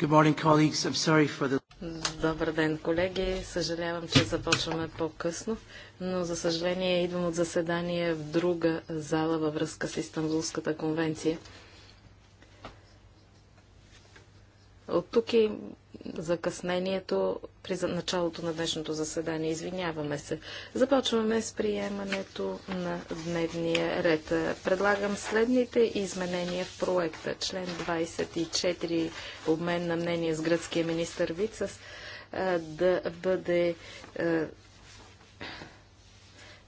The... Добър ден, колеги. Съжалявам, че започваме по-късно, но за съжаление идвам от заседание в друга зала във връзка с Истанбулската конвенция. От тук и закъснението при началото на днешното заседание. Извиняваме се. Започваме с приемането на дневния ред. Предлагам следните изменения в проекта. Член 24, обмен на мнение с гръцкия министър Вицас, да бъде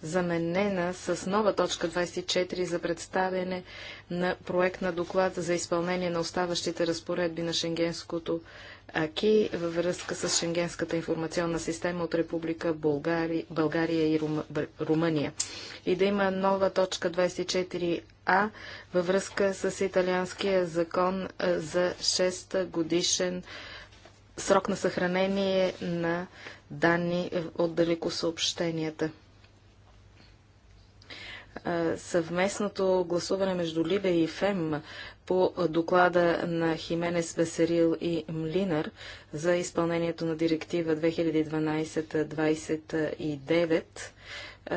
заменена с нова точка 24 за представяне на проект на доклад за изпълнение на оставащите разпоредби на Шенгенското АКИ във връзка с Шенгенската информационна система от Република България, България и Рум... Румъния. И да има нова точка 24А във връзка с италианския закон за 6 годишен срок на съхранение на данни от далекосъобщенията съвместното гласуване между Либе и ФЕМ по доклада на Хименес Бесерил и Млинар за изпълнението на директива 2012-29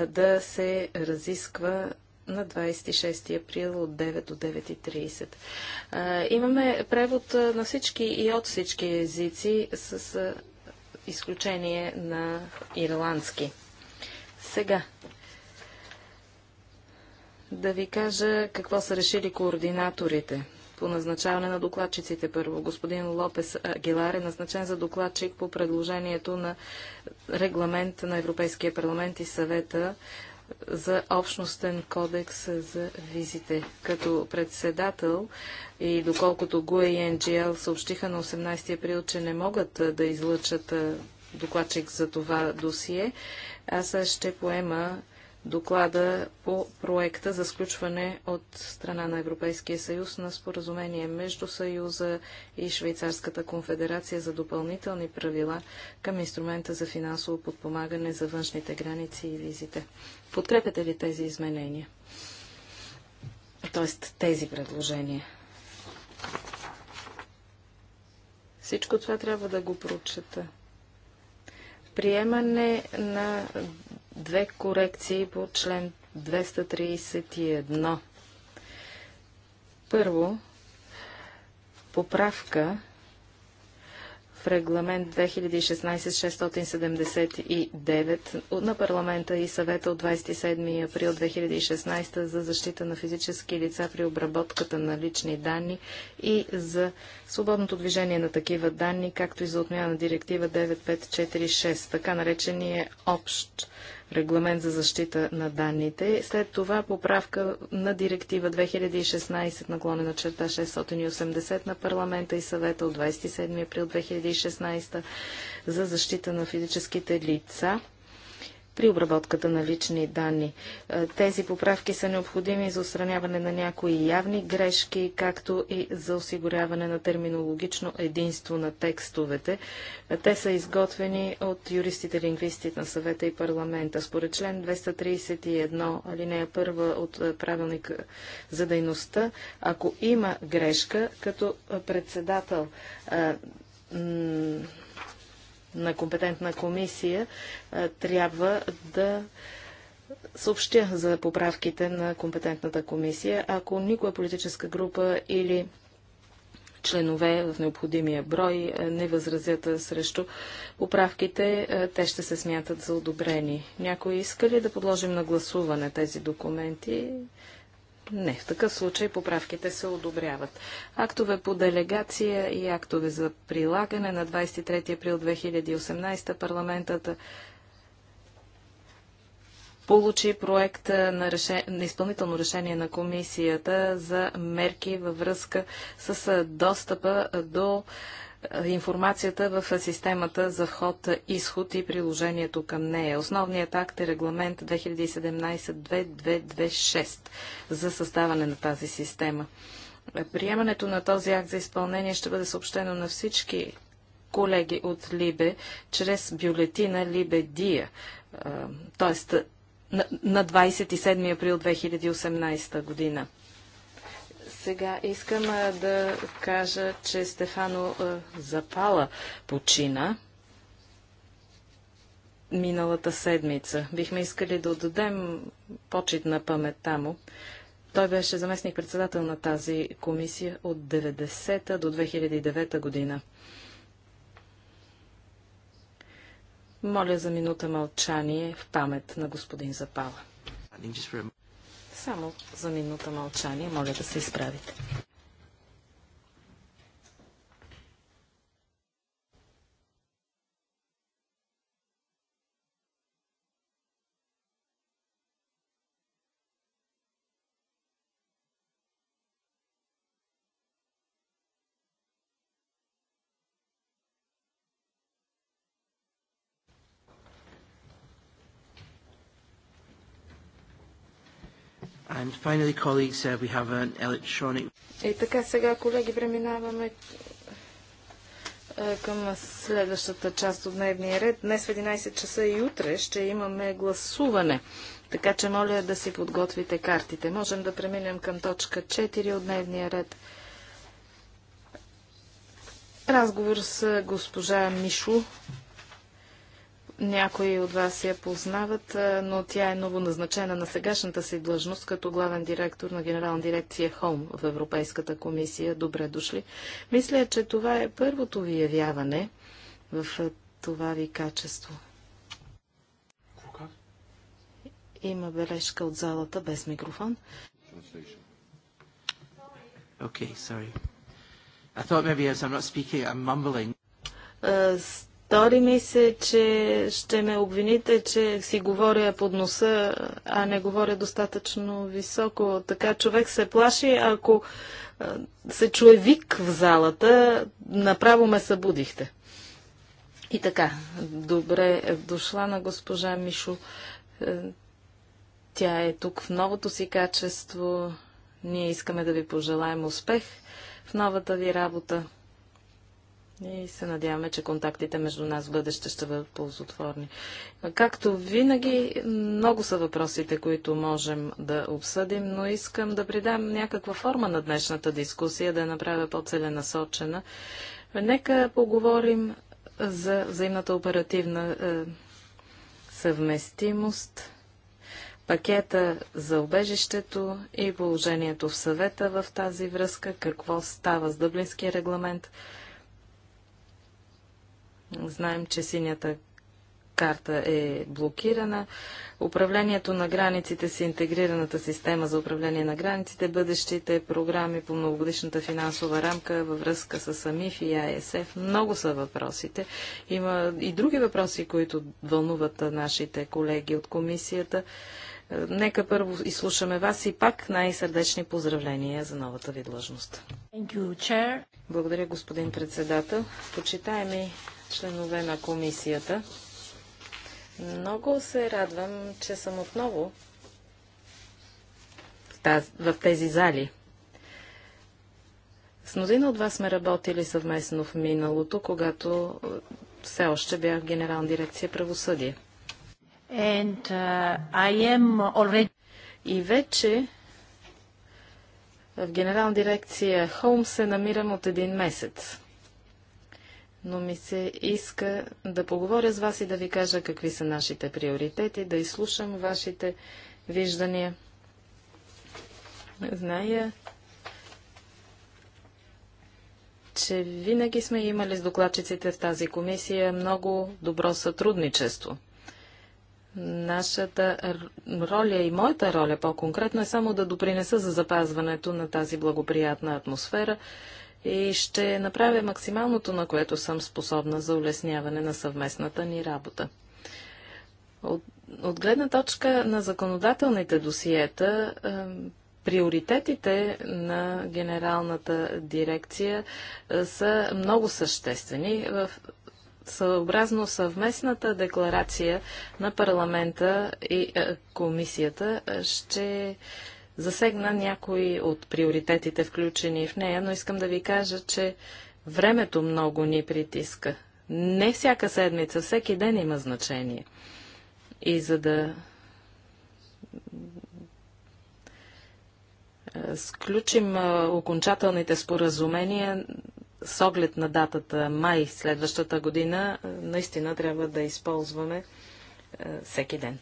да се разисква на 26 април от 9 до 9.30. Имаме превод на всички и от всички езици с изключение на ирландски. Сега да ви кажа какво са решили координаторите по назначаване на докладчиците. Първо, господин Лопес Агилар е назначен за докладчик по предложението на регламент на Европейския парламент и съвета за общностен кодекс за визите. Като председател и доколкото ГУЕ и НГЛ съобщиха на 18 април, че не могат да излъчат докладчик за това досие, аз ще поема доклада по проекта за сключване от страна на Европейския съюз на споразумение между Съюза и Швейцарската конфедерация за допълнителни правила към инструмента за финансово подпомагане за външните граници и визите. Подкрепяте ли тези изменения? Тоест тези предложения. Всичко това трябва да го прочета приемане на две корекции по член 231. Първо, поправка в регламент 2016-679 на парламента и съвета от 27 април 2016 за защита на физически лица при обработката на лични данни и за свободното движение на такива данни, както и за отмяна на директива 9546, така наречения общ регламент за защита на данните. След това поправка на директива 2016 наклонена черта 680 на парламента и съвета от 27 април 2016 за защита на физическите лица при обработката на лични данни. Е, тези поправки са необходими за устраняване на някои явни грешки, както и за осигуряване на терминологично единство на текстовете. Е, те са изготвени от юристите-лингвисти на съвета и парламента. Според член 231, алинея 1 от е, правилник за дейността, ако има грешка, като председател на компетентна комисия, трябва да съобщя за поправките на компетентната комисия. Ако никоя политическа група или членове в необходимия брой не възразят срещу поправките, те ще се смятат за одобрени. Някой иска ли да подложим на гласуване тези документи? Не, в такъв случай поправките се одобряват. Актове по делегация и актове за прилагане на 23 април 2018 парламентът получи проект на, реше... на изпълнително решение на комисията за мерки във връзка с достъпа до информацията в системата за вход-изход и приложението към нея. Основният акт е регламент 2017-2226 за създаване на тази система. Приемането на този акт за изпълнение ще бъде съобщено на всички колеги от Либе чрез бюлетина Либе Дия, т.е. на 27 април 2018 година. Сега искам да кажа, че Стефано Запала почина миналата седмица. Бихме искали да отдадем почет на паметта му. Той беше заместник-председател на тази комисия от 90-та до 2009 година. Моля за минута мълчание в памет на господин Запала. Само за минута мълчание, моля да се изправите. And finally, colleagues, uh, we have an electronic... И така сега, колеги, преминаваме е, към следващата част от дневния ред. Днес в 11 часа и утре ще имаме гласуване. Така че моля да си подготвите картите. Можем да преминем към точка 4 от дневния ред. Разговор с госпожа Мишо някои от вас я познават, но тя е новоназначена на сегашната си длъжност като главен директор на Генерална дирекция Хоум в Европейската комисия. Добре дошли. Мисля, че това е първото ви явяване в това ви качество. Има бележка от залата без микрофон. Okay, sorry. I thought maybe as I'm not speaking, I'm mumbling. Uh, Стори ми се, че ще ме обвините, че си говоря под носа, а не говоря достатъчно високо. Така човек се плаши, ако се чуе вик в залата, направо ме събудихте. И така, добре е дошла на госпожа Мишо. Е, тя е тук в новото си качество. Ние искаме да ви пожелаем успех в новата ви работа. И се надяваме, че контактите между нас в бъдеще ще бъдат ползотворни. Както винаги, много са въпросите, които можем да обсъдим, но искам да придам някаква форма на днешната дискусия, да я направя по-целенасочена. Нека поговорим за взаимната оперативна е, съвместимост, пакета за обежището и положението в съвета в тази връзка, какво става с Дъблинския регламент – Знаем, че синята карта е блокирана. Управлението на границите с интегрираната система за управление на границите, бъдещите програми по многогодишната финансова рамка във връзка с АМИФ и АЕСФ. Много са въпросите. Има и други въпроси, които вълнуват нашите колеги от комисията. Нека първо изслушаме вас и пак най-сърдечни поздравления за новата ви длъжност. Благодаря, господин председател. Почитаеми членове на комисията. Много се радвам, че съм отново в, в тези зали. С мнозина от вас сме работили съвместно в миналото, когато е, все още бях в Генерална дирекция правосъдие. And, uh, I am already... И вече в Генерална дирекция Холм се намирам от един месец но ми се иска да поговоря с вас и да ви кажа какви са нашите приоритети, да изслушам вашите виждания. Зная, че винаги сме имали с докладчиците в тази комисия много добро сътрудничество. Нашата роля и моята роля по-конкретно е само да допринеса за запазването на тази благоприятна атмосфера, и ще направя максималното, на което съм способна за улесняване на съвместната ни работа. От, от гледна точка на законодателните досиета, е, приоритетите на генералната дирекция е, са много съществени в съобразно съвместната декларация на парламента и е, комисията ще Засегна някои от приоритетите, включени в нея, но искам да ви кажа, че времето много ни притиска. Не всяка седмица, всеки ден има значение. И за да сключим окончателните споразумения с оглед на датата май следващата година, наистина трябва да използваме е, всеки ден.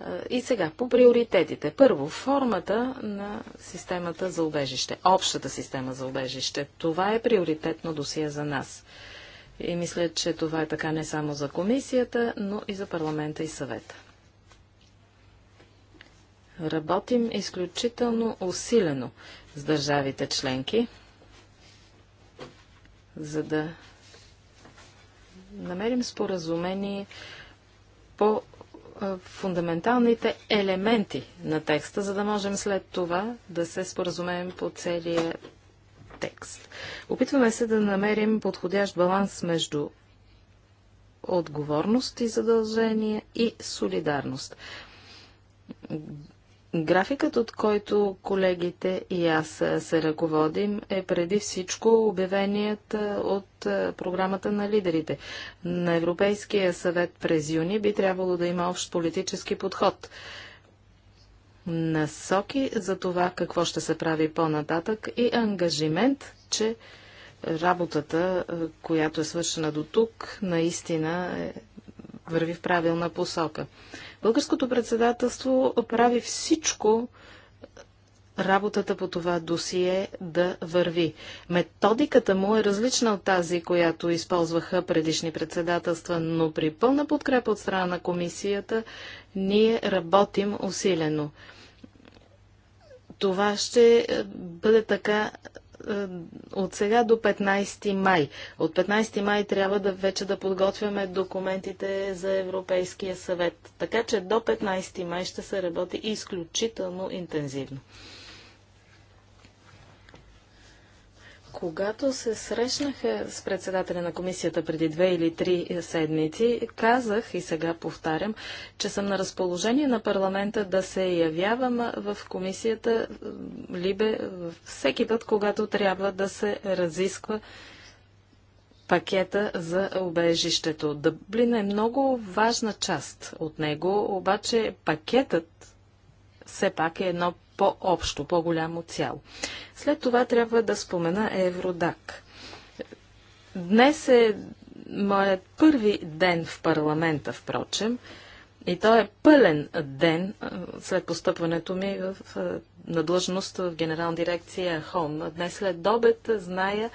Е, и сега, по приоритетите. Първо, формата на системата за убежище, общата система за убежище. Това е приоритетно досие за нас. И мисля, че това е така не само за комисията, но и за парламента и съвета. Работим изключително усилено с държавите членки, за да намерим споразумение по фундаменталните елементи на текста, за да можем след това да се споразумеем по целия текст. Опитваме се да намерим подходящ баланс между отговорност и задължение и солидарност. Графикът, от който колегите и аз се ръководим, е преди всичко обявеният от програмата на лидерите. На Европейския съвет през юни би трябвало да има общ политически подход. Насоки за това какво ще се прави по-нататък и ангажимент, че работата, която е свършена до тук, наистина е върви в правилна посока. Българското председателство прави всичко работата по това досие да върви. Методиката му е различна от тази, която използваха предишни председателства, но при пълна подкрепа от страна на комисията ние работим усилено. Това ще бъде така е, от сега до 15 май. От 15 май трябва да вече да подготвяме документите за Европейския съвет. Така че до 15 май ще се работи изключително интензивно. Когато се срещнах с председателя на комисията преди две или три седмици, казах и сега повтарям, че съм на разположение на парламента да се явявам в комисията Либе всеки път, когато трябва да се разисква пакета за обежището. Дъблин е много важна част от него, обаче пакетът все пак е едно по-общо, по-голямо цяло. След това трябва да спомена Евродак. Днес е моят първи ден в парламента, впрочем, и то е пълен ден след постъпването ми в, на длъжност в Генерална дирекция Хом. Днес след обед зная,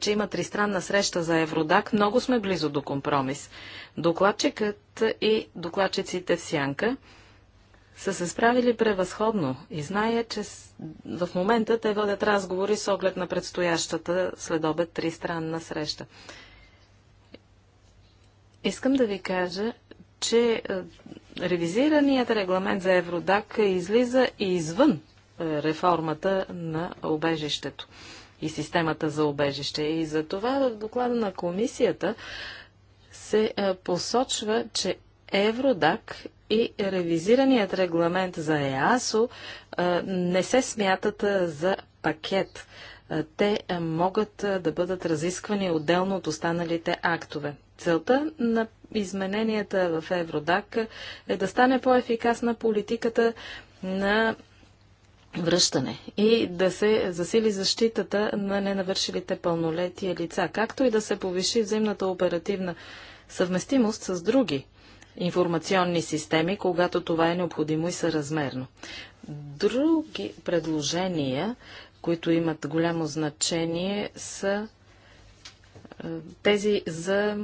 че има тристранна среща за Евродак. Много сме близо до компромис. Докладчикът и докладчиците в Сянка – са се справили превъзходно и зная, че в момента те водят разговори с оглед на предстоящата следобед тристранна среща. Искам да ви кажа, че е, ревизираният регламент за Евродак излиза и извън е, реформата на обежището и системата за обежище. И за това в доклада на комисията се е, посочва, че Евродак и ревизираният регламент за ЕАСО не се смятат за пакет. Те могат да бъдат разисквани отделно от останалите актове. Целта на измененията в Евродак е да стане по-ефикасна политиката на връщане и да се засили защитата на ненавършилите пълнолетия лица, както и да се повиши взаимната оперативна съвместимост с други информационни системи, когато това е необходимо и съразмерно. Други предложения, които имат голямо значение, са е, тези за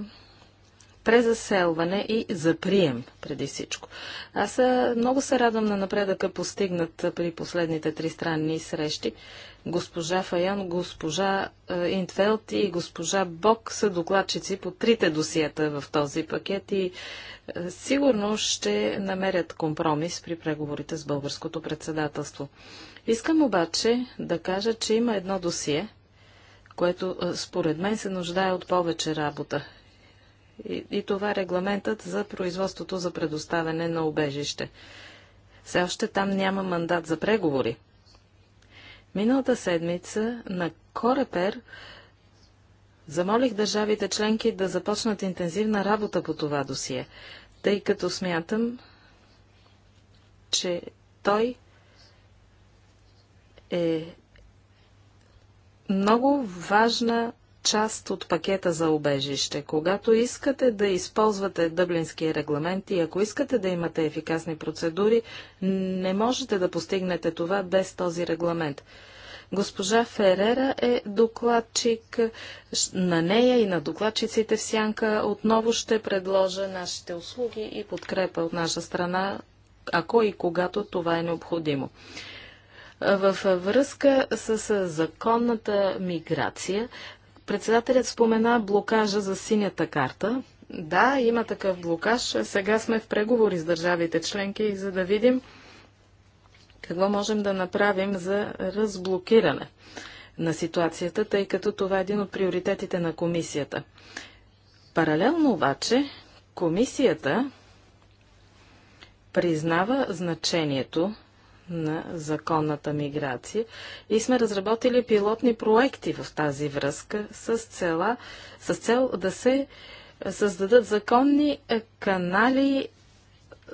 презаселване и за прием преди всичко. Аз много се радвам на напредъка постигнат при последните три странни срещи. Госпожа Фаян, госпожа Интфелд и госпожа Бок са докладчици по трите досията в този пакет и сигурно ще намерят компромис при преговорите с българското председателство. Искам обаче да кажа, че има едно досие, което според мен се нуждае от повече работа. И, това е регламентът за производството за предоставяне на обежище. Все още там няма мандат за преговори. Миналата седмица на Корепер замолих държавите членки да започнат интензивна работа по това досие, тъй като смятам, че той е много важна част от пакета за обежище. Когато искате да използвате дъблинския регламент и ако искате да имате ефикасни процедури, не можете да постигнете това без този регламент. Госпожа Ферера е докладчик. На нея и на докладчиците в Сянка отново ще предложа нашите услуги и подкрепа от наша страна, ако и когато това е необходимо. В връзка с законната миграция, Председателят спомена блокажа за синята карта. Да, има такъв блокаж. Сега сме в преговори с държавите членки, за да видим какво можем да направим за разблокиране на ситуацията, тъй като това е един от приоритетите на комисията. Паралелно обаче, комисията признава значението на законната миграция и сме разработили пилотни проекти в тази връзка с, цела, с цел да се създадат законни е, канали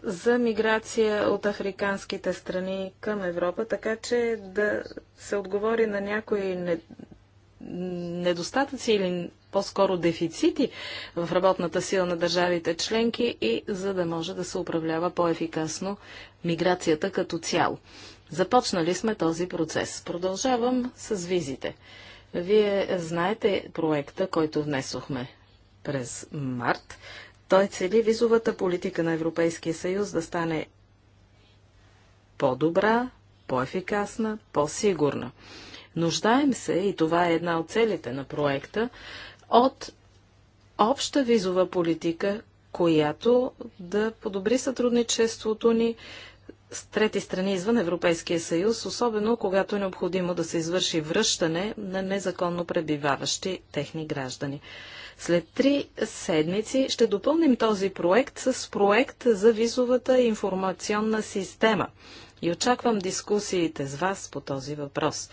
за миграция от африканските страни към Европа, така че да се отговори на някои недостатъци или по-скоро дефицити в работната сила на държавите членки и за да може да се управлява по-ефикасно миграцията като цяло. Започнали сме този процес. Продължавам с визите. Вие знаете проекта, който внесохме през март. Той цели визовата политика на Европейския съюз да стане по-добра, по-ефикасна, по-сигурна. Нуждаем се, и това е една от целите на проекта, от обща визова политика, която да подобри сътрудничеството ни с трети страни извън Европейския съюз, особено когато е необходимо да се извърши връщане на незаконно пребиваващи техни граждани. След три седмици ще допълним този проект с проект за визовата информационна система и очаквам дискусиите с вас по този въпрос.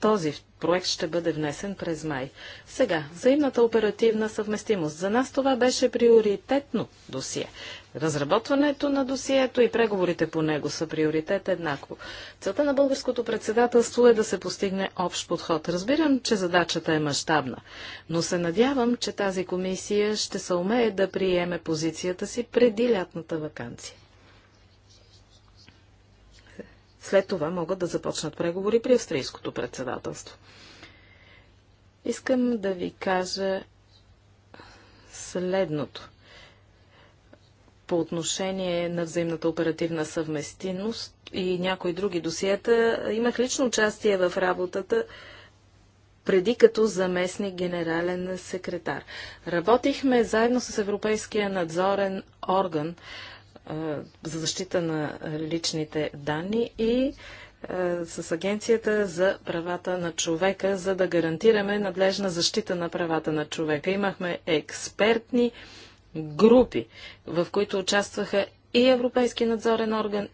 Този проект ще бъде внесен през май. Сега, взаимната оперативна съвместимост. За нас това беше приоритетно досие. Разработването на досието и преговорите по него са приоритет еднакво. Целта на българското председателство е да се постигне общ подход. Разбирам, че задачата е мащабна, но се надявам, че тази комисия ще се умее да приеме позицията си преди лятната вакансия. След това могат да започнат преговори при австрийското председателство. Искам да ви кажа следното. По отношение на взаимната оперативна съвместимост и някои други досиета, имах лично участие в работата преди като заместник генерален секретар. Работихме заедно с Европейския надзорен орган за защита на личните данни и с Агенцията за правата на човека, за да гарантираме надлежна защита на правата на човека. Имахме експертни групи, в които участваха и Европейски надзорен орган,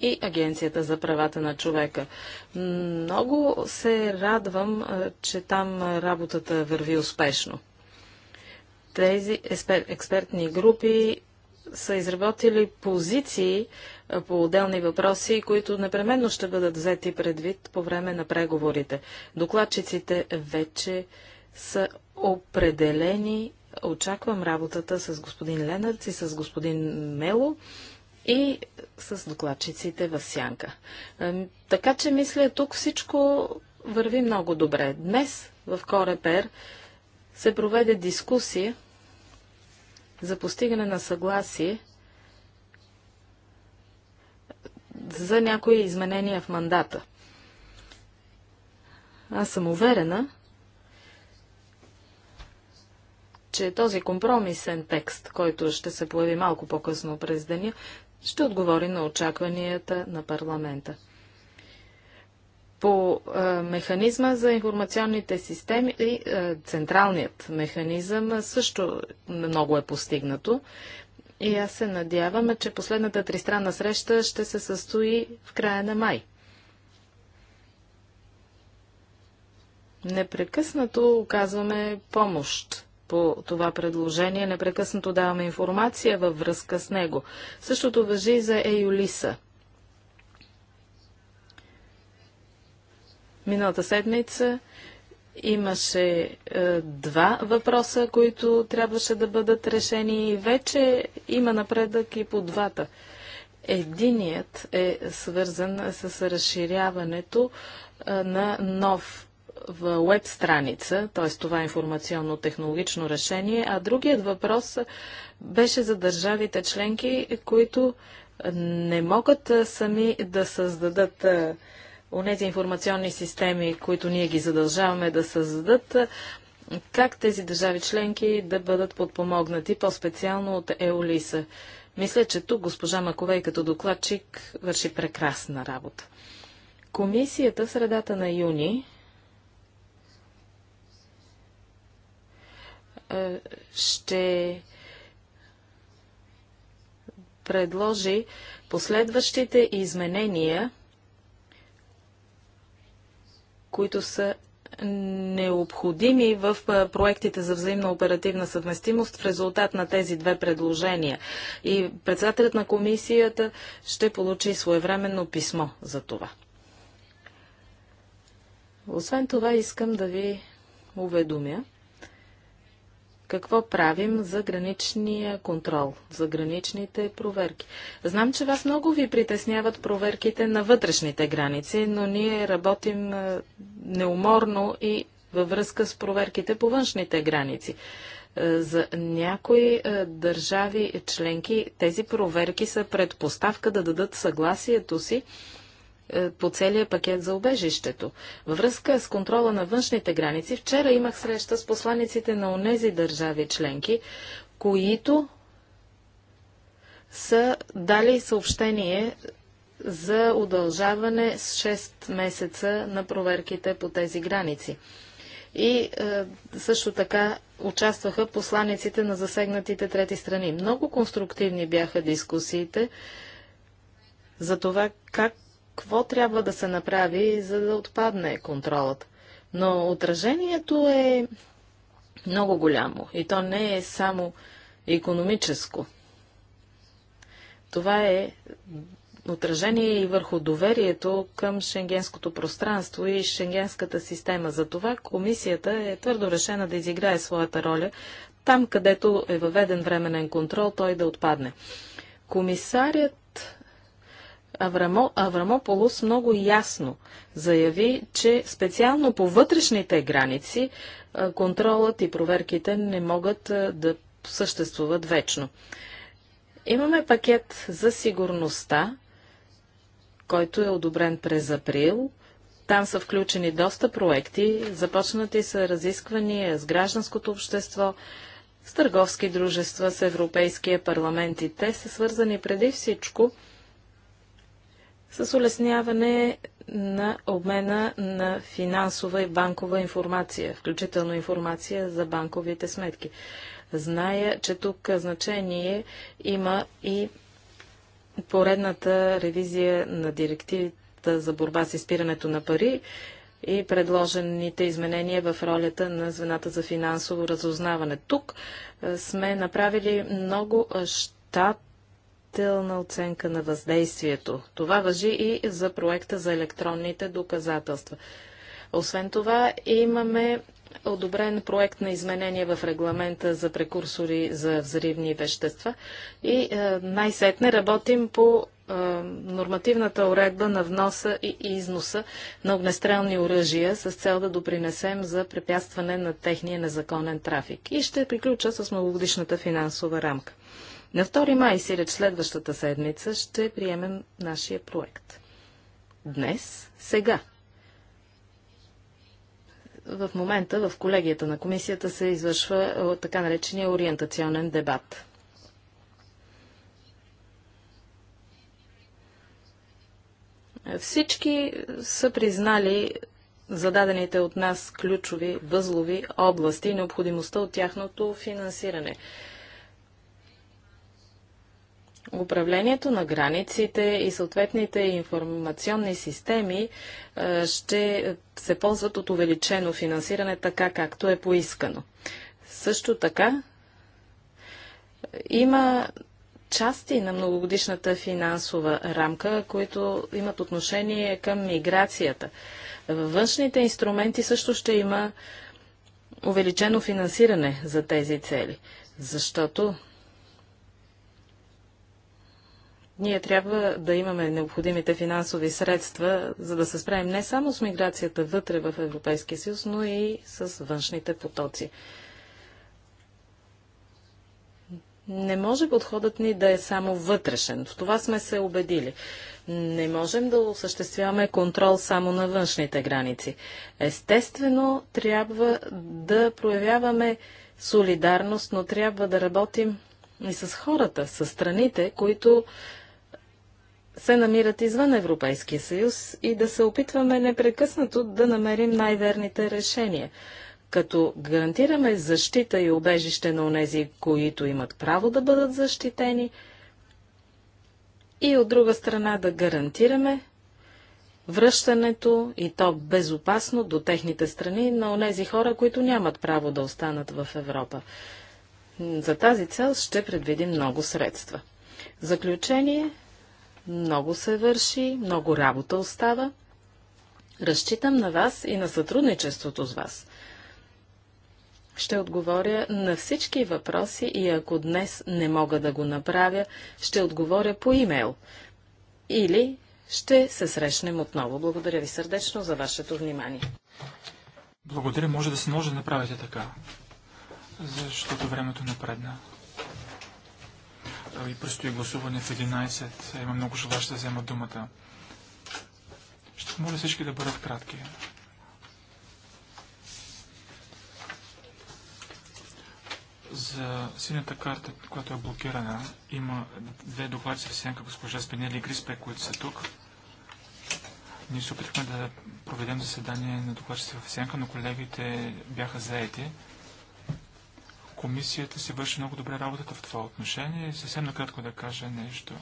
и Агенцията за правата на човека. Много се радвам, че там работата върви успешно. Тези експертни групи са изработили позиции по отделни въпроси, които непременно ще бъдат взети предвид по време на преговорите. Докладчиците вече са определени. Очаквам работата с господин Ленърц и с господин Мело и с докладчиците в Сянка. Така че, мисля, тук всичко върви много добре. Днес в Корепер се проведе дискусия за постигане на съгласие за някои изменения в мандата. Аз съм уверена, че този компромисен текст, който ще се появи малко по-късно през деня, ще отговори на очакванията на парламента. По е, механизма за информационните системи и е, централният механизъм също много е постигнато. И аз се надявам, че последната тристранна среща ще се състои в края на май. Непрекъснато оказваме помощ по това предложение, непрекъснато даваме информация във връзка с него. Същото въжи и за Еюлиса – Миналата седмица имаше е, два въпроса, които трябваше да бъдат решени и вече има напредък и по двата. Единият е свързан с разширяването е, на нов в е, веб страница, т.е. това е информационно-технологично решение, а другият въпрос беше за държавите членки, които не могат е, сами да създадат е, онези информационни системи, които ние ги задължаваме да създадат, как тези държави членки да бъдат подпомогнати, по-специално от Еолиса. Мисля, че тук госпожа Маковей като докладчик върши прекрасна работа. Комисията в средата на юни е, ще предложи последващите изменения – които са необходими в проектите за взаимна оперативна съвместимост в резултат на тези две предложения. И председателят на комисията ще получи своевременно писмо за това. Освен това искам да ви уведомя, какво правим за граничния контрол, за граничните проверки? Знам, че вас много ви притесняват проверките на вътрешните граници, но ние работим е, неуморно и във връзка с проверките по външните граници. Е, за някои е, държави членки тези проверки са предпоставка да дадат съгласието си е, по целия пакет за убежището. Във връзка с контрола на външните граници, вчера имах среща с посланиците на онези държави членки, които са дали съобщение за удължаване с 6 месеца на проверките по тези граници. И е, също така участваха посланиците на засегнатите трети страни. Много конструктивни бяха дискусиите за това как какво трябва да се направи, за да отпадне контролът. Но отражението е много голямо и то не е само економическо. Това е отражение и върху доверието към шенгенското пространство и шенгенската система. Затова комисията е твърдо решена да изиграе своята роля там, където е въведен временен контрол, той да отпадне. Комисарят Аврамо, Аврамополос много ясно заяви, че специално по вътрешните граници контролът и проверките не могат да съществуват вечно. Имаме пакет за сигурността, който е одобрен през април. Там са включени доста проекти, започнати са разисквания с гражданското общество, с търговски дружества, с Европейския парламент и те са свързани преди всичко с улесняване на обмена на финансова и банкова информация, включително информация за банковите сметки. Зная, че тук значение има и поредната ревизия на директивата за борба с изпирането на пари и предложените изменения в ролята на звената за финансово разузнаване. Тук сме направили много щат предварителна оценка на въздействието. Това въжи и за проекта за електронните доказателства. Освен това, имаме одобрен проект на изменение в регламента за прекурсори за взривни вещества и е, най-сетне работим по е, нормативната уредба на вноса и износа на огнестрелни оръжия с цел да допринесем за препятстване на техния незаконен трафик. И ще приключа с многогодишната финансова рамка. На 2 май, сиреч следващата седмица, ще приемем нашия проект. Днес, сега. В момента в колегията на комисията се извършва така наречения ориентационен дебат. Всички са признали зададените от нас ключови възлови области и необходимостта от тяхното финансиране. Управлението на границите и съответните информационни системи е, ще се ползват от увеличено финансиране така, както е поискано. Също така има части на многогодишната финансова рамка, които имат отношение към миграцията. Във външните инструменти също ще има увеличено финансиране за тези цели, защото Ние трябва да имаме необходимите финансови средства, за да се справим не само с миграцията вътре в Европейския съюз, но и с външните потоци. Не може подходът ни да е само вътрешен. В това сме се убедили. Не можем да осъществяваме контрол само на външните граници. Естествено, трябва да проявяваме солидарност, но трябва да работим и с хората, с страните, които се намират извън Европейския съюз и да се опитваме непрекъснато да намерим най-верните решения, като гарантираме защита и убежище на онези, които имат право да бъдат защитени, и от друга страна да гарантираме връщането и то безопасно до техните страни на онези хора, които нямат право да останат в Европа. За тази цел ще предвидим много средства. заключение много се върши, много работа остава. Разчитам на вас и на сътрудничеството с вас. Ще отговоря на всички въпроси и ако днес не мога да го направя, ще отговоря по имейл. Или ще се срещнем отново. Благодаря ви сърдечно за вашето внимание. Благодаря, може да се може да направите така, защото времето напредна и ами, предстои гласуване в 11. Има много желащи да вземат думата. Ще помоля всички да бъдат кратки. За синята карта, която е блокирана, има две доклади в сянка госпожа Спинели и Гриспе, които са тук. Ние се опитахме да проведем заседание на докладчите в Сенка, но колегите бяха заети. Комисията си върши много добре работата в това отношение и съвсем накратко да кажа нещо.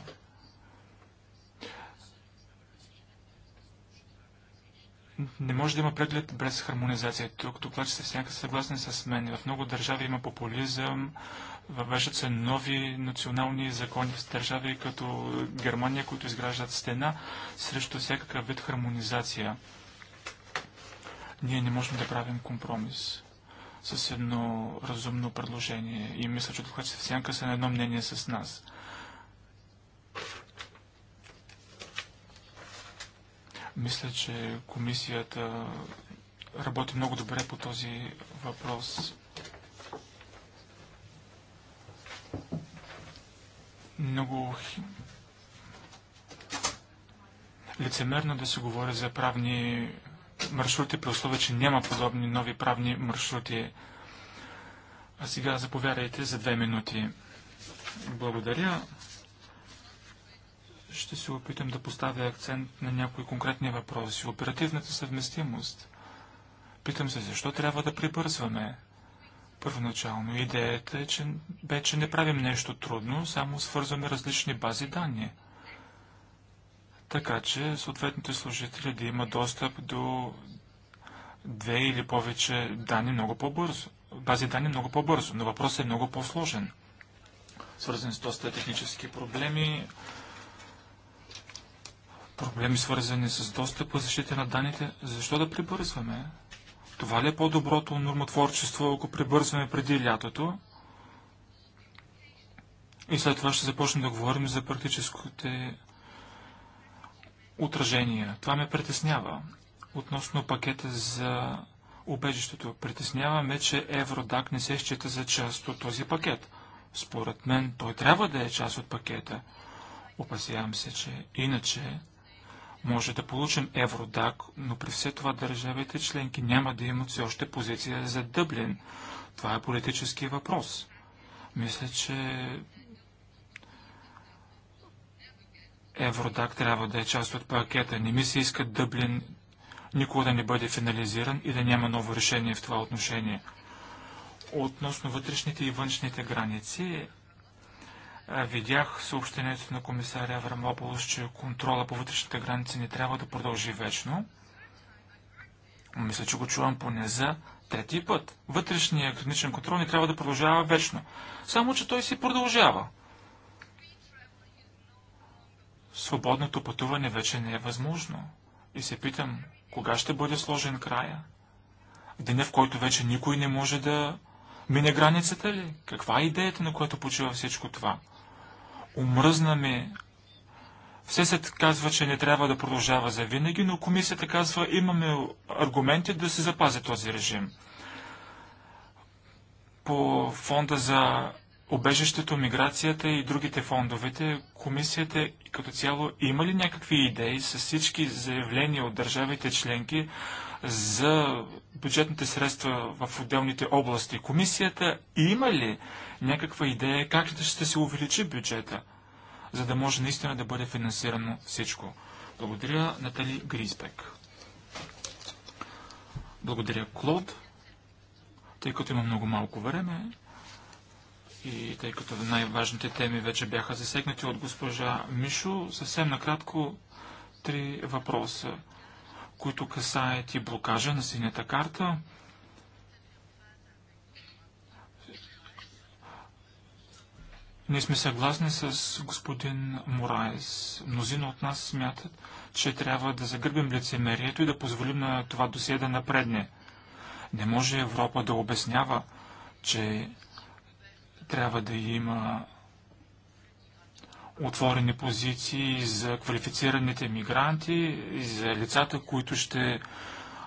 Не може да има преглед без хармонизация. Тук докладчите всяка съгласни с мен. В много държави има популизъм, въвеждат се нови национални закони в държави като Германия, които изграждат стена срещу всякакъв вид хармонизация. Ние не можем да правим компромис с едно разумно предложение и мисля, че докладчите в сянка са на едно мнение с нас. Мисля, че комисията работи много добре по този въпрос. Много лицемерно да се говори за правни маршрути, при условие, че няма подобни нови правни маршрути. А сега заповядайте за две минути. Благодаря. Ще се опитам да поставя акцент на някои конкретни въпроси. Оперативната съвместимост. Питам се, защо трябва да прибързваме? Първоначално идеята е, че вече не правим нещо трудно, само свързваме различни бази данни – така че съответните служители да имат достъп до две или повече данни много по-бързо. Бази данни много по-бързо, но въпросът е много по-сложен. Свързан с доста технически проблеми, проблеми свързани с достъпа, защита на данните. Защо да прибързваме? Това ли е по-доброто нормотворчество, ако прибързваме преди лятото? И след това ще започнем да говорим за практическите отражения. Това ме притеснява. Относно пакета за убежището, притесняваме, че Евродак не се счита за част от този пакет. Според мен той трябва да е част от пакета. Опасявам се, че иначе може да получим Евродак, но при все това държавите членки няма да имат все още позиция за Дъблин. Това е политически въпрос. Мисля, че Евродак трябва да е част от пакета. Не ми се иска Дъблин никога да не бъде финализиран и да няма ново решение в това отношение. Относно вътрешните и външните граници, е, видях съобщението на комисаря Аврамополос, че контрола по вътрешните граници не трябва да продължи вечно. Мисля, че го чувам поне за трети път. Вътрешният граничен контрол не трябва да продължава вечно. Само, че той си продължава свободното пътуване вече не е възможно. И се питам, кога ще бъде сложен края? деня, в който вече никой не може да мине границата ли? Каква е идеята, на която почива всичко това? Умръзна ми. Все се казва, че не трябва да продължава за винаги, но комисията казва, имаме аргументи да се запази този режим. По фонда за обежището, миграцията и другите фондовете, комисията като цяло има ли някакви идеи с всички заявления от държавите членки за бюджетните средства в отделните области? Комисията има ли някаква идея как ще се увеличи бюджета, за да може наистина да бъде финансирано всичко? Благодаря, Натали Гризбек. Благодаря, Клод. Тъй като има много малко време, и тъй като най-важните теми вече бяха засегнати от госпожа Мишо, съвсем накратко три въпроса, които касаят и блокажа на синята карта, Ние сме съгласни с господин Мораес. Мнозина от нас смятат, че трябва да загърбим лицемерието и да позволим на това досие да напредне. Не може Европа да обяснява, че трябва да има отворени позиции за квалифицираните мигранти и за лицата, които ще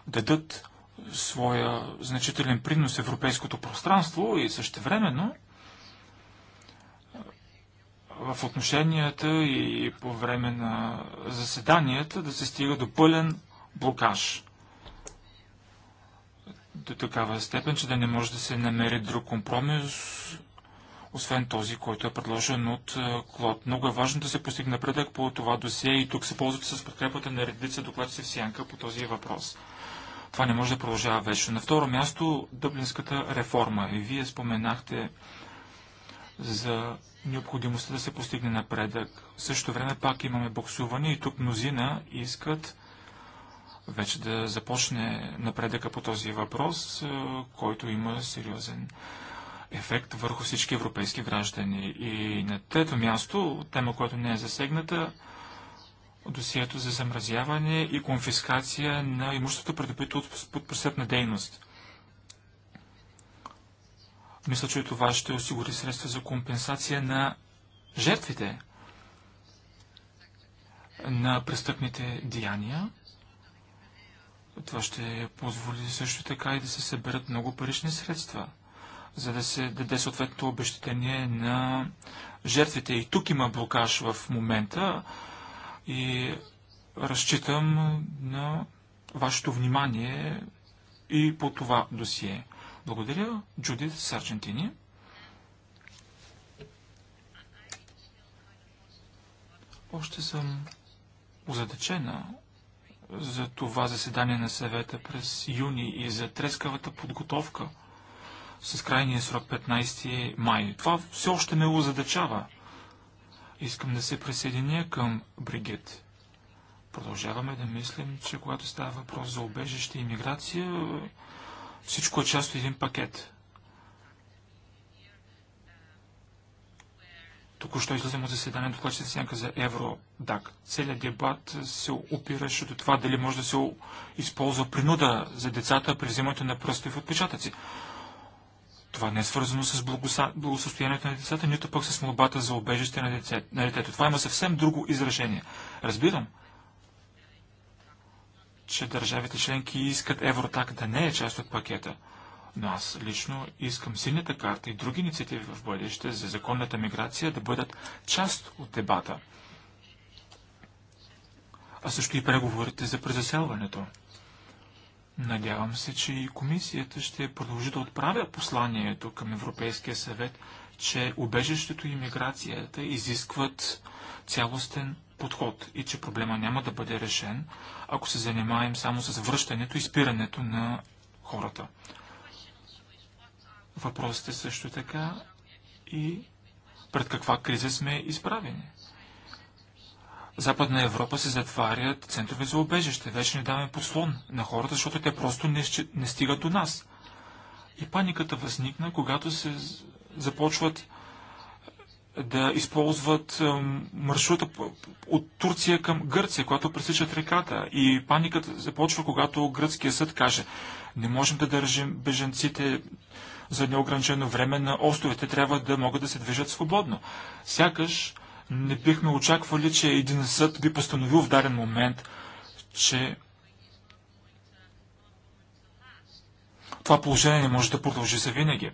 дадат своя значителен принос в европейското пространство и същевременно в отношенията и по време на заседанията да се стига до пълен блокаж. До такава степен, че да не може да се намери друг компромис, освен този, който е предложен от е, Клод. Много е важно да се постигне напредък по това досие и тук се ползвате с подкрепата на редица докладчици в Сянка по този въпрос. Това не може да продължава вече. На второ място, Дъблинската реформа. И вие споменахте за необходимостта да се постигне напредък. В същото време пак имаме боксуване и тук мнозина искат вече да започне напредъка по този въпрос, е, който има сериозен ефект върху всички европейски граждани. И на трето място, тема, която не е засегната, досието за замразяване и конфискация на имуществото, придобито от подпросепна дейност. Мисля, че това ще осигури средства за компенсация на жертвите на престъпните деяния. Това ще позволи също така и да се съберат много парични средства – за да се даде съответното обещетение на жертвите. И тук има блокаж в момента и разчитам на вашето внимание и по това досие. Благодаря, Джудит Сарджентини. Още съм озадачена за това заседание на съвета през юни и за трескавата подготовка – с крайния срок 15 май. Това все още ме озадачава. Искам да се присъединя към Бригет. Продължаваме да мислим, че когато става въпрос за обежище и миграция, всичко е част от един пакет. Току-що излизам от заседанието, което се сянка за Евродак. Целият дебат се опираше до това дали може да се използва принуда за децата при вземането на пръстови отпечатъци. Това не е свързано с благосостоянието на децата, нито пък с молбата за обежище на, деце, на детето. Това има съвсем друго изражение. Разбирам, че държавите членки искат Евротак да не е част от пакета. Но аз лично искам синята карта и други инициативи в бъдеще за законната миграция да бъдат част от дебата. А също и преговорите за презаселването. Надявам се, че и комисията ще продължи да отправя посланието към Европейския съвет, че убежището и миграцията изискват цялостен подход и че проблема няма да бъде решен, ако се занимаем само с връщането и спирането на хората. Въпросът е също така и пред каква криза сме изправени. Западна Европа се затварят центрове за убежище. Вече не даваме послон на хората, защото те просто не, не стигат до нас. И паниката възникна, когато се започват да използват маршрута от Турция към Гърция, която пресичат реката. И паниката започва, когато гръцкия съд каже, не можем да държим беженците за неограничено време на островите, трябва да могат да се движат свободно. Сякаш не бихме очаквали, че един съд би постановил в даден момент, че това положение не може да продължи за винаги.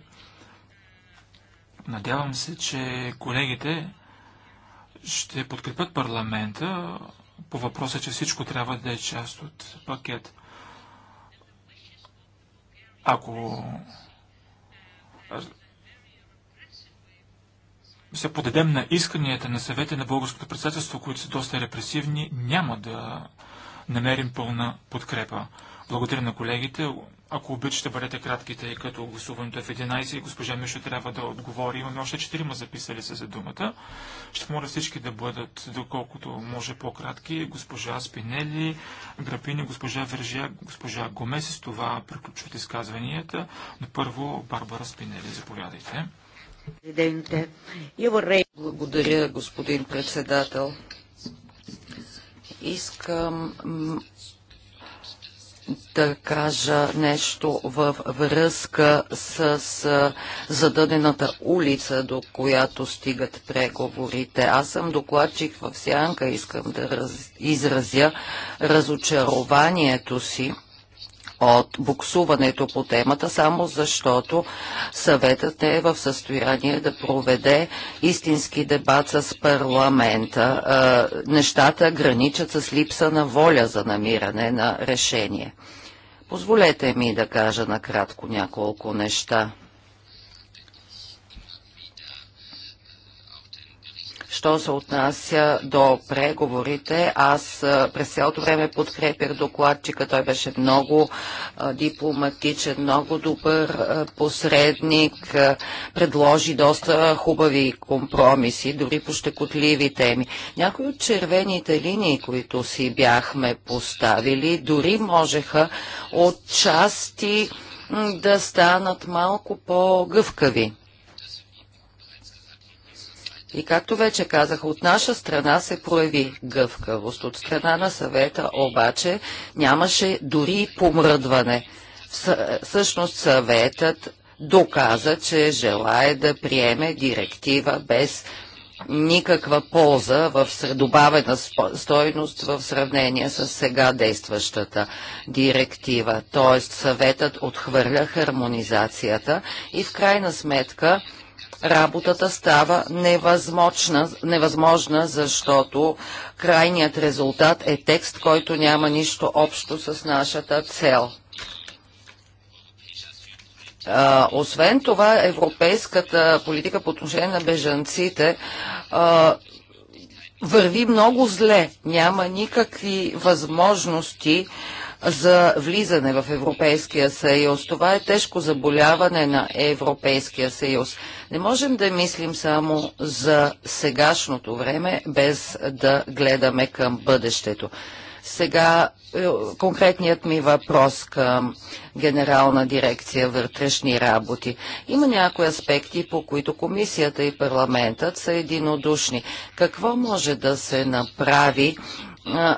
Надявам се, че колегите ще подкрепят парламента по въпроса, че всичко трябва да е част от пакет. Ако се подадем на исканията на съвета на българското председателство, които са доста репресивни, няма да намерим пълна подкрепа. Благодаря на колегите. Ако обичате, бъдете кратки, тъй като гласуването е в 11 и госпожа Мишо трябва да отговори. Имаме още четирима записали се за думата. Ще помоля всички да бъдат, доколкото може по-кратки. Госпожа Спинели, Грапини, госпожа Вержия, госпожа Гомес. С това приключват изказванията. Но първо Барбара Спинели, заповядайте. Благодаря, господин председател. Искам да кажа нещо във връзка с зададената улица, до която стигат преговорите. Аз съм докладчик в Сянка, искам да раз, изразя разочарованието си от буксуването по темата, само защото съветът не е в състояние да проведе истински дебат с парламента. Нещата граничат с липса на воля за намиране на решение. Позволете ми да кажа накратко няколко неща. Що се отнася до преговорите, аз през цялото време подкрепях докладчика. Той беше много дипломатичен, много добър посредник, предложи доста хубави компромиси, дори по щекотливи теми. Някои от червените линии, които си бяхме поставили, дори можеха от части да станат малко по-гъвкави. И както вече казах, от наша страна се прояви гъвкавост. От страна на съвета обаче нямаше дори помръдване. Всъщност съветът доказа, че желая да приеме директива без никаква полза в добавена стойност в сравнение с сега действащата директива. Тоест съветът отхвърля хармонизацията и в крайна сметка работата става невъзможна, невъзможна, защото крайният резултат е текст, който няма нищо общо с нашата цел. освен това, европейската политика по отношение на бежанците върви много зле. Няма никакви възможности за влизане в Европейския съюз. Това е тежко заболяване на Европейския съюз. Не можем да мислим само за сегашното време, без да гледаме към бъдещето. Сега е, конкретният ми въпрос към Генерална дирекция вътрешни работи. Има някои аспекти, по които комисията и парламентът са единодушни. Какво може да се направи,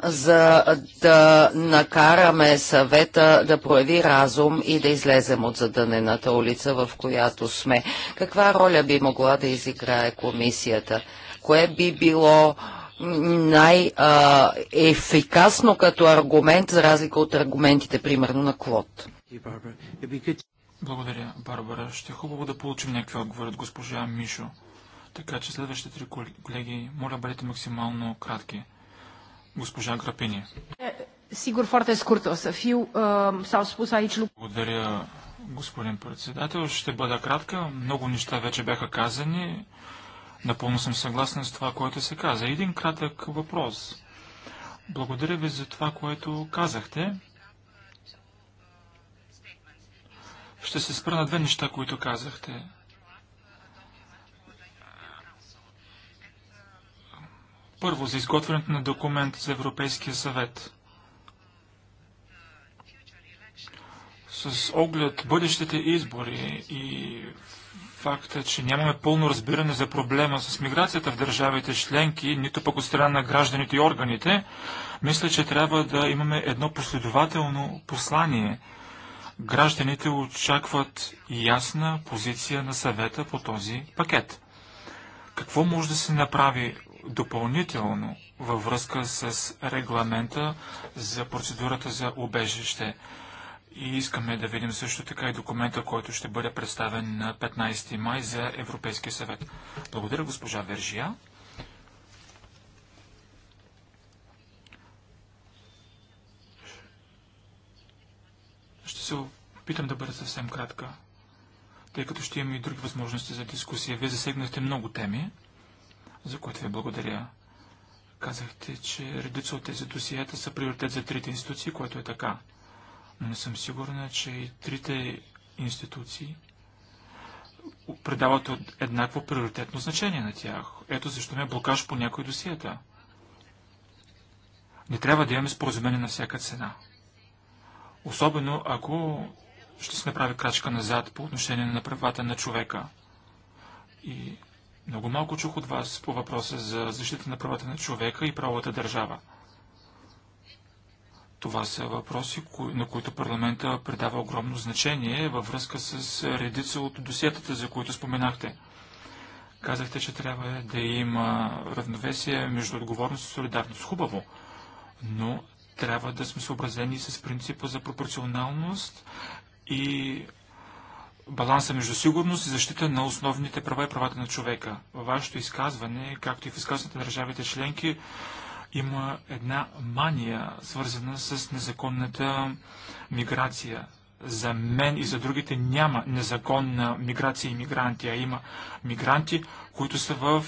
за да накараме съвета да прояви разум и да излезем от задънената улица, в която сме. Каква роля би могла да изиграе комисията? Кое би било най-ефикасно като аргумент, за разлика от аргументите, примерно, на Клод? Благодаря, Барбара. Ще е хубаво да получим някакви отговори от госпожа Мишо. Така че следващите три колеги, моля бъдете максимално кратки. Госпожа Грапини. Е, сигур форте скурто să fiu. S-au spus aici Благодаря, господин председател. Ще бъда кратка. Много неща вече бяха казани. Напълно съм съгласен с това, което се каза. Един кратък въпрос. Благодаря ви за това, което казахте. Ще се спра на две неща, които казахте. Първо, за изготвянето на документ за Европейския съвет. С оглед бъдещите избори и факта, че нямаме пълно разбиране за проблема с миграцията в държавите членки, нито пък от страна на гражданите и органите, мисля, че трябва да имаме едно последователно послание. Гражданите очакват ясна позиция на съвета по този пакет. Какво може да се направи допълнително във връзка с регламента за процедурата за убежище. И искаме да видим също така и документа, който ще бъде представен на 15 май за Европейския съвет. Благодаря, госпожа Вержия. Ще се опитам да бъда съвсем кратка, тъй като ще имаме и други възможности за дискусия. Вие засегнахте много теми за което ви благодаря. Казахте, че редица от тези досията са приоритет за трите институции, което е така. Но не съм сигурна, че и трите институции предават еднакво приоритетно значение на тях. Ето защо ме блокаж по някои досията. Не трябва да имаме споразумение на всяка цена. Особено ако ще се направи крачка назад по отношение на правата на човека и много малко чух от вас по въпроса за защита на правата на човека и правата държава. Това са въпроси, на които парламента предава огромно значение във връзка с редица от досетата, за които споменахте. Казахте, че трябва да има равновесие между отговорност и солидарност. Хубаво, но трябва да сме съобразени с принципа за пропорционалност и баланса между сигурност и защита на основните права и правата на човека. Във вашето изказване, както и в изказването на държавите членки, има една мания, свързана с незаконната миграция. За мен и за другите няма незаконна миграция и мигранти, а има мигранти, които са в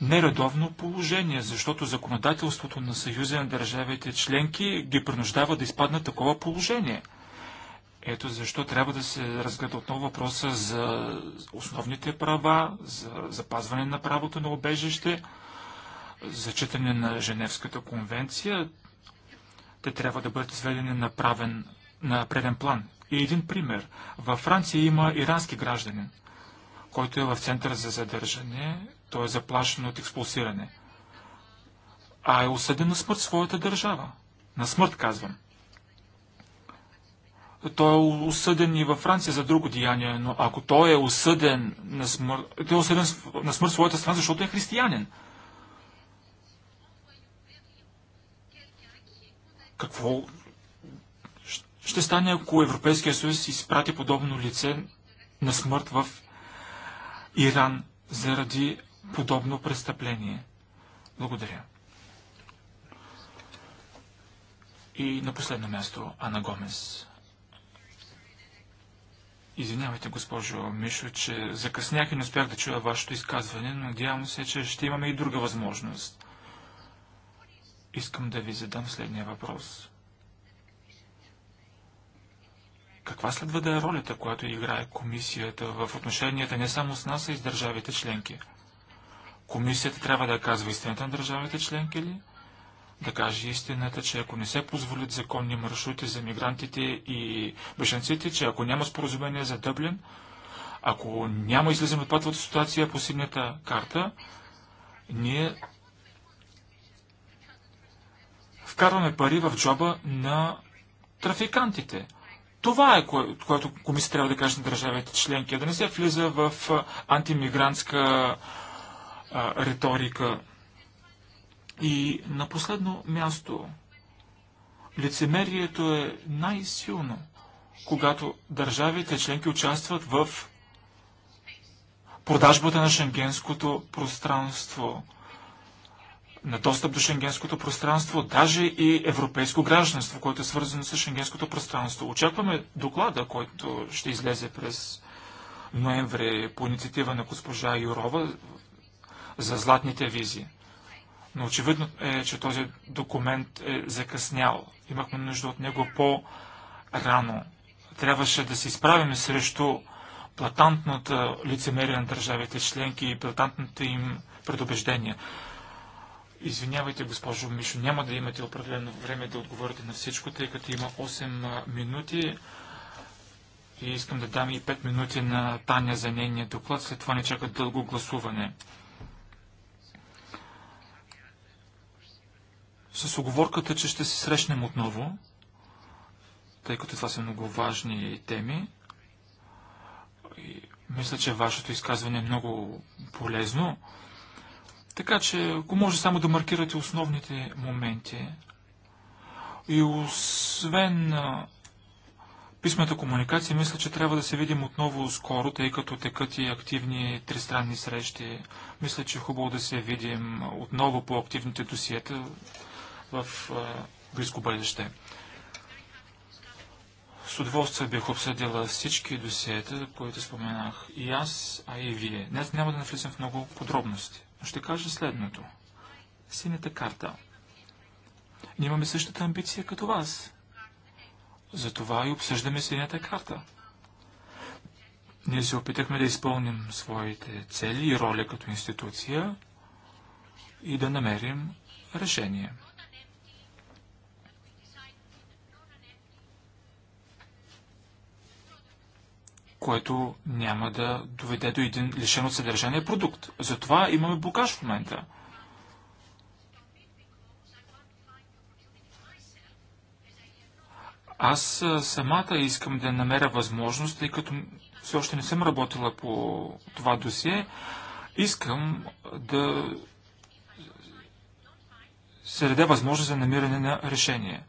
нередовно положение, защото законодателството на Съюза на държавите членки ги принуждава да изпаднат такова положение – ето защо трябва да се разгледа отново въпроса за основните права, за запазване на правото на обежище, за зачитане на Женевската конвенция. Те трябва да бъдат изведени на, правен, на преден план. И един пример. Във Франция има ирански гражданин, който е в център за задържане. Той е заплашен от експулсиране. А е осъден на смърт своята държава. На смърт, казвам. Той е осъден и във Франция за друго деяние, но ако той е осъден на смърт, е осъден на смърт своята страна, защото е християнин. Какво ще стане, ако Европейския съюз изпрати подобно лице на смърт в Иран заради подобно престъпление? Благодаря. И на последно място Ана Гомес. Извинявайте, госпожо Мишо, че закъснях и не успях да чуя вашето изказване, но надявам се, че ще имаме и друга възможност. Искам да ви задам следния въпрос. Каква следва да е ролята, която играе комисията в отношенията не само с нас, а и с държавите членки? Комисията трябва да казва истината на държавите членки ли? да каже истината, че ако не се позволят законни маршрути за мигрантите и бешенците, че ако няма споразумение за Дъблин, ако няма излизане от патвата ситуация по синята карта, ние вкарваме пари в джоба на трафикантите. Това е, кое, което комисията трябва да каже на държавите членки, да не се влиза в антимигрантска а, риторика. И на последно място, лицемерието е най-силно, когато държавите членки участват в продажбата на шенгенското пространство, на достъп до шенгенското пространство, даже и европейско гражданство, което е свързано с шенгенското пространство. Очакваме доклада, който ще излезе през ноември по инициатива на госпожа Юрова за златните визи. Но очевидно е, че този документ е закъснял. Имахме нужда от него по-рано. Трябваше да се изправим срещу платантната лицемерие на държавите членки и платантната им предубеждения. Извинявайте, госпожо Мишо, няма да имате определено време да отговорите на всичко, тъй като има 8 минути и искам да дам и 5 минути на Таня за нейния доклад. След това не чака дълго гласуване. с оговорката, че ще се срещнем отново, тъй като това са много важни теми. И мисля, че вашето изказване е много полезно. Така че, ако може само да маркирате основните моменти. И освен писмата комуникация, мисля, че трябва да се видим отново скоро, тъй като текат и активни тристранни срещи. Мисля, че е хубаво да се видим отново по активните досиета, в близко бъдеще. С удоволствие бих обсъдила всички досиета, които споменах и аз, а и вие. Днес няма да навлизам в много подробности, но ще кажа следното. Синята карта. Ние имаме същата амбиция като вас. Затова и обсъждаме синята карта. Ние се опитахме да изпълним своите цели и роля като институция и да намерим решение. което няма да доведе до един лишен от съдържание продукт. Затова имаме блокаж в момента. Аз самата искам да намеря възможност, тъй като все още не съм работила по това досие, искам да се даде възможност за намиране на решение.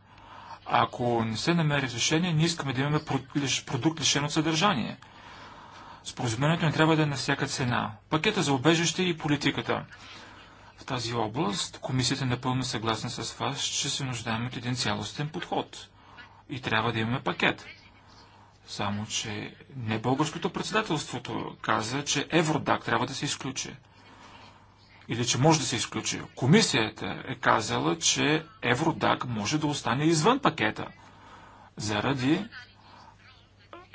Ако не се намери решение, не искаме да имаме продукт лишен от съдържание. Споразумението не трябва да е на всяка цена. Пакета за обежище и политиката. В тази област комисията е напълно съгласна с вас, че се нуждаем от един цялостен подход. И трябва да имаме пакет. Само, че не българското председателството каза, че Евродак трябва да се изключи или че може да се изключи. Комисията е казала, че Евродак може да остане извън пакета заради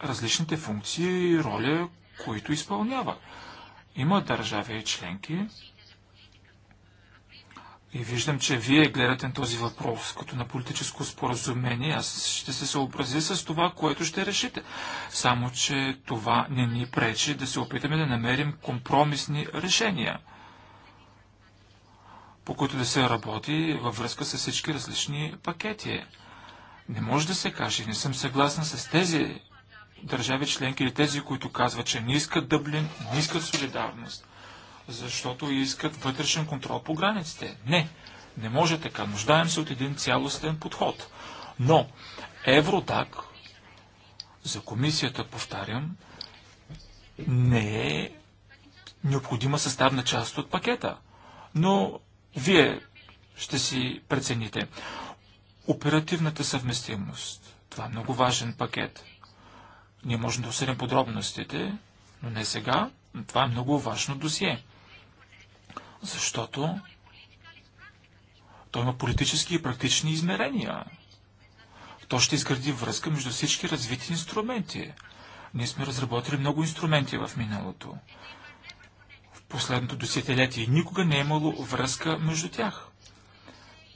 различните функции и роли, които изпълнява. Има държави и членки, и виждам, че вие гледате на този въпрос като на политическо споразумение. Аз ще се съобразя с това, което ще решите. Само, че това не ни пречи да се опитаме да намерим компромисни решения по които да се работи във връзка с всички различни пакети. Не може да се каже, не съм съгласен с тези държави членки или тези, които казват, че не искат Дъблин, не искат солидарност, защото искат вътрешен контрол по границите. Не, не може така. Нуждаем се от един цялостен подход. Но Евродак, за комисията, повтарям, не е необходима съставна част от пакета. Но вие ще си прецените. Оперативната съвместимост. Това е много важен пакет. Ние можем да усилим подробностите, но не сега. Но това е много важно досие. Защото то има политически и практични измерения. То ще изгради връзка между всички развити инструменти. Ние сме разработили много инструменти в миналото последното десетилетие. Никога не е имало връзка между тях.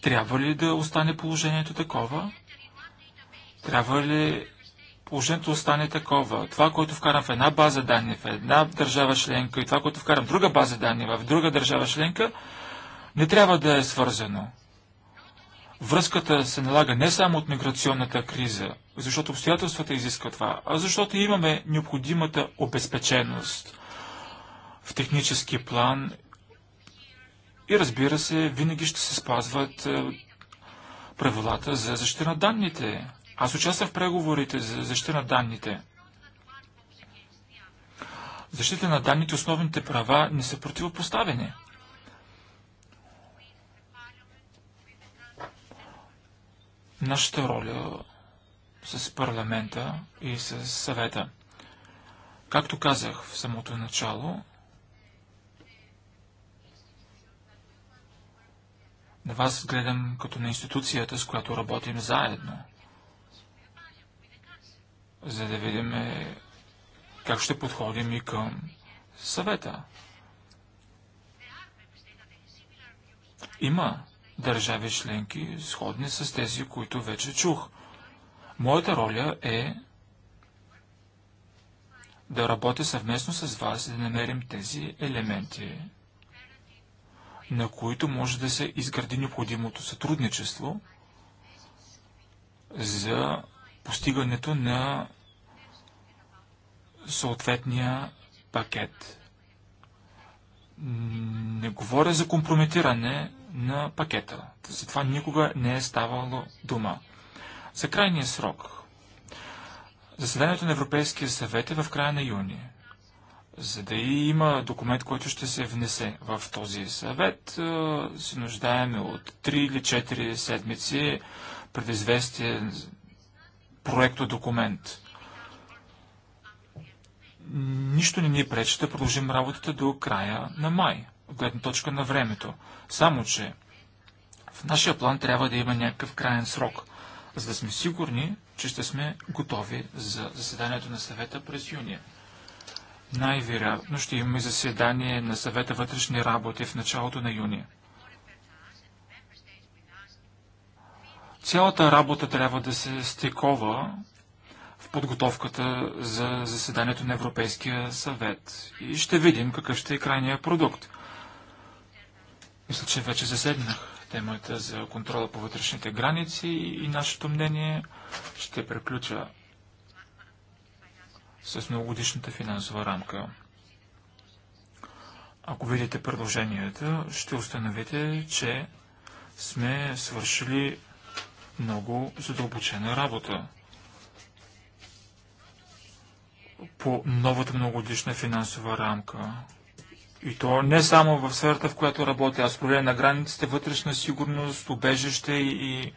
Трябва ли да остане положението такова? Трябва ли положението остане такова. Това, което вкарам в една база данни, в една държава членка и това, което вкарам в друга база данни, в друга държава членка, не трябва да е свързано. Връзката се налага не само от миграционната криза, защото обстоятелствата изискват това, а защото имаме необходимата обезпеченост в технически план и разбира се, винаги ще се спазват е, правилата за защита на данните. Аз участвах в преговорите за защита на данните. Защита на данните, основните права не са противопоставени. Нашата роля с парламента и с съвета. Както казах в самото начало, На вас гледам като на институцията, с която работим заедно, за да видим е, как ще подходим и към съвета. Има държави членки, сходни с тези, които вече чух. Моята роля е да работя съвместно с вас, и да намерим тези елементи на които може да се изгради необходимото сътрудничество за постигането на съответния пакет. Не говоря за компрометиране на пакета. За това никога не е ставало дума. За крайния срок. Заседанието на Европейския съвет е в края на юни. За да има документ, който ще се внесе в този съвет, се нуждаеме от 3 или 4 седмици предизвестен проектодокумент. Нищо не ни е пречи да продължим работата до края на май, от гледна точка на времето. Само, че в нашия план трябва да има някакъв крайен срок, за да сме сигурни, че ще сме готови за заседанието на съвета през юния. Най-вероятно ще имаме заседание на съвета вътрешни работи в началото на юни. Цялата работа трябва да се стекова в подготовката за заседанието на Европейския съвет. И ще видим какъв ще е крайния продукт. Мисля, че вече заседнах темата за контрола по вътрешните граници и нашето мнение. Ще приключа с многогодишната финансова рамка. Ако видите предложенията, ще установите, че сме свършили много задълбочена работа по новата многогодишна финансова рамка. И то не само в сферата, в която работя, а с проблем на границите, вътрешна сигурност, убежище и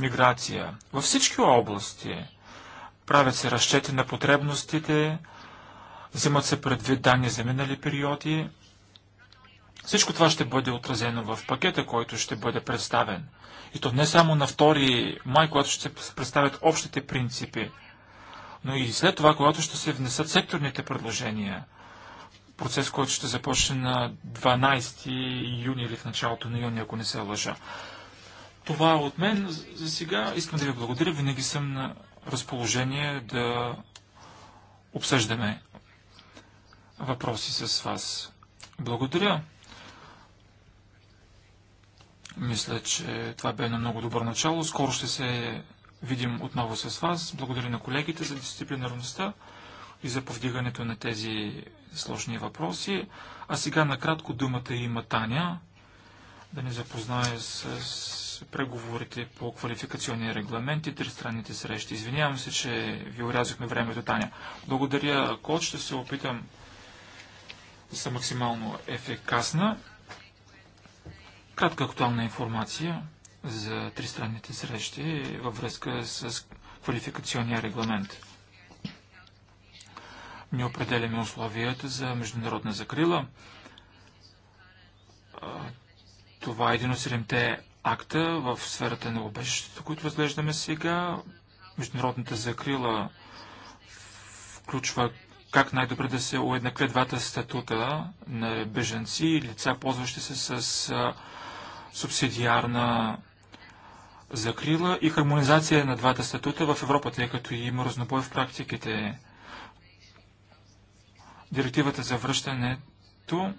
миграция. Във всички области – Правят се разчети на потребностите, взимат се предвид данни за минали периоди. Всичко това ще бъде отразено в пакета, който ще бъде представен. И то не само на 2 май, когато ще се представят общите принципи, но и след това, когато ще се внесат секторните предложения. Процес, който ще започне на 12 юни или в началото на юни, ако не се лъжа. Това е от мен за сега. Искам да ви благодаря. Винаги съм на разположение да обсъждаме въпроси с вас. Благодаря. Мисля, че това бе едно много добро начало. Скоро ще се видим отново с вас. Благодаря на колегите за дисциплинарността и за повдигането на тези сложни въпроси. А сега накратко думата има Таня да ни запознае с преговорите по квалификационни регламенти, тристранните срещи. Извинявам се, че ви урязахме времето, Таня. Благодаря, Кот. Ще се опитам да съм максимално ефикасна. Кратка актуална информация за тристранните срещи във връзка с квалификационния регламент. Ние определяме условията за международна закрила. Това е един от акта в сферата на обежището, които разглеждаме сега. Международната закрила включва как най-добре да се уеднакля двата статута на беженци и лица, ползващи се с субсидиарна закрила и хармонизация на двата статута в Европа, тъй като има разнобой в практиките. Директивата за връщането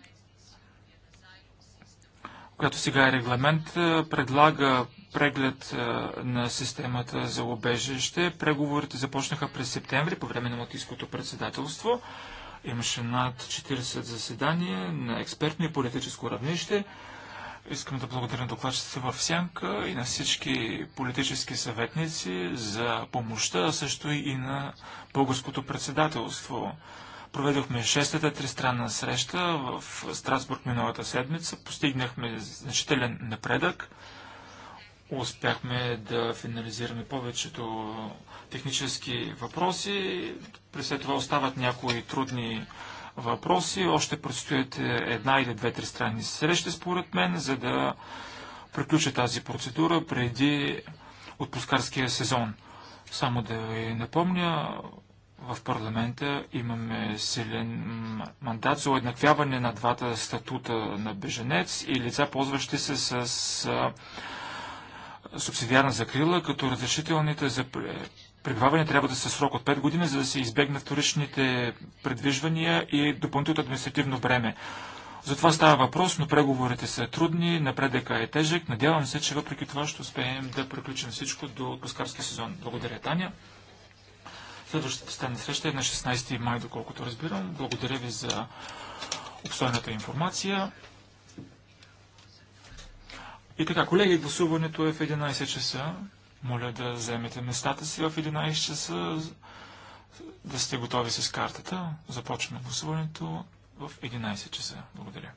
която сега е регламент, е, предлага преглед е, на системата за обежище. Преговорите започнаха през септември по време на Малтийското председателство. Имаше над 40 заседания на експертно и политическо равнище. Искам да благодаря на докладчиците в Сянка и на всички политически съветници за помощта, а също и на българското председателство. Проведохме шестата тристранна среща в Страсбург миналата седмица. Постигнахме значителен напредък. Успяхме да финализираме повечето технически въпроси. През след това остават някои трудни въпроси. Още предстоят една или две тристранни срещи, според мен, за да приключа тази процедура преди отпускарския сезон. Само да ви напомня, в парламента имаме силен мандат за уеднаквяване на двата статута на беженец и лица, ползващи се с субсидиарна закрила, като разрешителните за пребиваване трябва да са срок от 5 години, за да се избегнат вторичните предвижвания и допълнително административно време. За това става въпрос, но преговорите са трудни, напредъка е тежък. Надявам се, че въпреки това ще успеем да приключим всичко до отпускарски сезон. Благодаря, Таня. Следващата стана среща е на 16 май, доколкото разбирам. Благодаря ви за обстойната информация. И така, колеги, гласуването е в 11 часа. Моля да вземете местата си в 11 часа, да сте готови с картата. Започваме гласуването в 11 часа. Благодаря.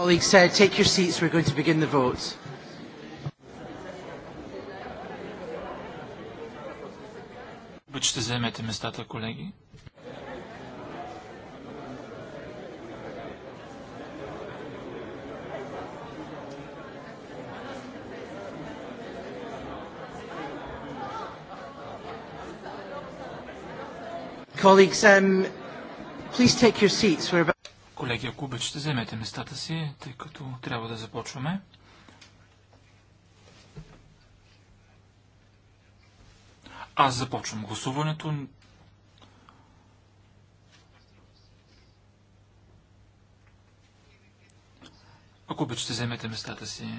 Colleagues, uh, take your seats. We're going to begin the vote. Обичате заемете местата, колеги. Colleagues, um, please take your seats. We're about Колеги, ако обичате, вземете местата си, тъй като трябва да започваме. Аз започвам гласуването. Ако обичате, вземете местата си.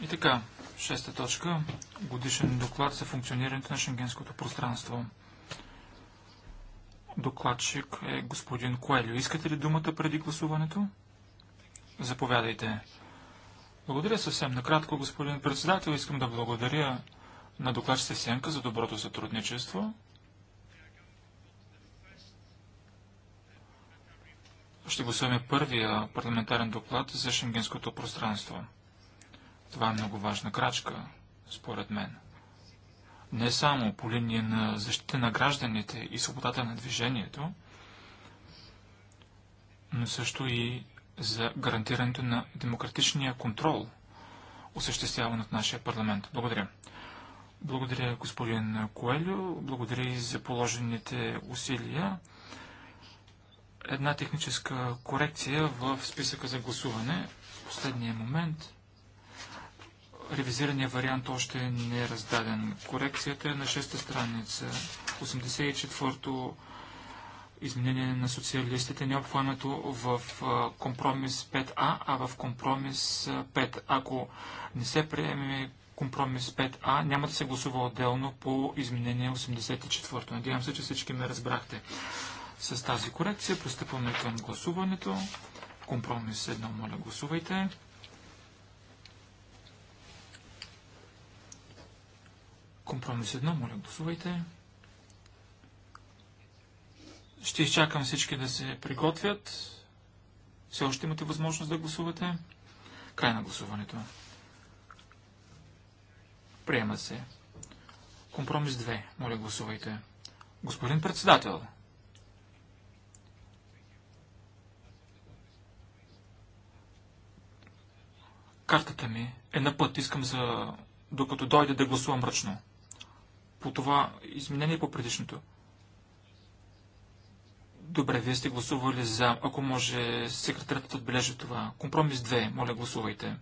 И така, шеста точка. Годишен доклад за функционирането на шенгенското пространство докладчик е господин Коелю. Искате ли думата преди гласуването? Заповядайте. Благодаря съвсем накратко, господин председател. Искам да благодаря на докладчица Сенка за доброто сътрудничество. Ще гласуваме първия парламентарен доклад за шенгенското пространство. Това е много важна крачка, според мен не само по линия на защита на гражданите и свободата на движението, но също и за гарантирането на демократичния контрол, осъществяван от нашия парламент. Благодаря. Благодаря, господин Коелю. Благодаря и за положените усилия. Една техническа корекция в списъка за гласуване. В последния момент Ревизирания вариант още не е раздаден. Корекцията е на шеста страница. 84-то изменение на социалистите не е обхванато в компромис 5А, а в компромис 5. Ако не се приеме компромис 5А, няма да се гласува отделно по изменение 84. то Надявам се, че всички ме разбрахте. С тази корекция пристъпваме към гласуването. Компромис 1, моля гласувайте. Компромис 1, моля гласувайте. Ще изчакам всички да се приготвят. Все още имате възможност да гласувате. Край на гласуването. Приема се. Компромис 2. Моля гласувайте. Господин председател. Картата ми е на път. Искам за... докато дойде да гласувам ръчно по това изменение по предишното. Добре, вие сте гласували за, ако може секретарят отбележи това. Компромис 2, моля гласувайте.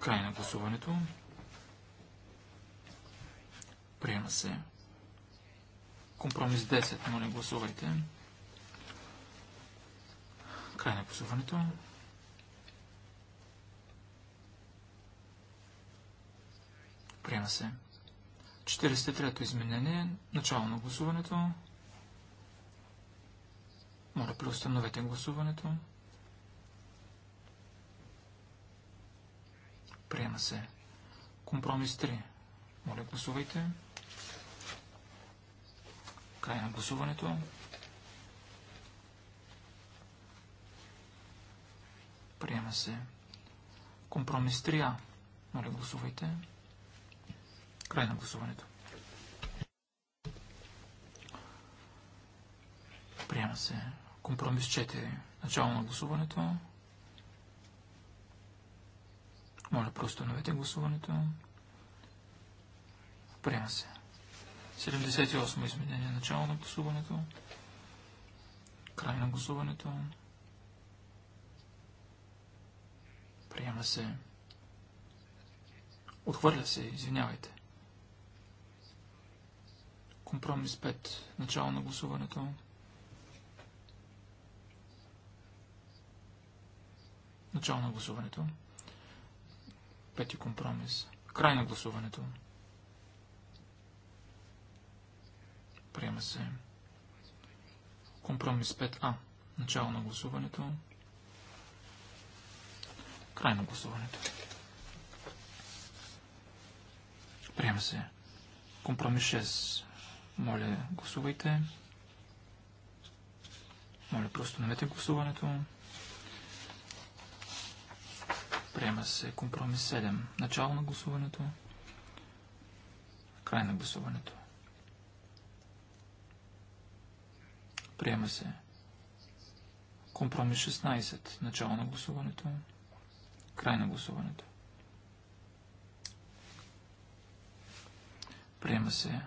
Край на гласуването. Приема се. Компромис 10, моля гласувайте. Край на гласуването. Приема се. 43-то изменение. Начало на гласуването. Моля, преустановете гласуването. Приема се. Компромис 3. Моля, гласувайте. Край на гласуването. Приема се. Компромис 3А. Моля, гласувайте. Край на гласуването. Приема се. Компромис 4. Начало на гласуването. Моля, проустановете гласуването. Приема се. 78 изменение. Начало на гласуването. Край на гласуването. Приема се. Отхвърля се, извинявайте. Компромис 5. Начало на гласуването. Начало на гласуването. Пети компромис. Край на гласуването. Приема се. Компромис 5А. Начало на гласуването. Край на гласуването. Приема се. Компромис 6. Моля, гласувайте. Моля, просто намете гласуването. Приема се компромис 7. Начало на гласуването. Край на гласуването. Приема се. Компромис 16. Начало на гласуването. Край на гласуването. Приема се.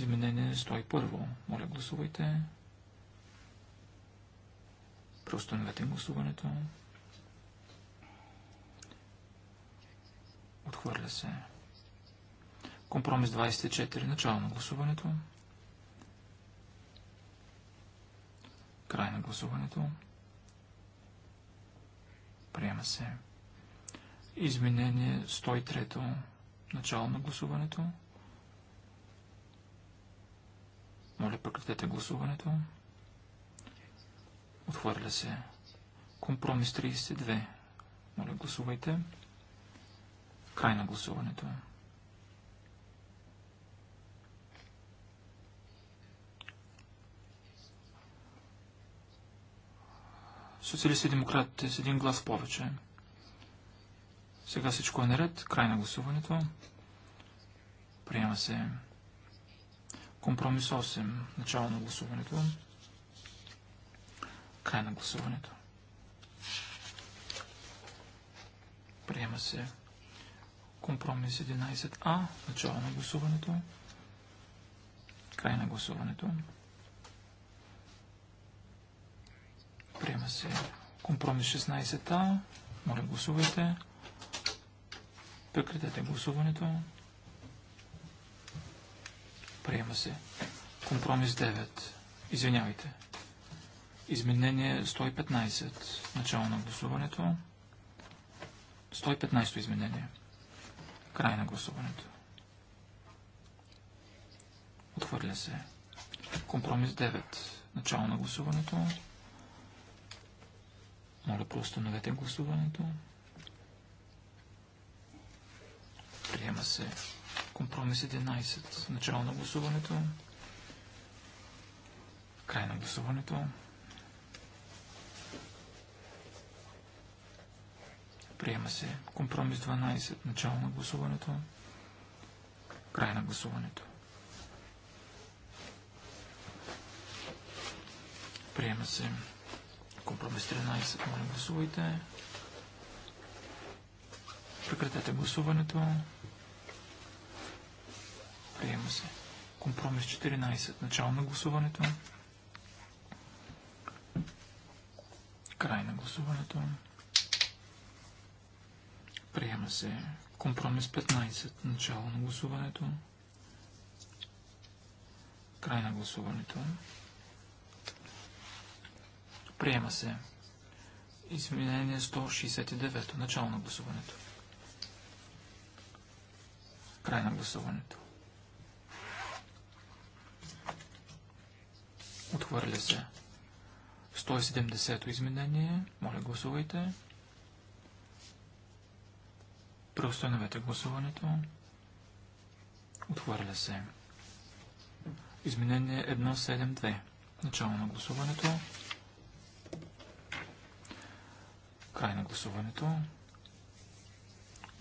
Изменение 101. Моля, гласувайте. Преустановете гласуването. Отхвърля се. Компромис 24. Начало на гласуването. Край на гласуването. Приема се. Изменение 103. Начало на гласуването. Моля, прекратете гласуването. Отхвърля се. Компромис 32. Моля, гласувайте. Край на гласуването. Социалисти и демократите с един глас повече. Сега всичко е наред. Край на гласуването. Приема се. Компромис 8. Начало на гласуването. Край на гласуването. Приема се компромис 11А. Начало на гласуването. Край на гласуването. Приема се компромис 16А. Моля гласувайте. Прекратете гласуването. Приема се. Компромис 9. Извинявайте. Изменение 115. Начало на гласуването. 115 изменение. Край на гласуването. Отхвърля се. Компромис 9. Начало на гласуването. Моля, преустановете гласуването. Приема се. Компромис 11. Начало на гласуването. Край на гласуването. Приема се. Компромис 12. Начало на гласуването. Край на гласуването. Приема се. Компромис 13. Моля, гласувайте. Прекратете гласуването. Приема се. Компромис 14. Начало на гласуването. Край на гласуването. Приема се. Компромис 15. Начало на гласуването. Край на гласуването. Приема се. Изменение 169. Начало на гласуването. Край на гласуването. Отхвърля се. 170 изменение. Моля, гласувайте. Преустановете гласуването. Отхвърля се. Изменение 172. Начало на гласуването. Край на гласуването.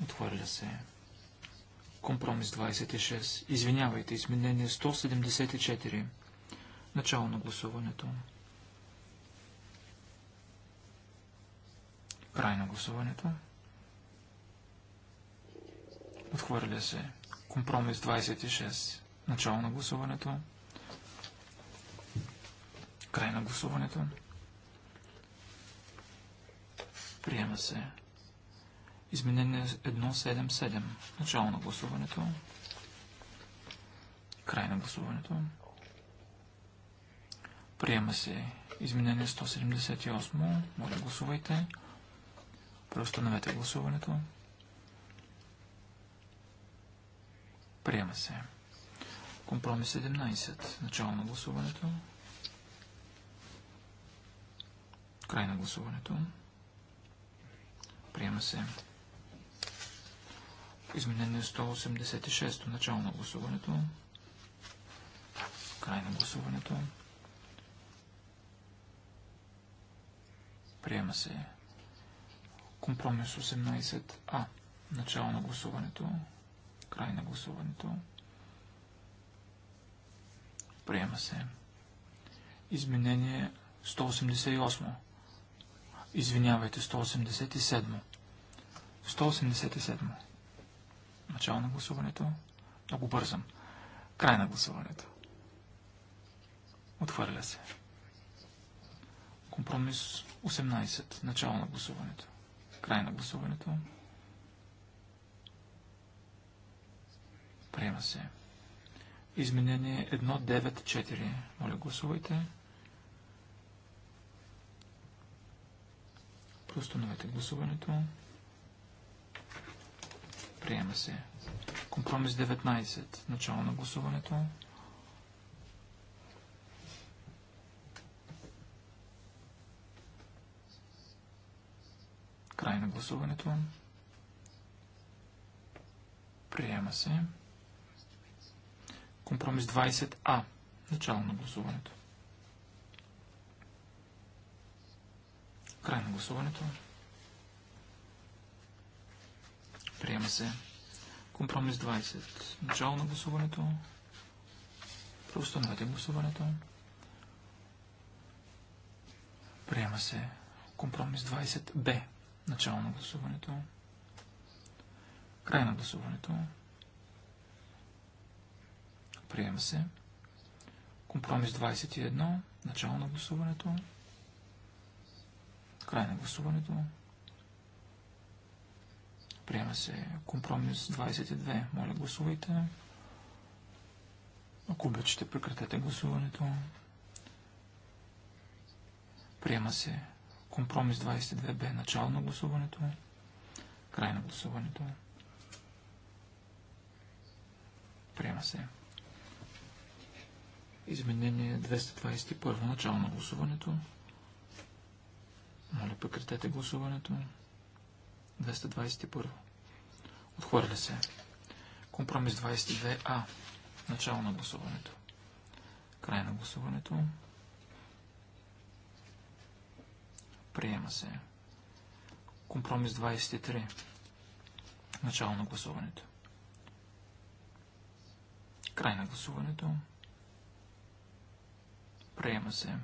Отхвърля се. Компромис 26. Извинявайте, изменение 174. Начало на гласуването. Край на гласуването. Отхвърля се. Компромис 26. Начало на гласуването. Край на гласуването. Приема се. Изменение 177. Начало на гласуването. Край на гласуването. Приема се изменение 178. Моля, гласувайте. Преустановете гласуването. Приема се. Компромис 17. Начало на гласуването. Край на гласуването. Приема се. Изменение 186. Начало на гласуването. Край на гласуването. Приема се компромис 18А. Начало на гласуването. Край на гласуването. Приема се. Изменение 188. Извинявайте, 187. 187. Начало на гласуването. Много бързам. Край на гласуването. Отвърля се. Компромис 18. Начало на гласуването. Край на гласуването. Приема се. Изменение 1.9.4. Моля, гласувайте. Преустановете гласуването. Приема се. Компромис 19. Начало на гласуването. Край на гласуването. Приема се. Компромис 20А. Начало на гласуването. Край на гласуването. Приема се. Компромис 20. Начало на гласуването. Преустановете гласуването. Приема се. Компромис 20Б. Начало на гласуването. Край на гласуването. Приема се. Компромис 21. Начало на гласуването. Край на гласуването. Приема се компромис 22. Моля, гласувайте. Ако обичате, прекратете гласуването. Приема се Компромис 22 бе начало на гласуването. Край на гласуването. Приема се. Изменение 221. Начало на гласуването. Моля, прекратете гласуването. 221. Отхвърля се. Компромис 22А. Начало на гласуването. Край на гласуването. Приема се. Компромис 23. Начало на гласуването. Край на гласуването. Приема се.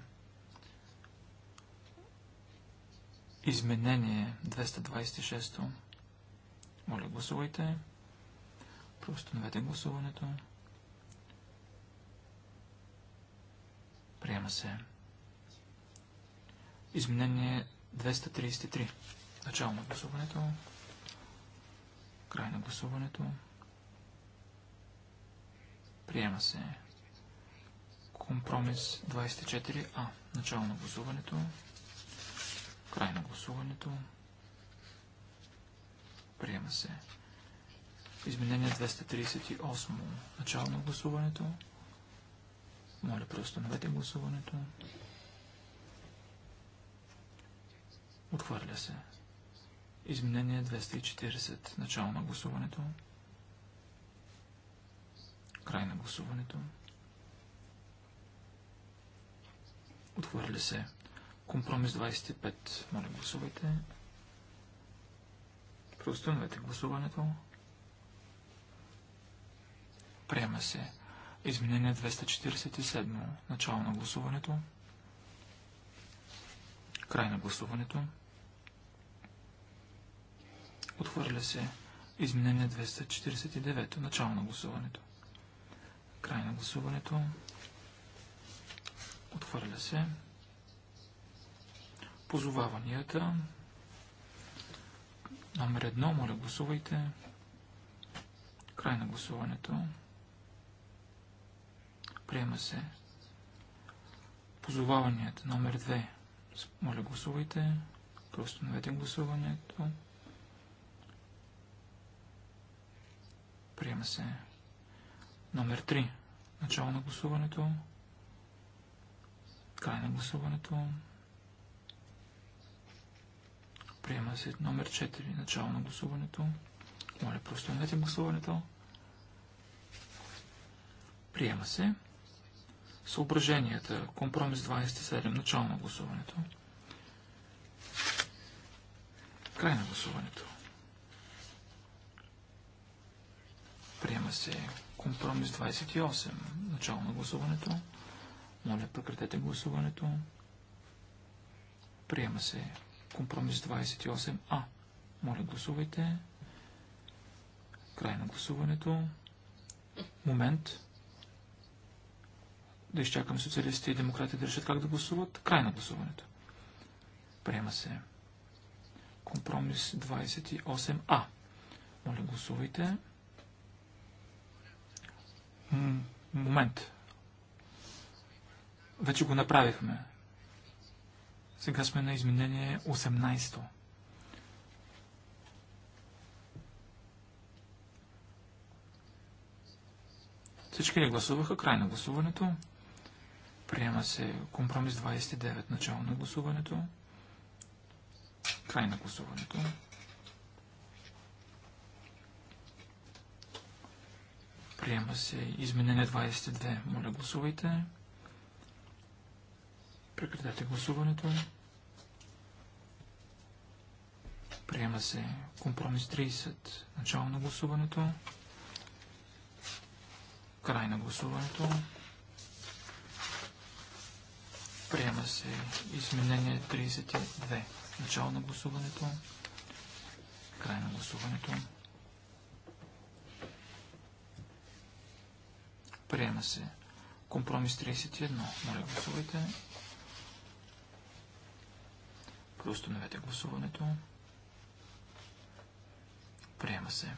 Изменение 226. Моля, гласувайте. Преустановете гласуването. Приема се. Изменение 233. Начало на гласуването. Край на гласуването. Приема се. Компромис 24А. Начало на гласуването. Край на гласуването. Приема се. Изменение 238. Начало на гласуването. Моля, преустановете гласуването. Отхвърля се. Изменение 240. Начало на гласуването. Край на гласуването. Отхвърля се. Компромис 25. Моля, гласувайте. Преустановете гласуването. Приема се. Изменение 247. Начало на гласуването. Край на гласуването. Отхвърля се изменение 249. Начало на гласуването. Край на гласуването. Отхвърля се. Позоваванията. Номер едно, моля гласувайте. Край на гласуването. Приема се. Позоваванията. Номер 2. Моля, гласувайте. Преустановете гласуването. Приема се. Номер 3. Начало на гласуването. Край на гласуването. Приема се номер 4. Начало на гласуването. Моля, проустановете гласуването. Приема се. Съображенията. Компромис 27. Начало на гласуването. Край на гласуването. Приема се компромис 28. Начало на гласуването. Моля, прекратете гласуването. Приема се компромис 28А. Моля, гласувайте. Край на гласуването. Момент. Да изчакам социалистите и демократите да решат как да гласуват. Край на гласуването. Приема се. Компромис 28А. Моля, гласувайте. момент. Вече го направихме. Сега сме на изменение 18. -то. Всички ли гласуваха край на гласуването? Приема се компромис 29, начало на гласуването. Край на гласуването. Приема се изменение 22. Моля, гласувайте. Прекратете гласуването. Приема се компромис 30. Начало на гласуването. Край на гласуването. Приема се изменение 32. Начало на гласуването. Край на гласуването. Приема се компромис 31. Моля гласувайте. Преустановете гласуването. Приема се.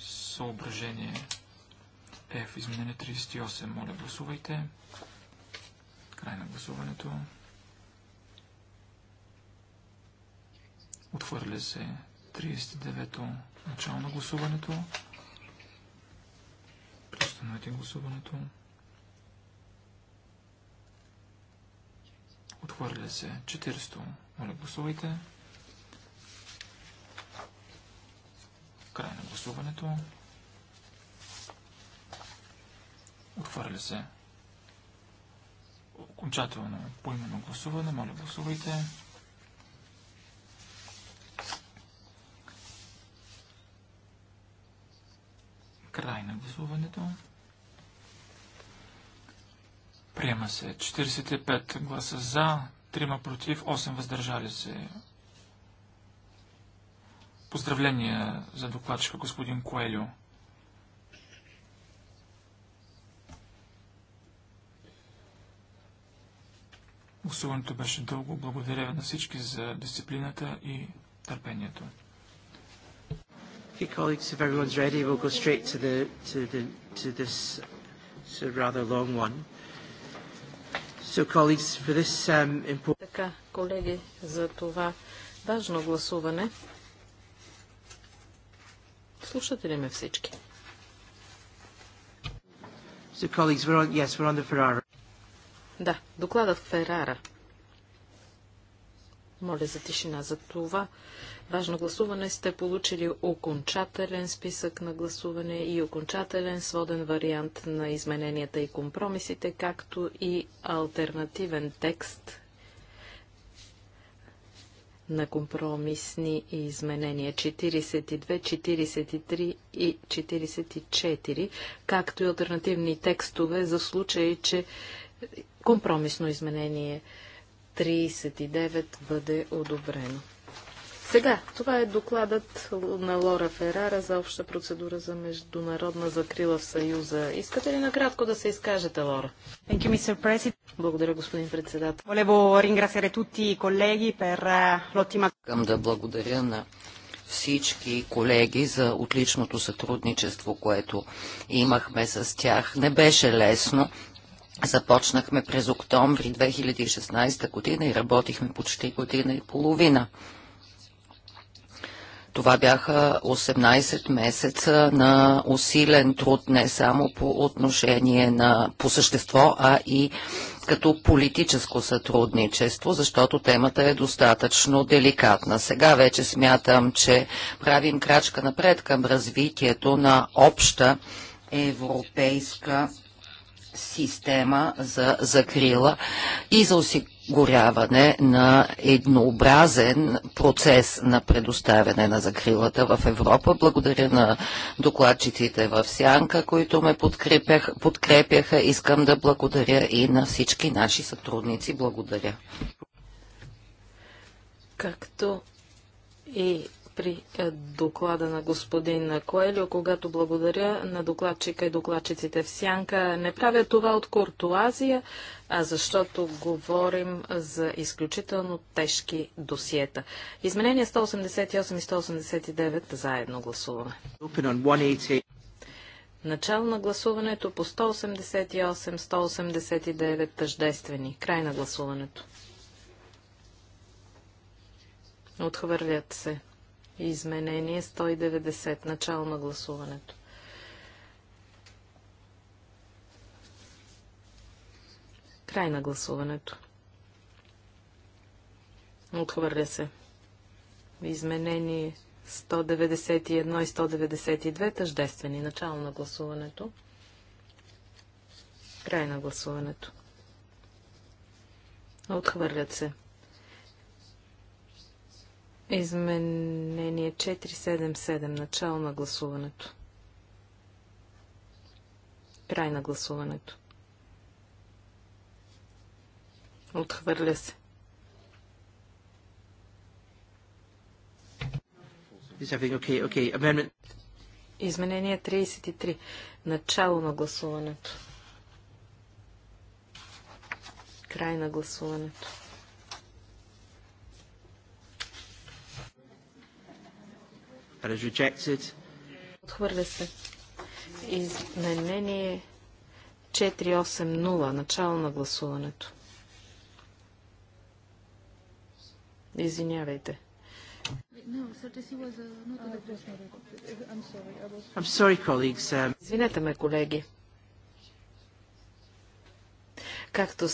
Съображение F, е, изменение 38. Моля, гласувайте. Край на гласуването. Отвърля се 39-то начало на гласуването. Преустановете гласуването. Отвърля се 40-то. Моля, гласувайте. Край на гласуването. Отхвърля се. Окончателно поименно гласуване. Моля, гласувайте. Край на гласуването. Приема се 45 гласа за, 3 против, 8 въздържали се. Поздравления за докладчика господин Коелю. Гласуването беше дълго. Благодаря на всички за дисциплината и търпението. Okay, colleagues, if everyone's ready, we'll go straight to, the, to, the, to this so rather long one. So, colleagues, for this um, important... Така, колеги, за това важно гласуване. Слушате ли ме всички? So, colleagues, we're on, yes, we're on the Ferrara да, докладът Ферара. Моля за тишина за това. Важно гласуване сте получили окончателен списък на гласуване и окончателен своден вариант на измененията и компромисите, както и альтернативен текст на компромисни изменения 42, 43 и 44, както и альтернативни текстове за случай, че компромисно изменение 39 бъде одобрено. Сега, това е докладът на Лора Ферара за обща процедура за международна закрила в Съюза. Искате ли накратко да се изкажете, Лора? You, Благодаря, господин председател. Eh, Към да благодаря на всички колеги за отличното сътрудничество, което имахме с тях. Не беше лесно, Започнахме през октомври 2016 година и работихме почти година и половина. Това бяха 18 месеца на усилен труд не само по отношение на по същество, а и като политическо сътрудничество, защото темата е достатъчно деликатна. Сега вече смятам, че правим крачка напред към развитието на обща европейска система за закрила и за осигуряване на еднообразен процес на предоставяне на закрилата в Европа. Благодаря на докладчиците в Сянка, които ме подкрепяха. Искам да благодаря и на всички наши сътрудници. Благодаря. Както и при е, доклада на господин Коелио, когато благодаря на докладчика и докладчиците в Сянка. Не правя това от Куртуазия, а защото говорим за изключително тежки досиета. Изменения 188 и 189 заедно гласуваме. Начало на гласуването по 188, 189 тъждествени. Край на гласуването. Отхвърлят се. Изменение 190. Начало на гласуването. Край на гласуването. Отхвърля се. Изменение 191 и 192 тъждествени. Начало на гласуването. Край на гласуването. Отхвърлят се. Изменение 477. Начало на гласуването. Край на гласуването. Отхвърля се. Изменение 33. Начало на гласуването. Край на гласуването. Отхвърля се. Изменение 480. Начало на гласуването. Извинявайте. Извинете ме, колеги. Както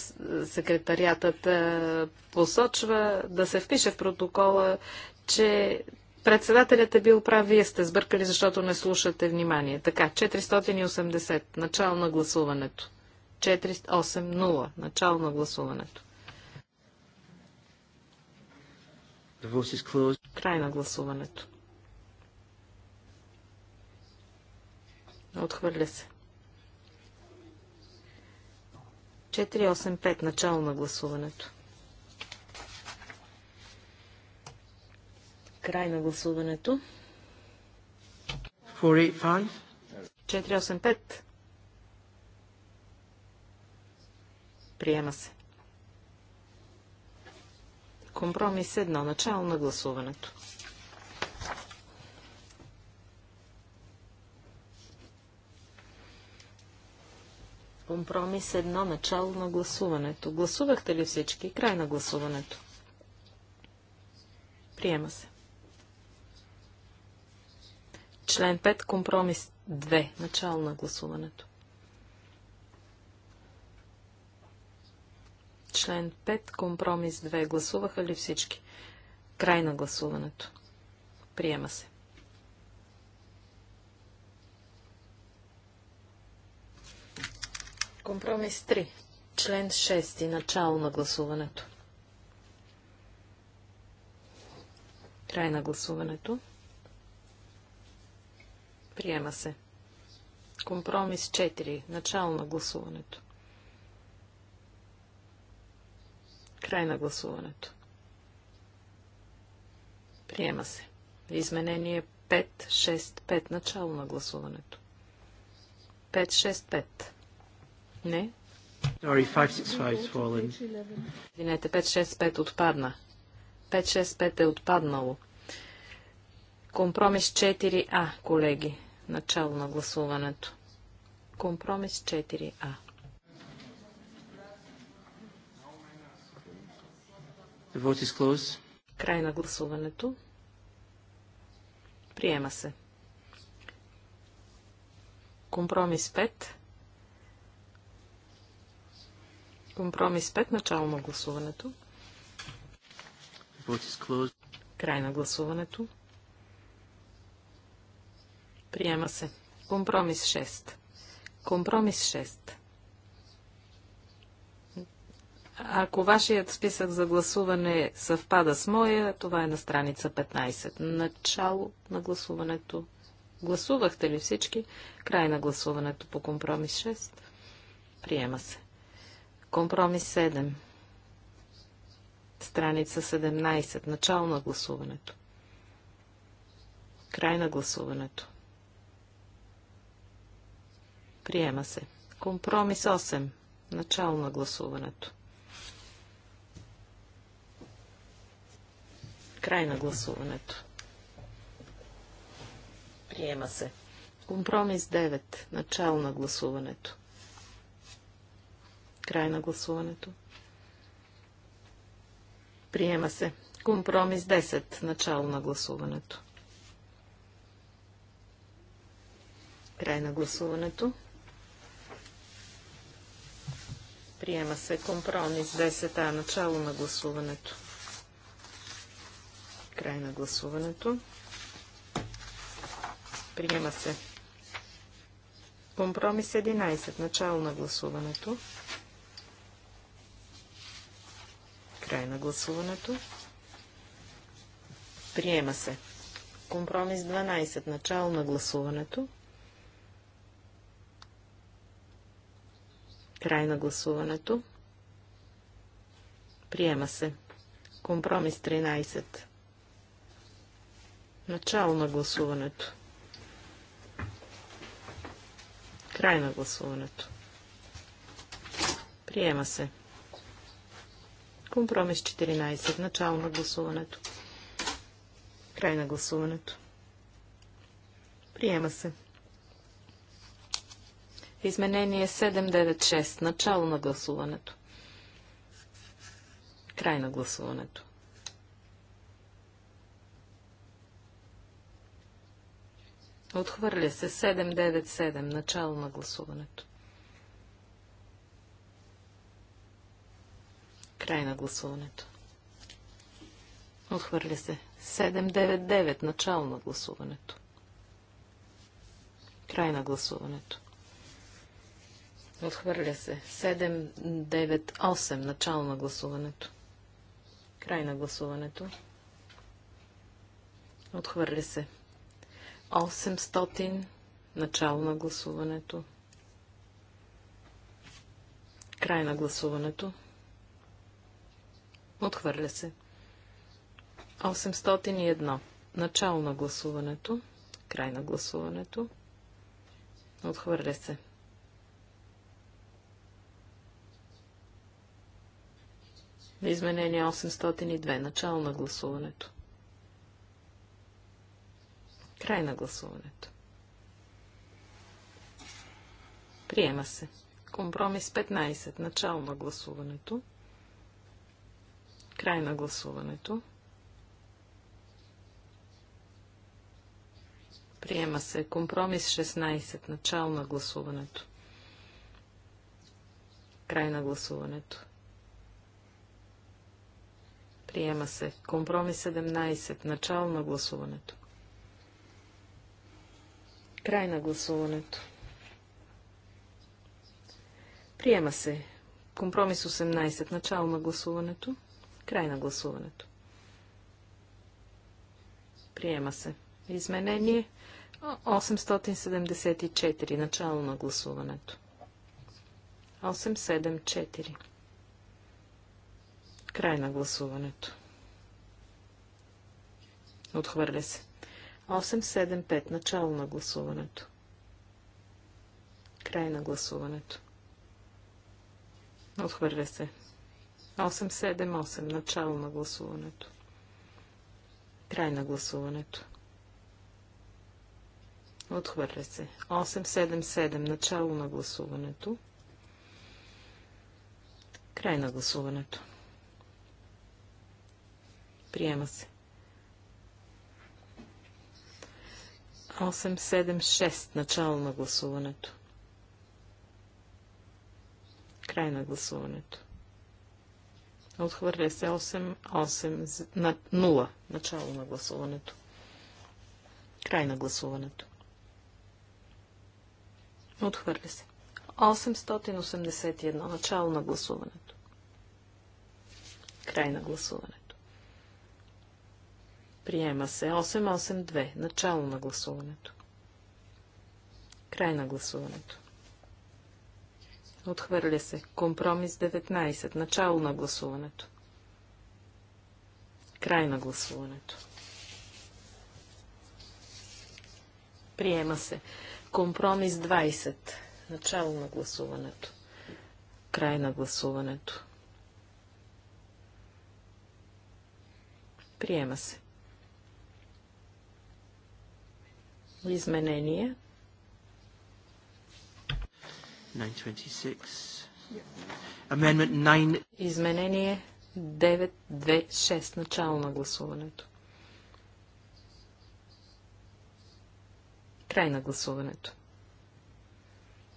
секретариатът е, посочва, да се впише в протокола, че Председателят е бил прав, вие сте сбъркали, защото не слушате внимание. Така, 480, начало на гласуването. 480, начало на гласуването. Край на гласуването. Отхвърля се. 485, начало на гласуването. Край на гласуването. 485. Приема се. Компромис едно. Начало на гласуването. Компромис 1. Начало на гласуването. Гласувахте ли всички? Край на гласуването. Приема се. Член 5, компромис 2, начало на гласуването. Член 5, компромис 2. Гласуваха ли всички? Край на гласуването. Приема се. Компромис 3. Член 6. Начало на гласуването. Край на гласуването. Приема се. Компромис 4. Начало на гласуването. Край на гласуването. Приема се. Изменение 5-6-5. Начало на гласуването. 5-6-5. Не. Извинете, 5-6-5 отпадна. 5-6-5 е отпаднало. Компромис 4А, колеги. Начало на гласуването. Компромис 4А. The vote is closed. Край на гласуването. Приема се. Компромис 5. Компромис 5. Начало на гласуването. Край на гласуването. Приема се. Компромис 6. Компромис 6. Ако вашият списък за гласуване съвпада с моя, това е на страница 15. Начало на гласуването. Гласувахте ли всички? Край на гласуването по компромис 6. Приема се. Компромис 7. Страница 17. Начало на гласуването. Край на гласуването. Приема се. Компромис 8. Начало на гласуването. Край на гласуването. Приема се. Компромис 9. Начало на гласуването. Край на гласуването. Приема се. Компромис 10. Начало на гласуването. Край на гласуването. Приема се компромис 10А. Начало на гласуването. Край на гласуването. Приема се. Компромис 11. Начало на гласуването. Край на гласуването. Приема се. Компромис 12. Начало на гласуването. Край на гласуването. Приема се. Компромис 13. Начало на гласуването. Край на гласуването. Приема се. Компромис 14. Начало на гласуването. Край на гласуването. Приема се. Изменение 796. Начало на гласуването. Край на гласуването. Отхвърля се 797. Начало на гласуването. Край на гласуването. Отхвърля се 799. Начало на гласуването. Край на гласуването. Отхвърля се. 798. Начало на гласуването. Край на гласуването. Отхвърля се. 800. Начало на гласуването. Край на гласуването. Отхвърля се. 801. Начало на гласуването. Край на гласуването. Отхвърля се. 802. На Изменение 802. Начало на гласуването. Край на гласуването. Приема се. Компромис 15. Начало на гласуването. Край на гласуването. Приема се. Компромис 16. Начало на гласуването. Край на гласуването. Приема се. Компромис 17. Начало на гласуването. Край на гласуването. Приема се. Компромис 18. Начало на гласуването. Край на гласуването. Приема се. Изменение 874. Начало на гласуването. 874. Край на гласуването. Отхвърля се. 875. Начало на гласуването. Край на гласуването. Отхвърля се. 878. Начало на гласуването. Край на гласуването. Отхвърля се. 877. Начало на гласуването. Край на гласуването. Приема се. 876. Начало на гласуването. Край на гласуването. Отхвърля се 8 на 0. Начало на гласуването. Край на гласуването. Отхвърля се. 881. Начало на гласуването. Край на гласуването. Приема се 882. Начало на гласуването. Край на гласуването. Отхвърля се. Компромис 19. Начало на гласуването. Край на гласуването. Приема се. Компромис 20. Начало на гласуването. Край на гласуването. Приема се. изменение. 926. Amendment 9... Изменение 926. Начало на гласуването. Край на гласуването.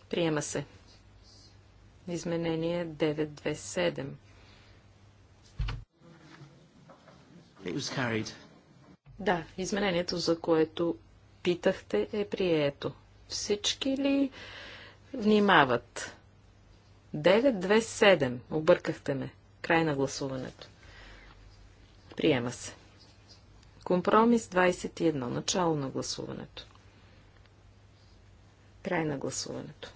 Приема се. Изменение 927. Да, изменението, за което питахте, е прието. Всички ли внимават? 927. Объркахте ме. Край на гласуването. Приема се. Компромис 21. Начало на гласуването. Край на гласуването.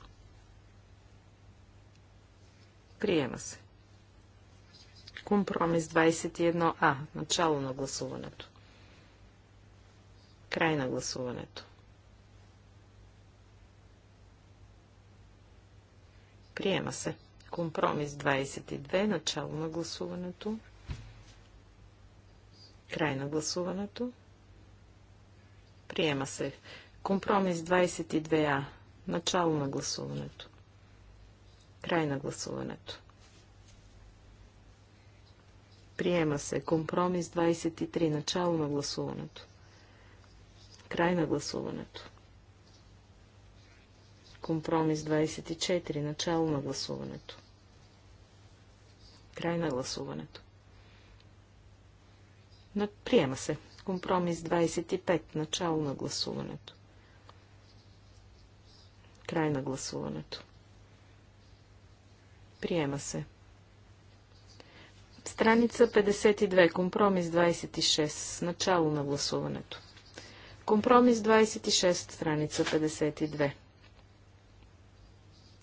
Приема се. Компромис 21А. Начало на гласуването. Край на гласуването. Приема се. Компромис 22. Начало на гласуването. Край на гласуването. Приема се. Компромис 22А. Начало на гласуването. Край на гласуването. Приема се. Компромис 23. Начало на гласуването. Край на гласуването. Компромис 24. Начало на гласуването. Край на гласуването. Приема се. Компромис 25. Начало на гласуването. Край на гласуването. Приема се. Страница 52. Компромис 26. Начало на гласуването. Компромис 26, страница 52.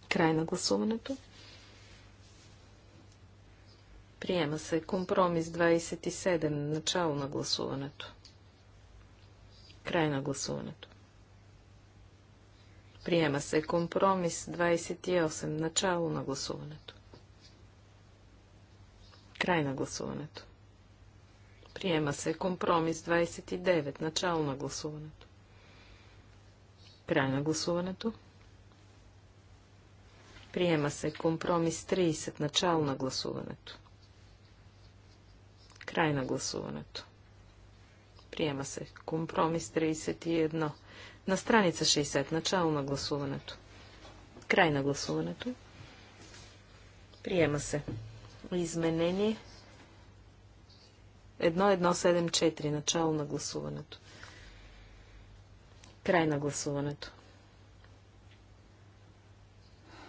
Край на гласуването. Приема се компромис 27, начало на гласуването. Край на гласуването. Приема се компромис 28, начало на гласуването. Край на гласуването. Приема се компромис 29. Начало на гласуването. Край на гласуването. Приема се компромис 30. Начало на гласуването. Край на гласуването. Приема се компромис 31. На страница 60. Начало на гласуването. Край на гласуването. Приема се. Изменение 1174. Начало на гласуването. Край на гласуването.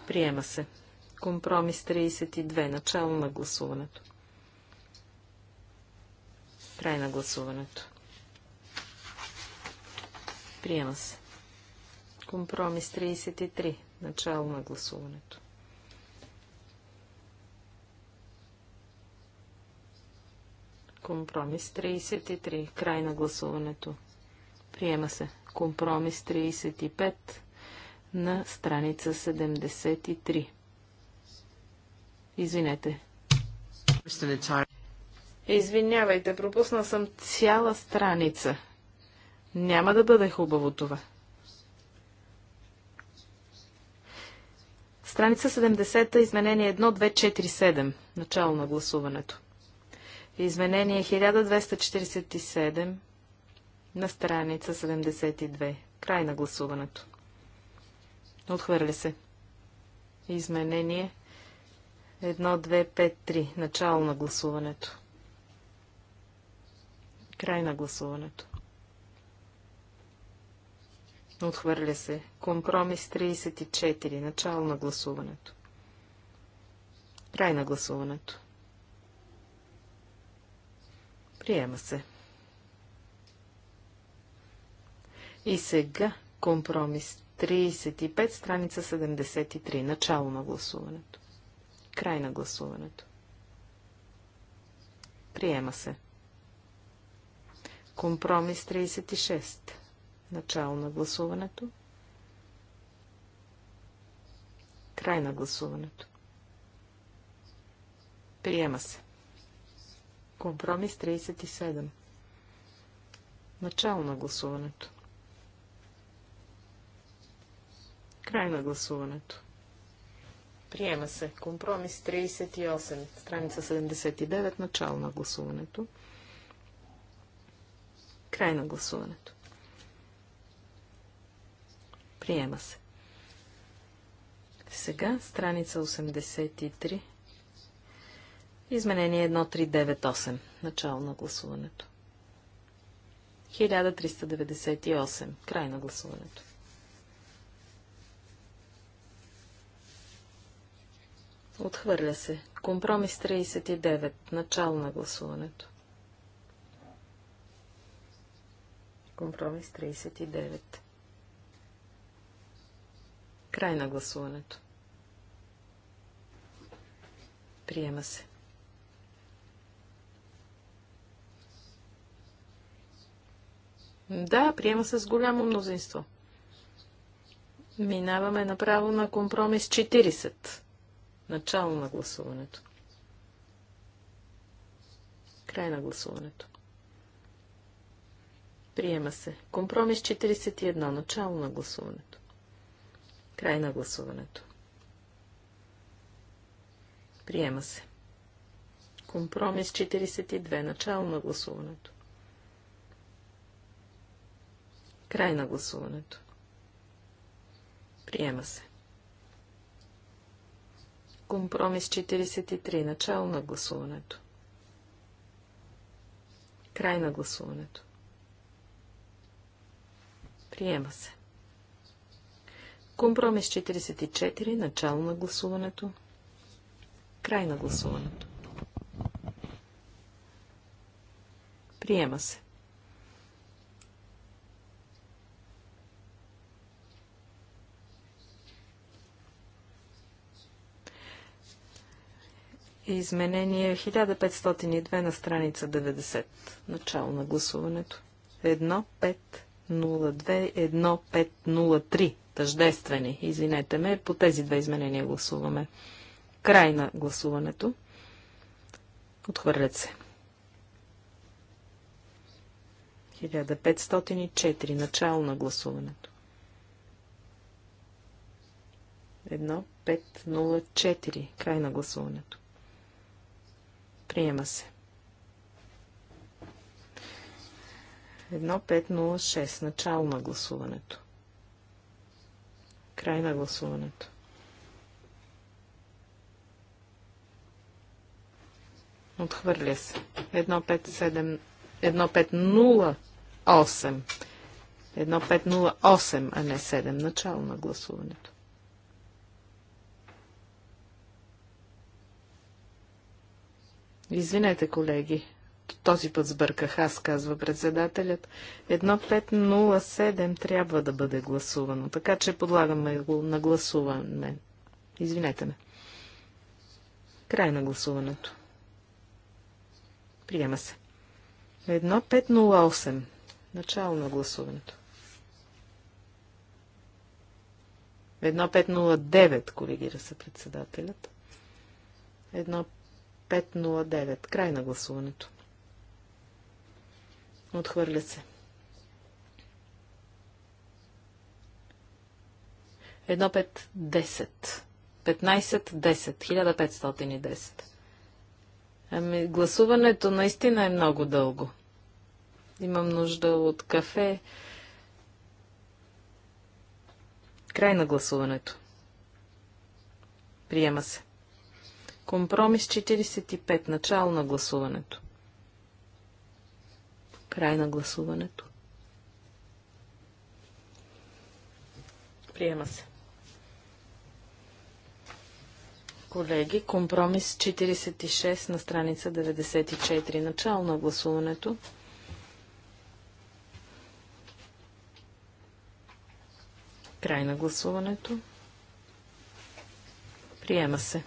Приема се. Компромис 32. Начало на гласуването. Край на гласуването. Приема се. Компромис 33. Начало на гласуването. Компромис 33. Край на гласуването. Приема се. Компромис 35 на страница 73. Извинете. Извинявайте, пропусна съм цяла страница. Няма да бъде хубаво това. Страница 70, изменение 1247, начало на гласуването. Изменение 1247 на страница 72. Край на гласуването. Отхвърля се. Изменение 1253. Начало на гласуването. Край на гласуването. Отхвърля се. Компромис 34. Начало на гласуването. Край на гласуването. Приема се. И сега компромис 35, страница 73. Начало на гласуването. Край на гласуването. Приема се. Компромис 36. Начало на гласуването. Край на гласуването. Приема се. Компромис 37. Начало на гласуването. Край на гласуването. Приема се. Компромис 38. Страница 79. Начало на гласуването. Край на гласуването. Приема се. Сега страница 83. Изменение 1398. Начало на гласуването. 1398. Край на гласуването. Отхвърля се. Компромис 39. Начало на гласуването. Компромис 39. Край на гласуването. Приема се. Да, приема се с голямо мнозинство. Минаваме направо на компромис 40. Начало на гласуването. Край на гласуването. Приема се. Компромис 41. Начало на гласуването. Край на гласуването. Приема се. Компромис 42. Начало на гласуването. Край на гласуването. Приема се. Компромис 43. Начало на гласуването. Край на гласуването. Приема се. Компромис 44. Начало на гласуването. Край на гласуването. Приема се. Изменение 1502 на страница 90. Начало на гласуването. 1502-1503. Тъждествени. Извинете ме, по тези две изменения гласуваме. Край на гласуването. Отхвърлят се. 1504. Начало на гласуването. 1504. Край на гласуването. Приема се. 1506. Начало на гласуването. Край на гласуването. Отхвърля се. 1508. 1508, а не 7. Начало на гласуването. Извинете, колеги. Този път сбърках аз, казва председателят. Едно 507 трябва да бъде гласувано, така че подлагаме го на гласуване. Извинете ме. Край на гласуването. Приема се. Едно 5.08. Начало на гласуването. Едно 509, колегира се председателят. Едно 509. Край на гласуването. Отхвърля се. Едно пет десет. 15 десет. Ами, гласуването наистина е много дълго. Имам нужда от кафе. Край на гласуването. Приема се. Компромис 45. Начало на гласуването. Край на гласуването. Приема се. Колеги, компромис 46 на страница 94. Начало на гласуването. Край на гласуването. Приема се.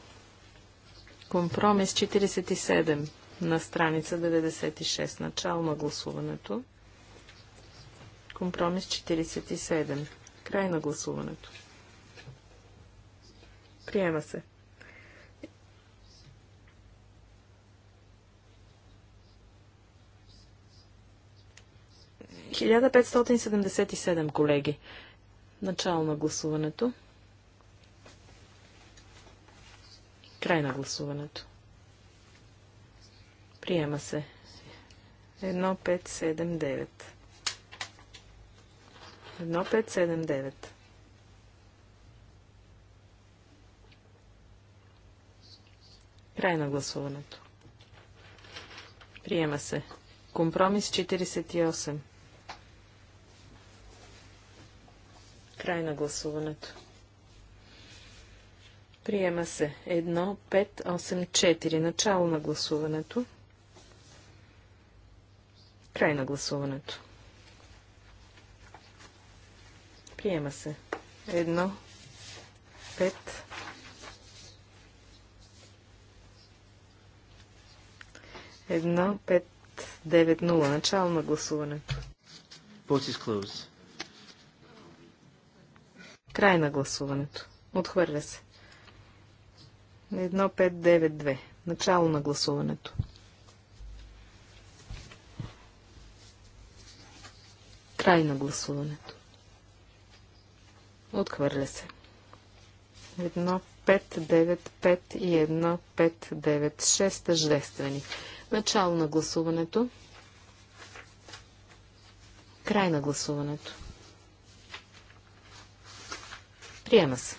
Компромис 47 на страница 96. Начало на гласуването. Компромис 47. Край на гласуването. Приема се. Хиляда петстотин седемдесет и седем колеги. Начало на гласуването. Край на гласуването. Приема се. 1579. 1579. Край на гласуването. Приема се. Компромис 48. Край на гласуването. Приема се. 1, 5, 8, 4. Начало на гласуването. Край на гласуването. Приема се. 1, 5, 8, 4. Едно, пет, девет, нула. Начало на гласуването. Vote is Край на гласуването. Отхвърля се. 1592. Начало на гласуването. Край на гласуването. Отхвърля се. 1595 и 1596 тъждествени. Начало на гласуването. Край на гласуването. Приема се.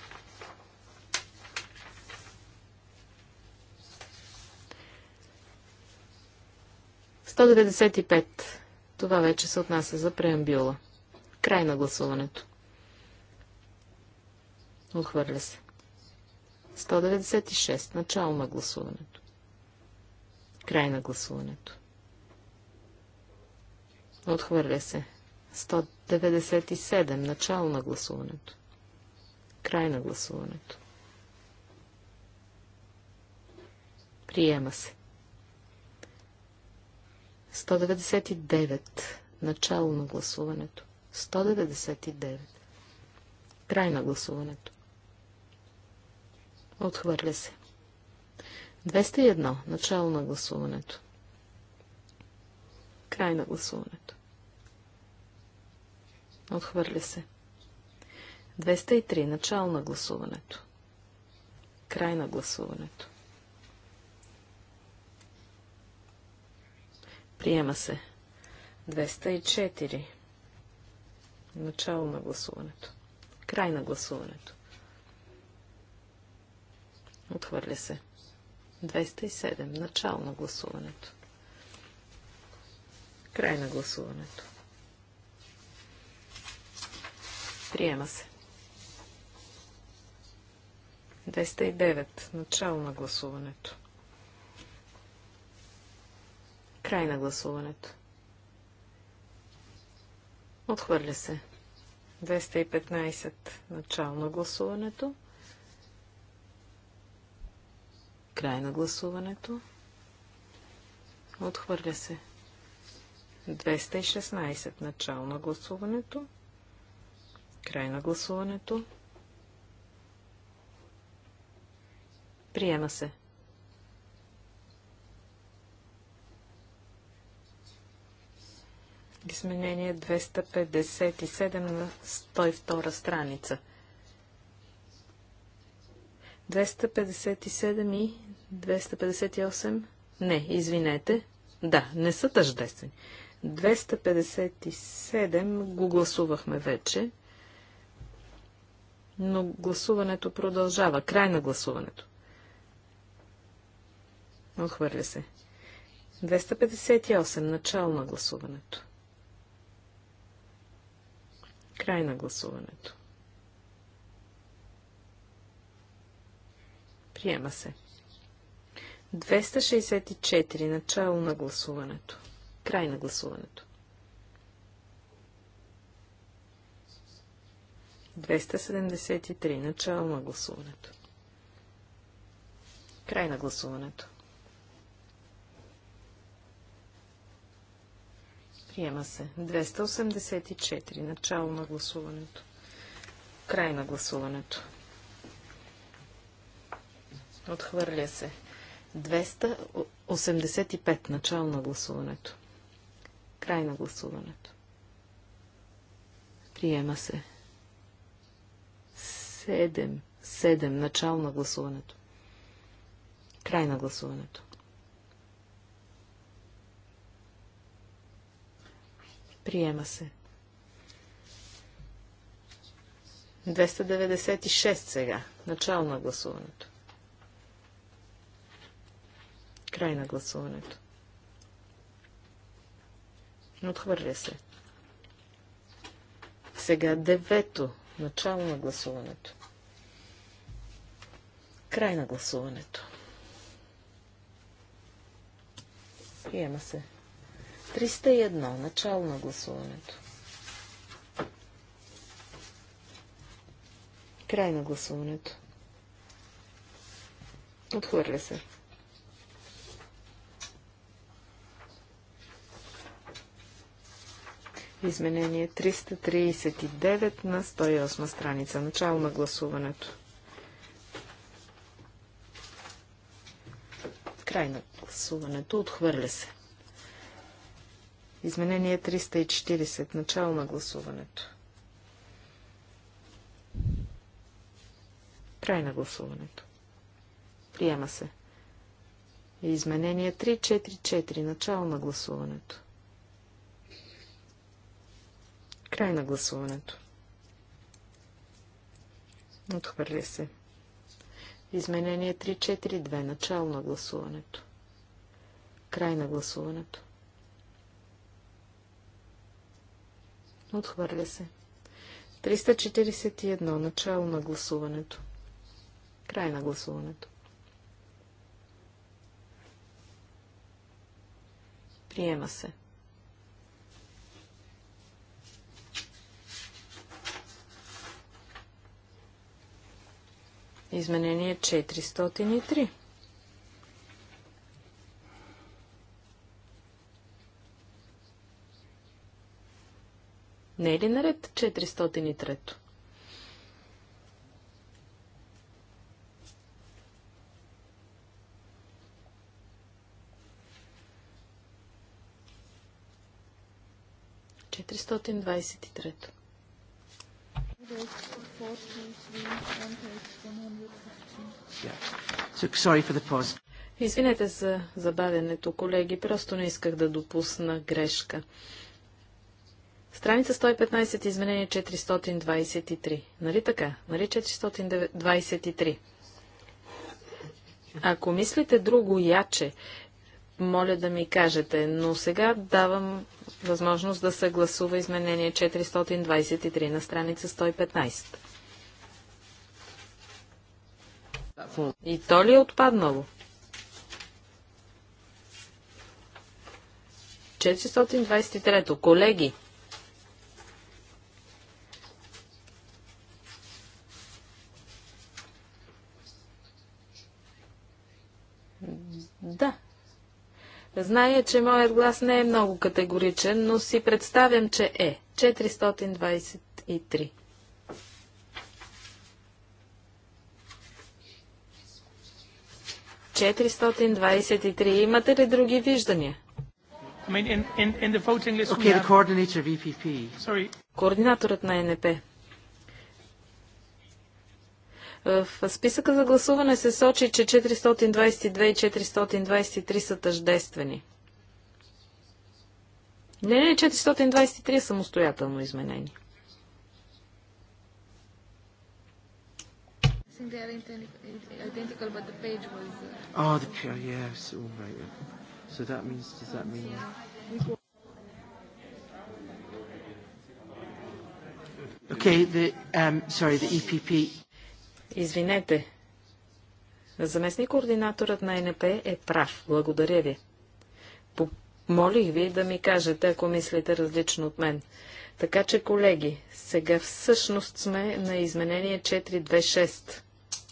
195. Това вече се отнася за преамбюла. Край на гласуването. Отхвърля се. 196. Начало на гласуването. Край на гласуването. Отхвърля се. 197. Начало на гласуването. Край на гласуването. Приема се. 199. Начало на гласуването. 199. Край на гласуването. Отхвърля се. 201. Начало на гласуването. Край на гласуването. Отхвърля се. 203. Начало на гласуването. Край на гласуването. Приема се. 204. Начало на гласуването. Край на гласуването. Отхвърля се. 207. Начало на гласуването. Край на гласуването. Приема се. 209. Начало на гласуването. Край на гласуването. Отхвърля се. 215 начало на гласуването. Край на гласуването. Отхвърля се. 216 начало на гласуването. Край на гласуването. Приема се. Изменение 257 на 102 страница. 257 и 258? Не, извинете. Да, не са тъждествени. 257 го гласувахме вече, но гласуването продължава. Край на гласуването. Отхвърля се. 258. Начало на гласуването. Край на гласуването. Приема се. 264. Начало на гласуването. Край на гласуването. 273. Начало на гласуването. Край на гласуването. Приема се. 284. Начало на гласуването. Край на гласуването. Отхвърля се. 285. Начало на гласуването. Край на гласуването. Приема се. 7. 7. Начало на гласуването. Край на гласуването. Приема се. 296 сега. Начало на гласуването. Край на гласуването. Отхвърля се. Сега девето. Начало на гласуването. Край на гласуването. Приема се. 301. Начало на гласуването. Край на гласуването. Отхвърля се. Изменение 339 на 108 страница. Начало на гласуването. Край на гласуването. Отхвърля се. Изменение 340. Начало на гласуването. Край на гласуването. Приема се. Изменение 344. Начало на гласуването. Край на гласуването. Отхвърля се. Изменение 342. Начало на гласуването. Край на гласуването. Отхвърля се. 341. Начало на гласуването. Край на гласуването. Приема се. Изменение 403. Не е ли наред 403? Четиристотин двадесет Извинете за забавянето, колеги, просто не исках да допусна грешка. Страница 115, изменение 423. Нали така? Нали 423? Ако мислите друго яче, моля да ми кажете, но сега давам възможност да се гласува изменение 423 на страница 115. И то ли е отпаднало? 423. Колеги, Зная, че моят глас не е много категоричен, но си представям, че е. 423. Четиристотин Имате ли други виждания? I mean, in, in, in okay, EPP... Координаторът на НП. Е, в списъка за гласуване се сочи, че 422 и 423 са тъждествени. Не, не, 423 е самостоятелно изменени. Uh, ah, okay, the, um, sorry, the EPP. Извинете. Заместник координаторът на НП е прав. Благодаря ви. Помолих ви да ми кажете, ако мислите различно от мен. Така че, колеги, сега всъщност сме на изменение 426.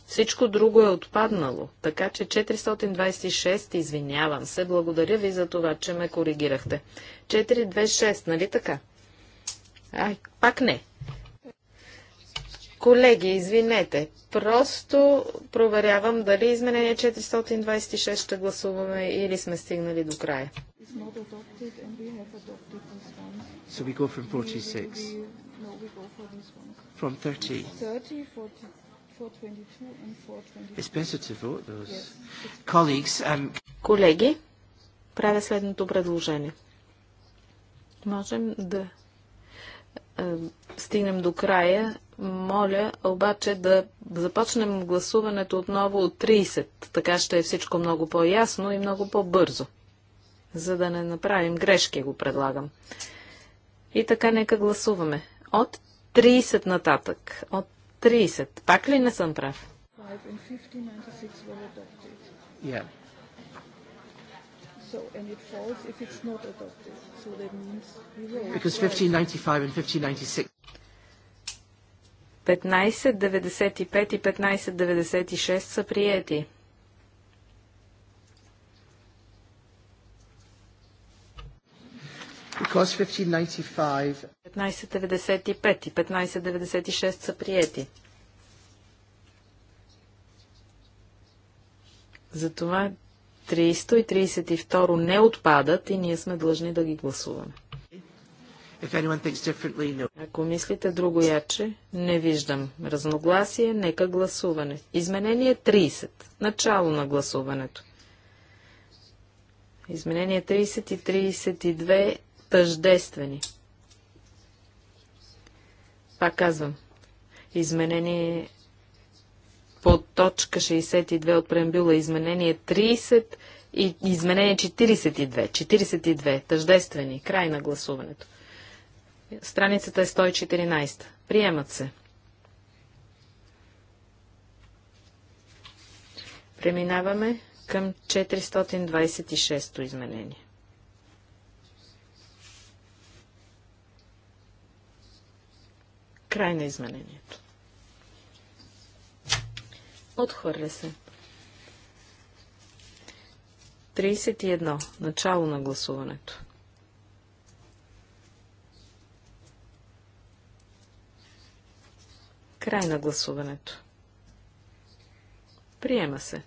Всичко друго е отпаднало, така че 426, извинявам се, благодаря ви за това, че ме коригирахте. 426, нали така? Ай, пак не. Колеги, извинете, просто проверявам дали изменение 426 ще гласуваме или сме стигнали до края. So we go from 46. From 30. 30, It's better to vote those. Yes. Colleagues, um... Колеги, правя следното предложение. Можем да е, стигнем до края, моля обаче да започнем гласуването отново от 30. Така ще е всичко много по-ясно и много по-бързо. За да не направим грешки, го предлагам. И така нека гласуваме. От 30 нататък. От 30. Пак ли не съм прав? 5 and 50, 96 were So, and it falls if it's not adopted. So that means we will Because 1595 and 1596. 1595 и 1596 са приети. Because 1595 1595 и 1596 са приети. Затова 332 не отпадат и ние сме длъжни да ги гласуваме. Ако мислите друго яче, не виждам. Разногласие, нека гласуване. Изменение 30. Начало на гласуването. Изменение 30 и 32 тъждествени. Пак казвам. Изменение по точка 62 от преамбюла изменение 30 и изменение 42. 42. Тъждествени. Край на гласуването. Страницата е 114. Приемат се. Преминаваме към 426-то изменение. Край на изменението. Отхвърля се. 31. Начало на гласуването. Край на гласуването. Приема се.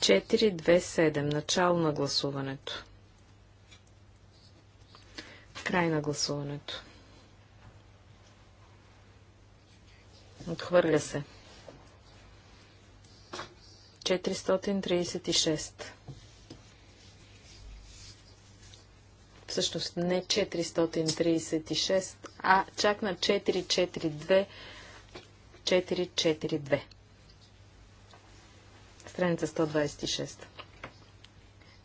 427. Начало на гласуването. Край на гласуването. Отхвърля се. 436. Всъщност не 436, а чак на 442. 442. Страница 126.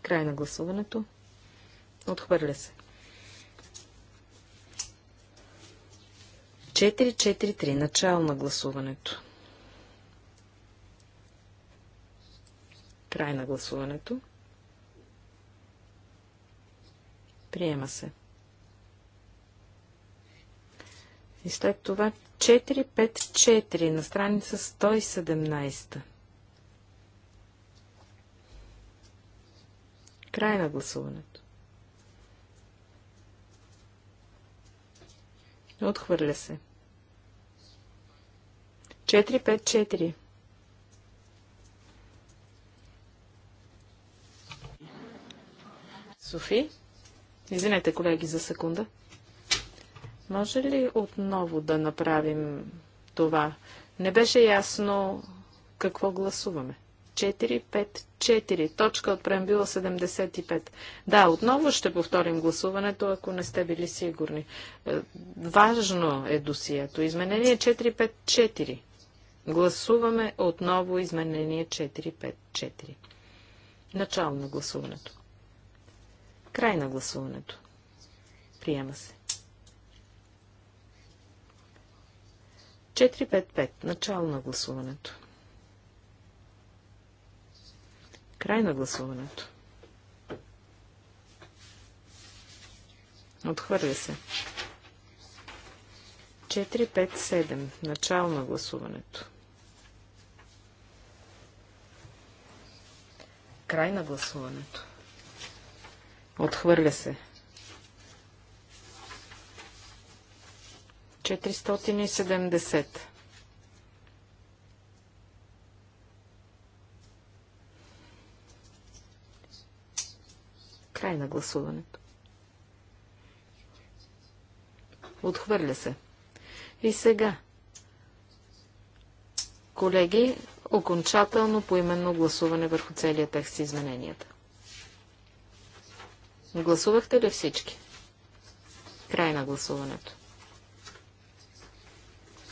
Край на гласуването. Отхвърля се. 436. 4-4-3. Начало на гласуването. Край на гласуването. Приема се. И след това 4-5-4 на страница 117. Край на гласуването. Отхвърля се. 454. Софи, извинете колеги за секунда. Може ли отново да направим това? Не беше ясно какво гласуваме. 454. Точка от преамбила 75. Да, отново ще повторим гласуването, ако не сте били сигурни. Е, важно е досието. Изменение 454. Гласуваме отново изменение 454. Начало на гласуването. Край на гласуването. Приема се. 455. Начало на гласуването. Край на гласуването. Отхвърля се. 457. Начало на гласуването. Край на гласуването. Отхвърля се. 470. Край на гласуването. Отхвърля се. И сега, колеги, окончателно поименно гласуване върху целият текст с измененията. Гласувахте ли всички? Край на гласуването.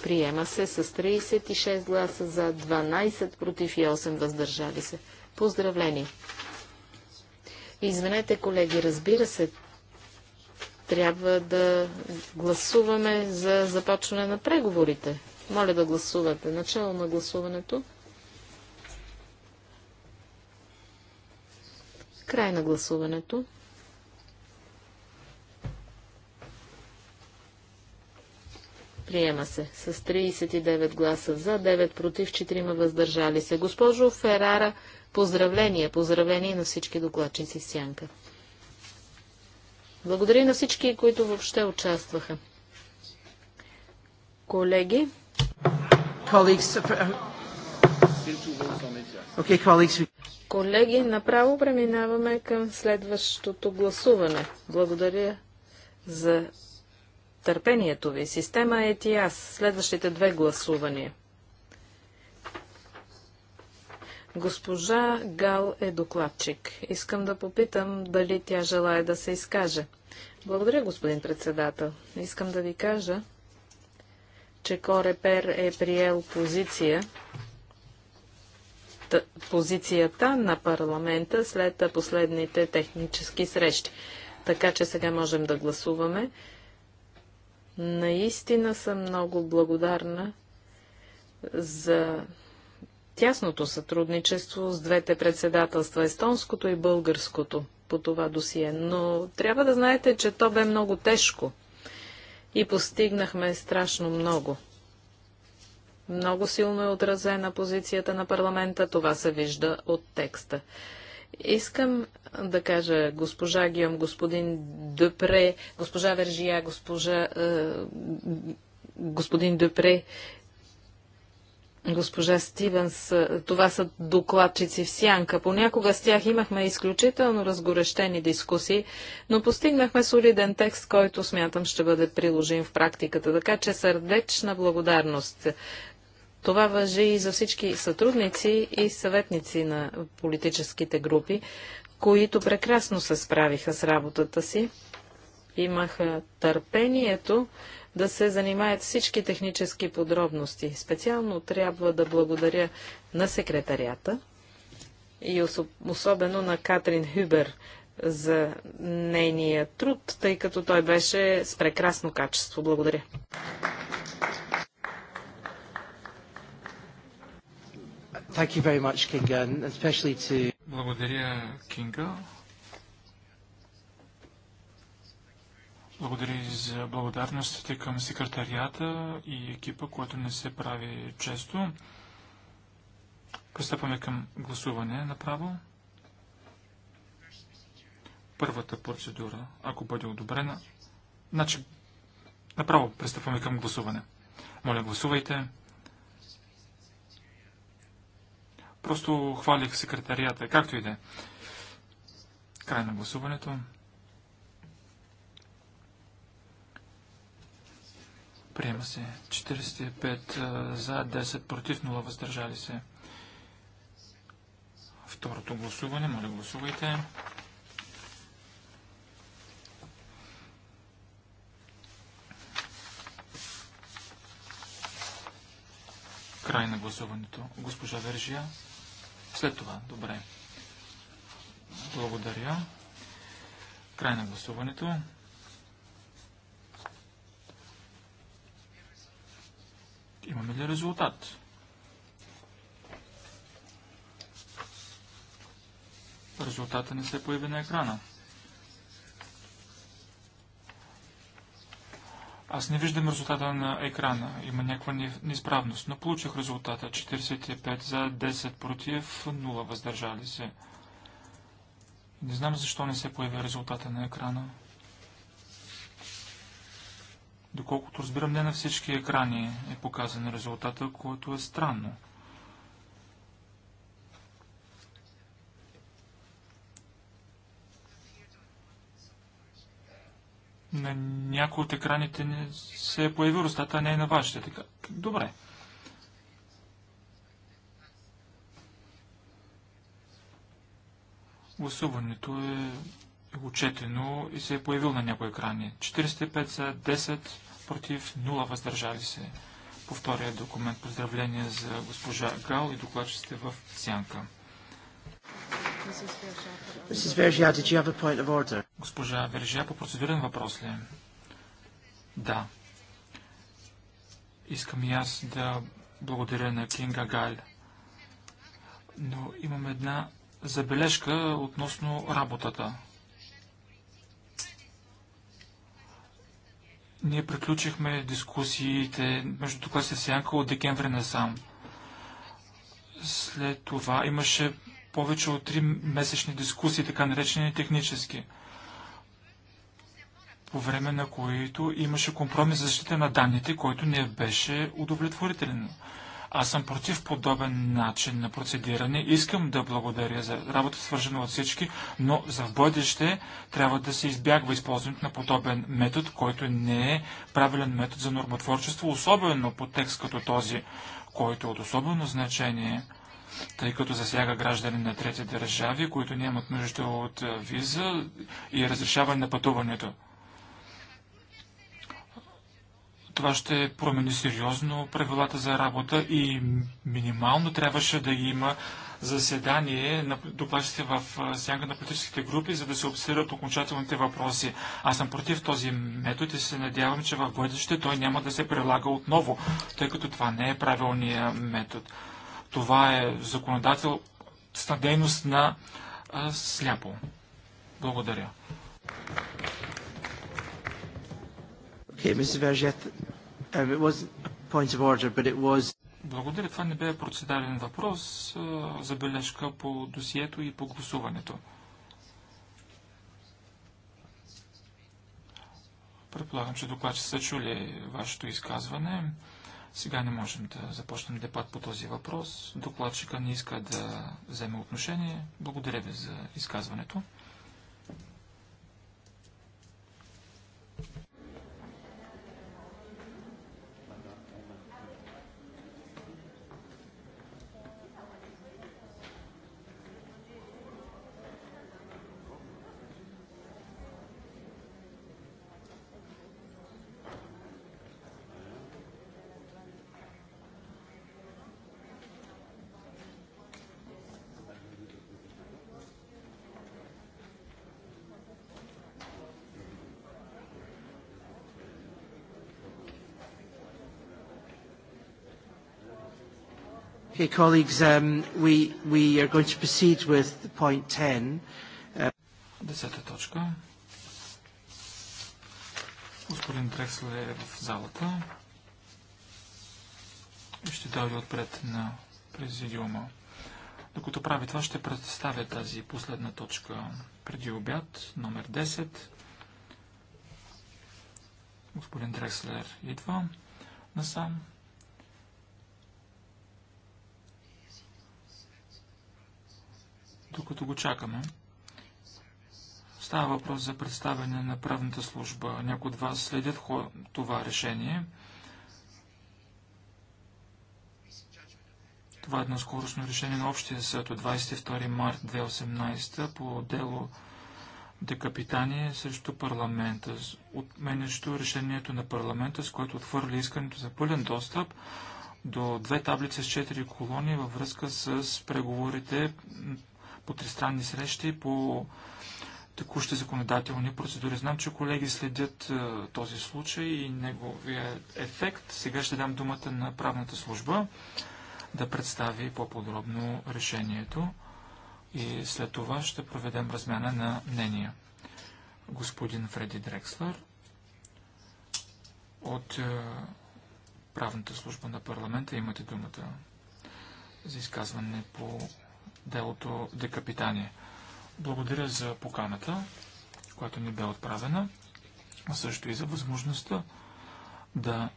Приема се с 36 гласа за 12 против и 8 въздържали се. Поздравление! Извинете, колеги, разбира се, трябва да гласуваме за започване на преговорите. Моля да гласувате. Начало на гласуването. Край на гласуването. Приема се с 39 гласа за, 9 против, 4 въздържали се. Госпожо Ферара, поздравление, поздравление на всички докладчици в Сянка. Благодаря и на всички, които въобще участваха. Колеги. Uh, okay, Колеги, направо преминаваме към следващото гласуване. Благодаря за търпението ви. Система е аз Следващите две гласувания. Госпожа Гал е докладчик. Искам да попитам дали тя желая да се изкаже. Благодаря, господин председател. Искам да ви кажа, че Корепер е приел позиция позицията на парламента след последните технически срещи. Така че сега можем да гласуваме. Наистина съм много благодарна за тясното сътрудничество с двете председателства, естонското и българското, по това досие. Но трябва да знаете, че то бе много тежко и постигнахме страшно много. Много силно е отразена позицията на парламента, това се вижда от текста. Искам да кажа госпожа Гиом, господин Дъпре, госпожа Вержия, госпожа, е, господин Дъпре, госпожа Стивенс, е, това са докладчици в сянка. Понякога с тях имахме изключително разгорещени дискусии, но постигнахме солиден текст, който смятам ще бъде приложим в практиката. Така че сърдечна благодарност това въжи и за всички сътрудници и съветници на политическите групи, които прекрасно се справиха с работата си. Имаха търпението да се занимаят всички технически подробности. Специално трябва да благодаря на секретарията и особено на Катрин Хюбер за нейния труд, тъй като той беше с прекрасно качество. Благодаря. Thank you very much, Kinga, and especially to... Благодаря, Кинга. Благодаря и за благодарностите към секретарията и екипа, което не се прави често. Пристъпваме към гласуване направо. Първата процедура, ако бъде одобрена, значи направо пристъпваме към гласуване. Моля, гласувайте. Просто хвалих секретарията, както и да е. Край на гласуването. Приема се. 45 за, 10 против, 0 въздържали се. Второто гласуване, моля гласувайте. Край на гласуването. Госпожа Вержия. След това, добре. Благодаря. Край на гласуването. Имаме ли резултат? Резултата не се появи на екрана. Аз не виждам резултата на екрана. Има някаква неизправност. Но получих резултата. 45 за 10 против 0 въздържали се. Не знам защо не се появи резултата на екрана. Доколкото разбирам, не на всички екрани е показан резултата, което е странно. на някои от екраните не се е появил устата, а не е на вашите. Така. Добре. Гласуването е, е отчетено и се е появил на някои екрани. 45 за 10 против 0 въздържали се. По втория документ поздравления за госпожа Гал и докладчиците в Сянка. Госпожа Вержия, по процедурен въпрос ли? Да. Искам и аз да благодаря на Кинга Галь. Но имам една забележка относно работата. Ние приключихме дискусиите между докласите Сянка от декември насам. След това имаше повече от 3 месечни дискусии, така наречени технически, по време на които имаше компромис за защита на данните, който не беше удовлетворителен. Аз съм против подобен начин на процедиране. Искам да благодаря за работа свържена от всички, но за в бъдеще трябва да се избягва използването на подобен метод, който не е правилен метод за нормотворчество, особено по текст като този, който е от особено значение – тъй като засяга граждани на трети държави, които нямат нужда от виза и разрешаване на пътуването. Това ще промени сериозно правилата за работа и минимално трябваше да има заседание на доплащите в сянка на политическите групи, за да се обсъдят окончателните въпроси. Аз съм против този метод и се надявам, че в бъдеще той няма да се прилага отново, тъй като това не е правилният метод. Това е законодателна дейност на а, сляпо. Благодаря. Um, Благодаря. Това не бе процедален въпрос, забележка по досието и по гласуването. Предполагам, че докладчи са чули вашето изказване. Сега не можем да започнем дебат по този въпрос. Докладчика не иска да вземе отношение. Благодаря ви за изказването. Okay, colleagues, um, we, we are going to proceed with point 10. Uh, Десета точка. Господин Дрекслер е в залата и ще дойде отпред на президиума. Докато прави това, ще представя тази последна точка преди обяд, номер 10. Господин Дрекслер идва насам. докато го чакаме. Става въпрос за представяне на правната служба. Някои от вас следят това решение. Това е едно скоростно решение на Общия съд от 22 март 2018 по дело декапитание срещу парламента, отменящо решението на парламента, с което отвърли искането за пълен достъп до две таблици с четири колони във връзка с преговорите по тристранни срещи, по текущи законодателни процедури. Знам, че колеги следят е, този случай и неговия ефект. Сега ще дам думата на правната служба да представи по-подробно решението и след това ще проведем размяна на мнения. Господин Фреди Дрекслер от е, правната служба на парламента имате думата за изказване по делото Декапитание. Благодаря за поканата, която ни бе отправена, а също и за възможността да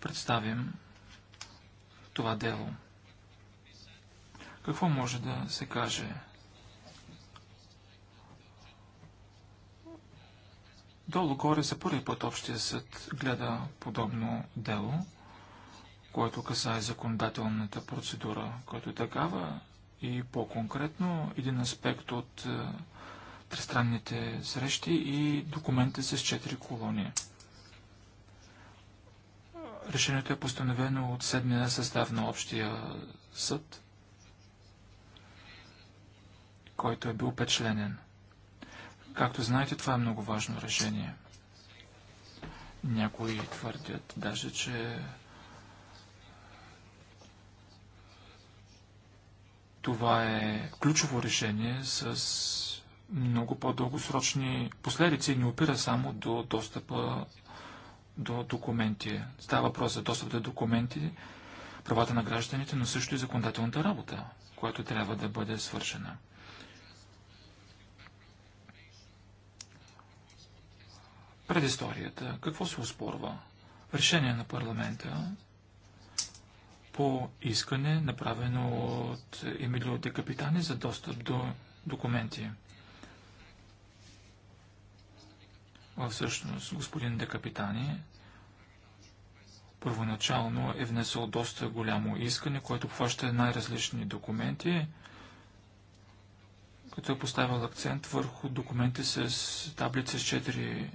представим това дело. Какво може да се каже? Долу-горе за първи път Общия съд гледа подобно дело, което касае законодателната процедура, което е такава и по-конкретно, един аспект от е, тристранните срещи и документите с четири колони. Решението е постановено от седмия състав на общия съд, който е бил печленен. Както знаете, това е много важно решение. Някои твърдят даже, че Това е ключово решение с много по-дългосрочни последици и не опира само до достъпа до документи. Става въпрос за достъп до документи, правата на гражданите, но също и законодателната работа, която трябва да бъде свършена. Предисторията. Какво се успорва? Решение на парламента по искане, направено от Емилио Де Капитани за достъп до документи. Всъщност, господин Де Капитани първоначално е внесъл доста голямо искане, което обхваща най-различни документи, като е поставил акцент върху документи с таблица с 4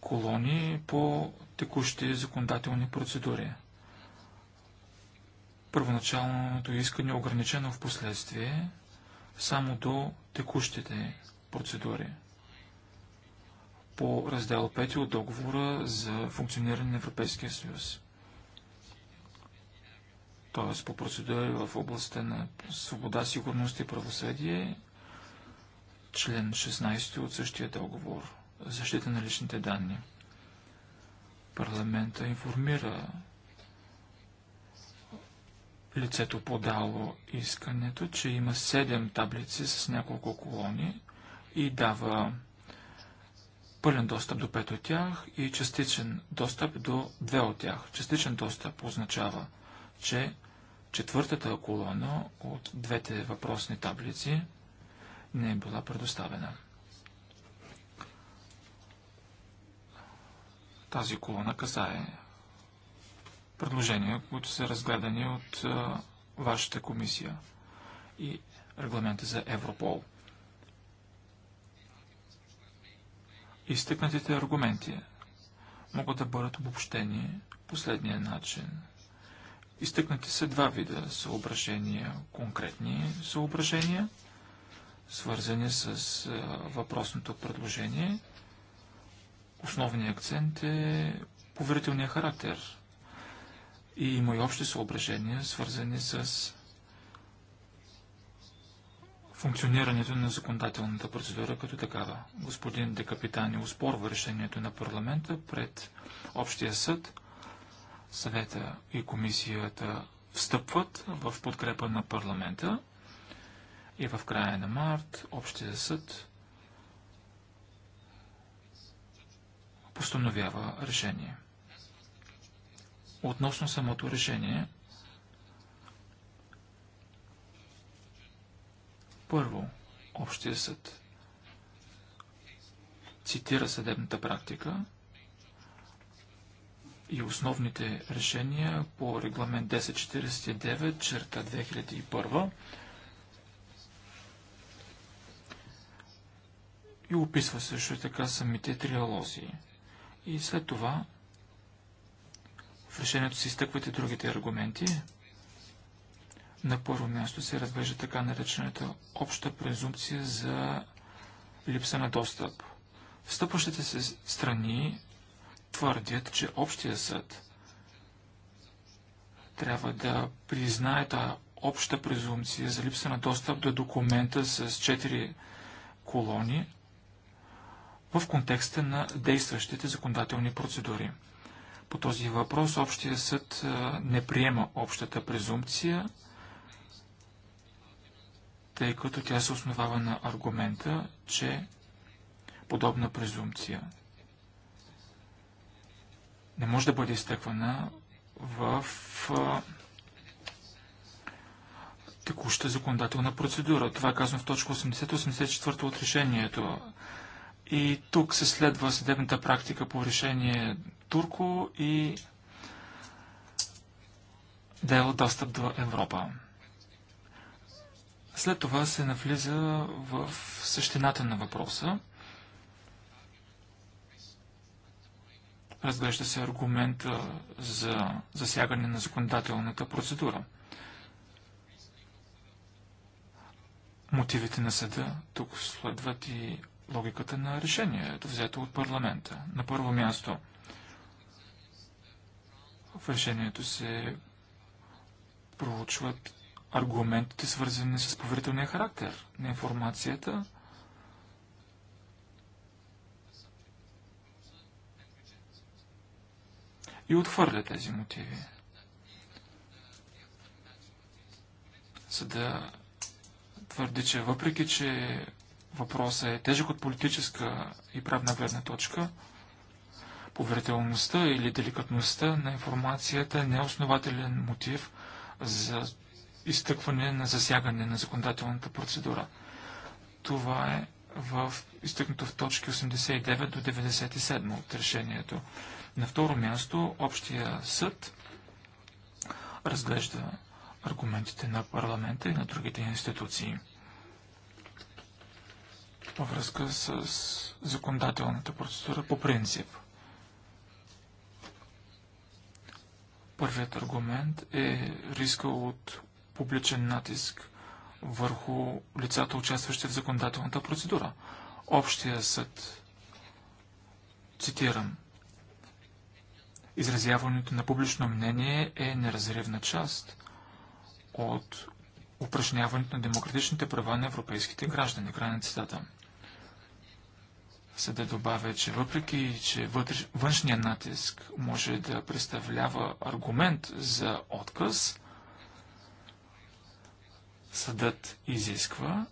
колони по текущи законодателни процедури. Първоначалното искане е ограничено в последствие само до текущите процедури по раздел 5 от договора за функциониране на Европейския съюз. Т.е. по процедури в областта на свобода, сигурност и правосъдие, член 16 от същия договор, защита на личните данни. Парламента информира лицето подало искането, че има 7 таблици с няколко колони и дава пълен достъп до 5 от тях и частичен достъп до 2 от тях. Частичен достъп означава, че четвъртата колона от двете въпросни таблици не е била предоставена. Тази колона касае предложения, които са разгледани от а, вашата комисия и регламента за Европол. Изтъкнатите аргументи могат да бъдат обобщени последния начин. Изтъкнати са два вида съображения, конкретни съображения, свързани с а, въпросното предложение. Основният акцент е поверителният характер и има и общи съображения, свързани с функционирането на законодателната процедура като такава. Господин Декапитани успорва решението на парламента пред Общия съд. Съвета и комисията встъпват в подкрепа на парламента и в края на март Общия съд постановява решение. Относно самото решение, първо, Общия съд цитира съдебната практика и основните решения по регламент 1049 черта 2001 и описва също така самите триалози. И след това в решението си изтъквате и другите аргументи. На първо място се разглежда така наречената обща презумпция за липса на достъп. Встъпващите се страни твърдят, че общия съд трябва да признае та обща презумпция за липса на достъп до документа с 4 колони в контекста на действащите законодателни процедури. По този въпрос Общия съд не приема общата презумпция, тъй като тя се основава на аргумента, че подобна презумпция не може да бъде изтъквана в текуща законодателна процедура. Това е казано в точка 80-84 от решението. И тук се следва съдебната практика по решение Турко и е достъп до Европа. След това се навлиза в същината на въпроса. Разглежда се аргумента за засягане на законодателната процедура. Мотивите на съда тук следват и логиката на решението, взето от парламента. На първо място – в решението се проучват аргументите, свързани с поверителния характер на информацията, и отвърля тези мотиви. Съда твърди, че въпреки, че въпросът е тежък от политическа и правна гледна точка, Поверителността или деликатността на информацията е неоснователен мотив за изтъкване на засягане на законодателната процедура. Това е в изтъкнато в точки 89 до 97 от решението. На второ място, Общия съд разглежда аргументите на парламента и на другите институции във връзка с законодателната процедура по принцип. Първият аргумент е риска от публичен натиск върху лицата, участващи в законодателната процедура. Общия съд, цитирам, изразяването на публично мнение е неразривна част от упражняването на демократичните права на европейските граждани. Край на цитата се да добавя, че въпреки, че вътреш... външният натиск може да представлява аргумент за отказ, съдът изисква,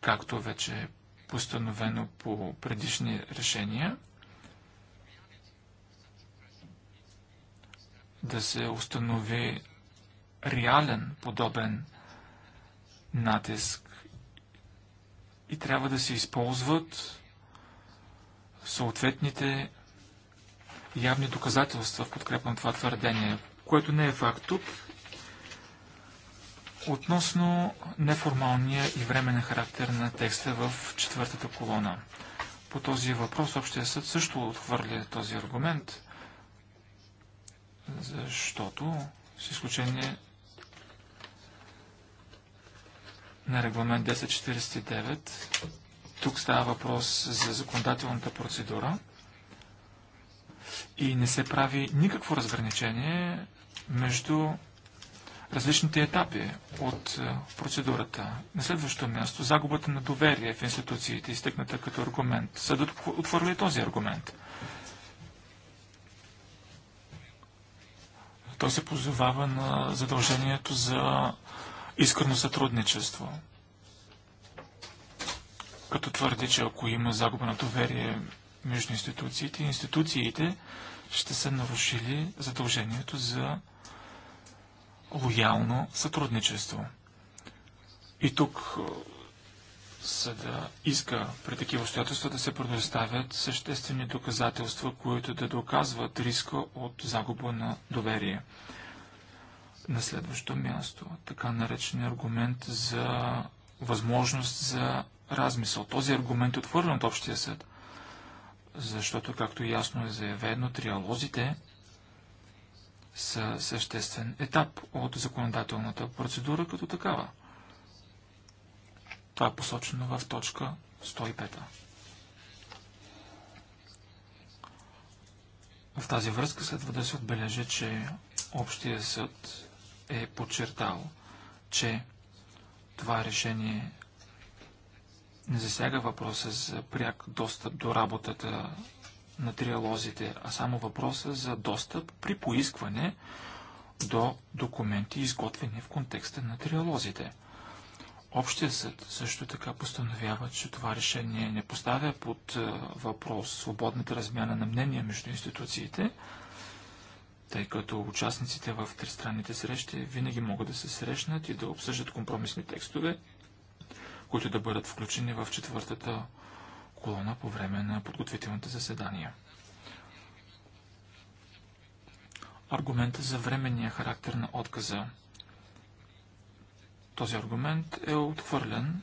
както вече е постановено по предишни решения, да се установи реален подобен натиск и трябва да се използват съответните явни доказателства в подкрепа на това твърдение, което не е факт тук. Относно неформалния и временен характер на текста в четвъртата колона. По този въпрос Общия съд също отхвърля този аргумент, защото с изключение на регламент 1049 тук става въпрос за законодателната процедура и не се прави никакво разграничение между различните етапи от е, процедурата. На следващо място, загубата на доверие в институциите, изтъкната като аргумент. Съдът отвърли този аргумент. Той се позовава на задължението за искрено сътрудничество като твърди, че ако има загуба на доверие между институциите, институциите ще са нарушили задължението за лоялно сътрудничество. И тук е, да иска при такива обстоятелства да се предоставят съществени доказателства, които да доказват риска от загуба на доверие. На следващо място, така наречен аргумент за възможност за размисъл. Този аргумент е отхвърлен от Общия съд, защото, както ясно е заявено, триалозите са съществен етап от законодателната процедура като такава. Това е посочено в точка 105. В тази връзка следва да се отбележи, че Общия съд е подчертал, че това решение не засяга въпроса за пряк достъп до работата на триалозите, а само въпроса за достъп при поискване до документи, изготвени в контекста на триалозите. Общия съд също така постановява, че това решение не поставя под въпрос свободната размяна на мнения между институциите, тъй като участниците в тристранните срещи винаги могат да се срещнат и да обсъждат компромисни текстове, които да бъдат включени в четвъртата колона по време на подготвителните заседания. Аргумента за временния характер на отказа. Този аргумент е отхвърлен,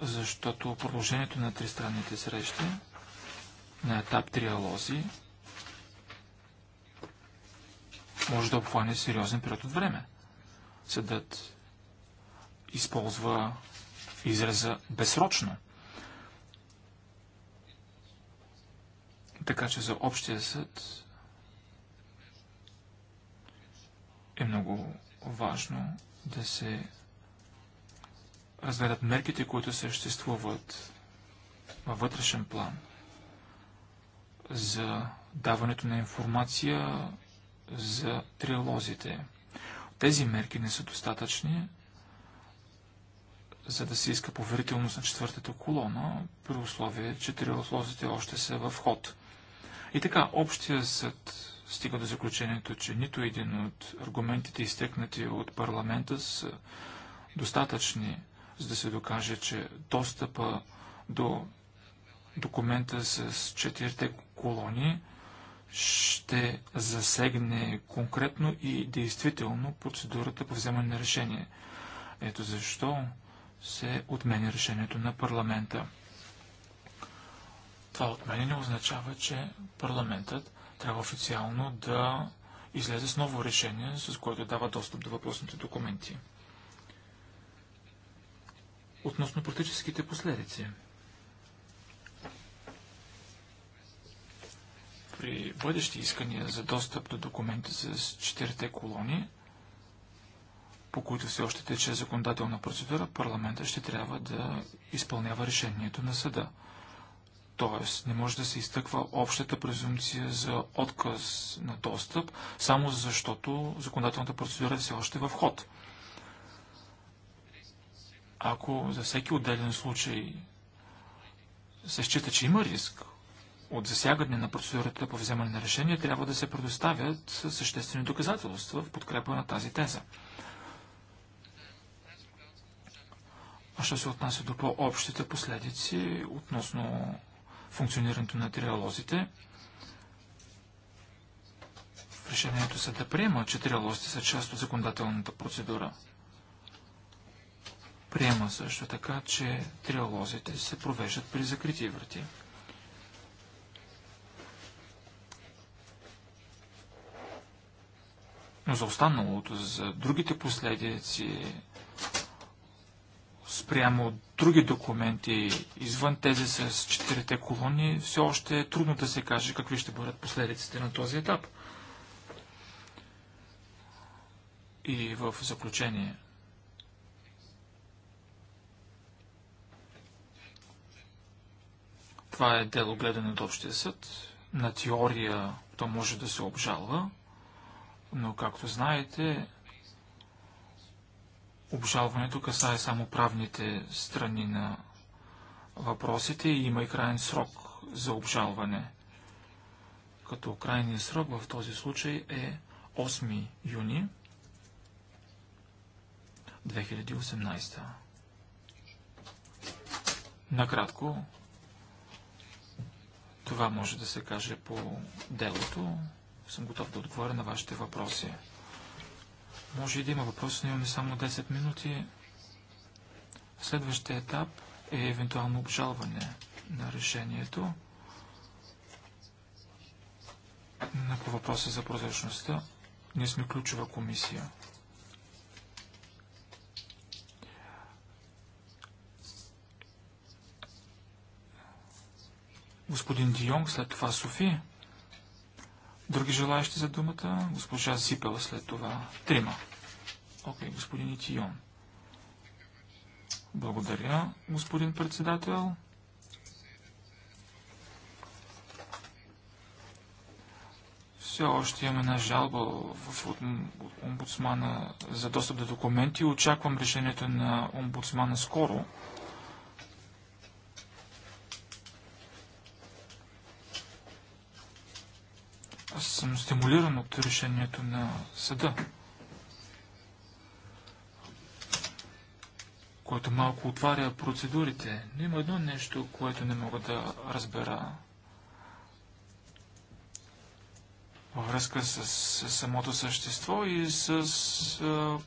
защото продължението на тристранните срещи на етап триалози може да обхване сериозен период от време. Съдът използва израза безсрочно. Така че за общия съд е много важно да се разгледат мерките, които съществуват във вътрешен план за даването на информация за трилозите. Тези мерки не са достатъчни, за да се иска поверителност на четвъртата колона, при условие, че трилозите още са в ход. И така, общия съд стига до заключението, че нито един от аргументите, изтекнати от парламента, са достатъчни, за да се докаже, че достъпа до документа с четирите колони ще засегне конкретно и действително процедурата по вземане на решение. Ето защо се отменя решението на парламента. Това отменяне означава, че парламентът трябва официално да излезе с ново решение, с което дава достъп до въпросните документи. Относно практическите последици – при бъдещи искания за достъп до документи с четирите колони, по които все още тече законодателна процедура, парламента ще трябва да изпълнява решението на съда. Тоест, не може да се изтъква общата презумпция за отказ на достъп, само защото законодателната процедура е все още в ход. Ако за всеки отделен случай се счита, че има риск от засягане на процедурата по вземане на решение, трябва да се предоставят съществени доказателства в подкрепа на тази теза. А що се отнася до по-общите последици относно функционирането на триалозите, в решението се да приема, че триалозите са част от законодателната процедура. Приема също така, че триалозите се провеждат при закрити врати. Но за останалото, за другите последици, спрямо други документи, извън тези с четирите колони, все още е трудно да се каже какви ще бъдат последиците на този етап. И в заключение. Това е дело гледане от общия съд. На теория то може да се обжалва. Но, както знаете, обжалването касае само правните страни на въпросите и има и крайен срок за обжалване. Като крайния срок в този случай е 8 юни 2018. Накратко, това може да се каже по делото съм готов да отговоря на вашите въпроси. Може и да има въпроси, но имаме само 10 минути. Следващия етап е евентуално обжалване на решението. На по въпроса за прозрачността, ние сме ключова комисия. Господин Дионг, след това Софи. Други желаящи за думата? Госпожа Зипела след това. Трима. Окей, okay, господин Итион. Благодаря, господин председател. Все още имаме една жалба в омбудсмана за достъп до документи. Очаквам решението на омбудсмана скоро. Аз съм стимулиран от решението на съда, което малко отваря процедурите. Но има едно нещо, което не мога да разбера във връзка с, с самото същество и с а,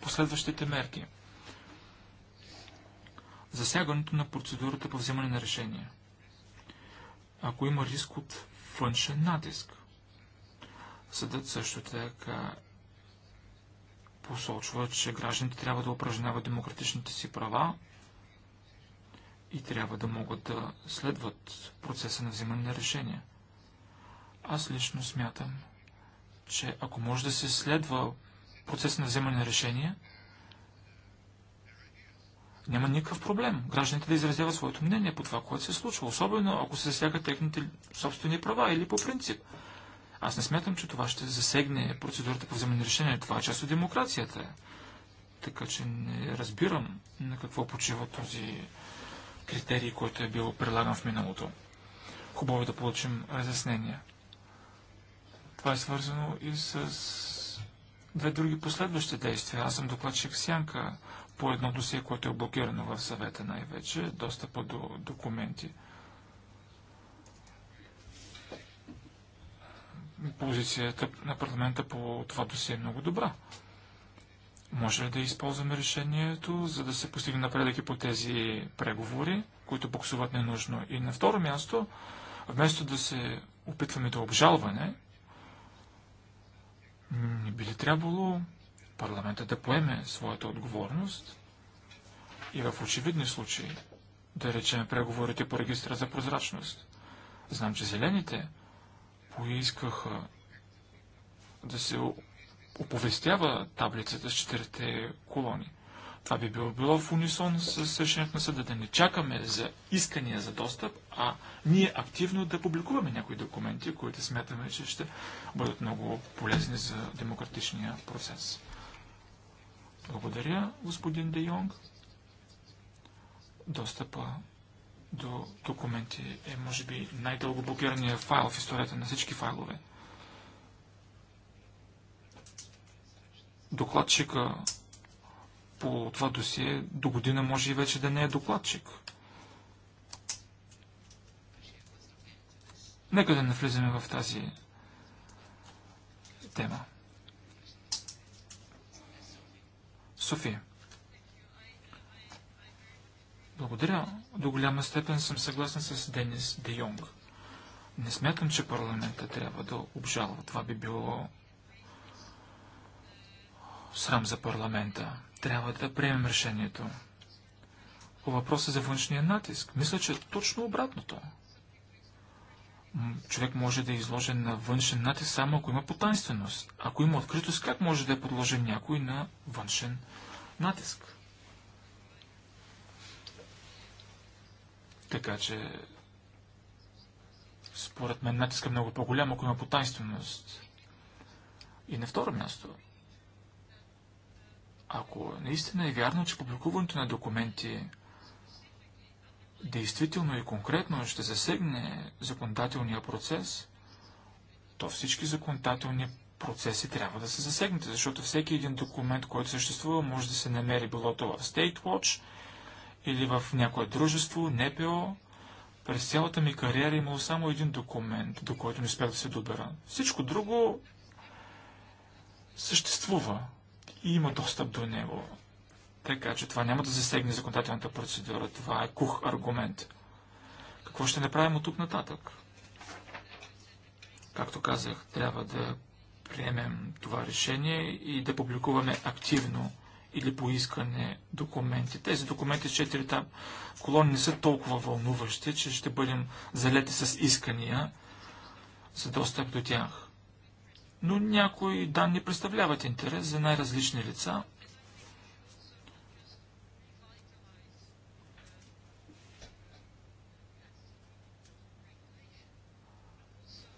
последващите мерки. Засягането на процедурата по вземане на решение. Ако има риск от външен натиск – Съдът също така посочва, че гражданите трябва да упражняват демократичните си права и трябва да могат да следват процеса на взимане на решения. Аз лично смятам, че ако може да се следва процес на вземане на решения, няма никакъв проблем гражданите да изразяват своето мнение по това, което се случва, особено ако се засягат техните собствени права или по принцип. Аз не смятам, че това ще засегне процедурата по вземане решение. Това е част от демокрацията. Така че не разбирам на какво почива този критерий, който е бил прилаган в миналото. Хубаво е да получим разяснения. Това е свързано и с две други последващи действия. Аз съм докладчик Сянка по едно досие, което е блокирано в съвета най-вече, достъпа до документи. Позицията на парламента по това досие е много добра. Може ли да използваме решението, за да се постигне напредък и по тези преговори, които буксуват ненужно? И на второ място, вместо да се опитваме до обжалване, не би ли трябвало парламента да поеме своята отговорност и в очевидни случаи, да речем преговорите по регистра за прозрачност? Знам, че зелените поискаха да се оповестява таблицата с четирите колони. Това би било, било в унисон с решението на съда да не чакаме за искания за достъп, а ние активно да публикуваме някои документи, които смятаме, че ще бъдат много полезни за демократичния процес. Благодаря, господин Де Йонг. Достъпа до документи е, може би, най-дълго блокирания файл в историята на всички файлове. Докладчика по това досие до година може и вече да не е докладчик. Нека да навлизаме в тази тема. София. Благодаря. До голяма степен съм съгласен с Денис Де Йонг. Не смятам, че парламента трябва да обжалва. Това би било срам за парламента. Трябва да приемем решението. По въпроса за външния натиск, мисля, че е точно обратното. Човек може да е изложен на външен натиск само ако има потанственост. Ако има откритост, как може да е подложен някой на външен натиск? Така че, според мен, натиска е много по-голям, ако има потайственост. И на второ място, ако наистина е вярно, че публикуването на документи действително и конкретно ще засегне законодателния процес, то всички законодателни процеси трябва да се засегнете, защото всеки един документ, който съществува, може да се намери било то в State Watch или в някое дружество, НПО. През цялата ми кариера е имал само един документ, до който не успях да се добера. Всичко друго съществува и има достъп до него. Така че това няма да засегне законодателната процедура. Това е кух аргумент. Какво ще направим от тук нататък? Както казах, трябва да приемем това решение и да публикуваме активно или поискане документи. Тези документи с четирите колони не са толкова вълнуващи, че ще бъдем залети с искания за достъп до тях. Но някои данни представляват интерес за най-различни лица.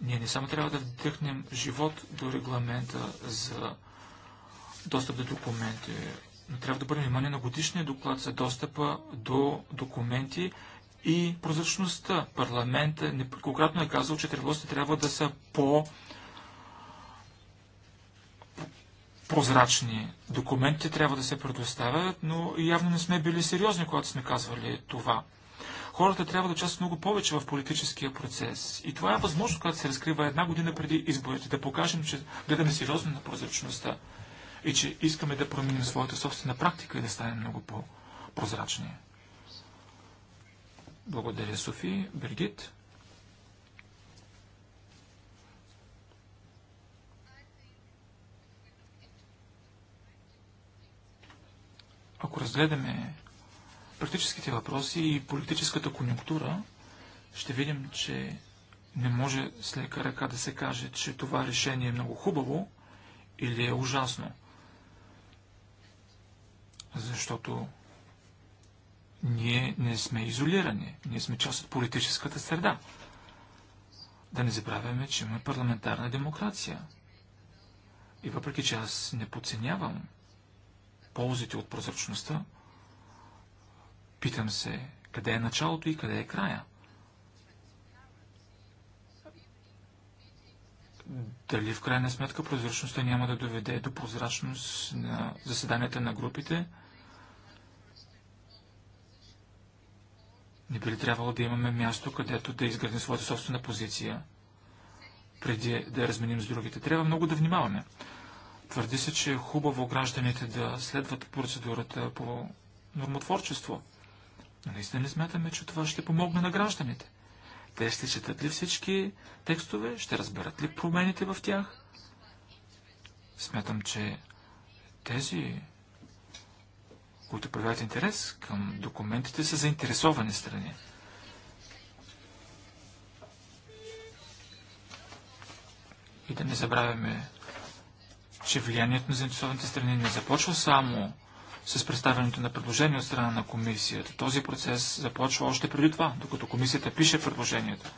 Ние не само трябва да вдъхнем живот до регламента за достъп до документи, но трябва да бъде внимание на годишния доклад за достъпа до документи и прозрачността. Парламентът неколкократно е казал, че тревозите трябва да са по прозрачни. Документите трябва да се предоставят, но явно не сме били сериозни, когато сме казвали това. Хората трябва да участват много повече в политическия процес. И това е възможно, когато се разкрива една година преди изборите, да покажем, че гледаме сериозно на прозрачността и че искаме да променим своята собствена практика и да станем много по-прозрачни. Благодаря, Софи. Бергит? Ако разгледаме практическите въпроси и политическата конюнктура, ще видим, че не може с лека ръка да се каже, че това решение е много хубаво или е ужасно – защото ние не сме изолирани, ние сме част от политическата среда. Да не забравяме, че има парламентарна демокрация. И въпреки, че аз не подценявам ползите от прозрачността, питам се, къде е началото и къде е края. Дали в крайна сметка прозрачността няма да доведе до прозрачност на заседанията на групите, Не би ли трябвало да имаме място, където да изградим своята собствена позиция, преди да я разменим с другите? Трябва много да внимаваме. Твърди се, че е хубаво гражданите да следват процедурата по нормотворчество. Но наистина не смятаме, че това ще помогне на гражданите. Те ще четат ли всички текстове, ще разберат ли промените в тях? Смятам, че тези които проявяват интерес към документите, са заинтересовани страни. И да не забравяме, че влиянието на заинтересованите страни не започва само с представянето на предложение от страна на комисията. Този процес започва още преди това, докато комисията пише предложението.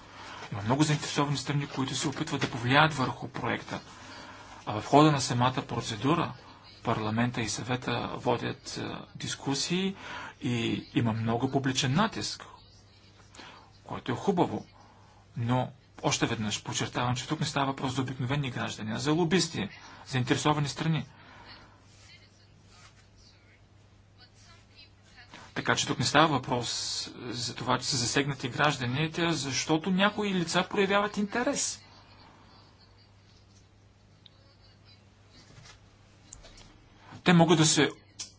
Има много заинтересовани страни, които се опитват да повлияят върху проекта. А в хода на самата процедура – парламента и съвета водят е, дискусии и има много публичен натиск, който е хубаво. Но още веднъж подчертавам, че тук не става въпрос за обикновени граждани, а за лобисти, интересовани страни. Така че тук не става въпрос за това, че са засегнати гражданите, защото някои лица проявяват интерес. те могат да се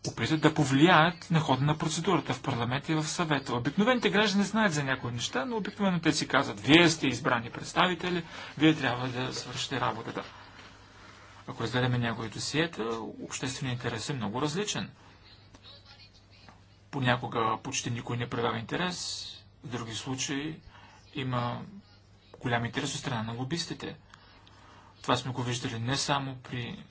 опитат да повлияят на хода на процедурата в парламента и в съвета. Обикновените граждани знаят за някои неща, но обикновено те си казват, вие сте избрани представители, вие трябва да свършите работата. Ако разгледаме някои досиета, общественият интерес е много различен. Понякога почти никой не предава интерес, в други случаи има голям интерес от страна на лобистите. Това сме го виждали не само при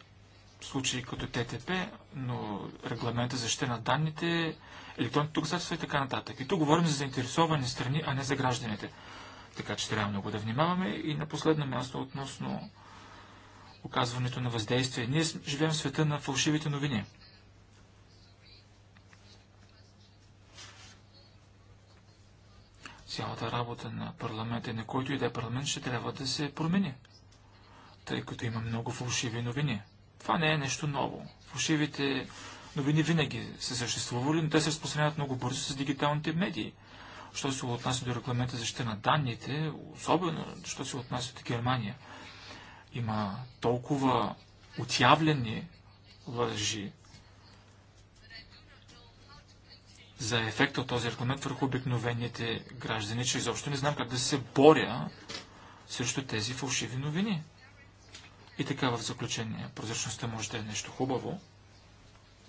случаи като ТТП, но регламента за защита на данните, електронните доказателства и така нататък. И тук говорим за заинтересовани страни, а не за гражданите. Така че трябва много да внимаваме. И на последно място относно оказването на въздействие. Ние живеем в света на фалшивите новини. Цялата работа на парламента и на който и да е парламент ще трябва да се промени, тъй като има много фалшиви новини. Това не е нещо ново. Фалшивите новини винаги са съществували, но те се разпространяват много бързо с дигиталните медии. Що се отнася до регламента за защита на данните, особено що се отнася до Германия, има толкова отявлени лъжи за ефекта от този регламент върху обикновените граждани, че изобщо не знам как да се боря срещу тези фалшиви новини. И така в заключение, прозрачността може да е нещо хубаво,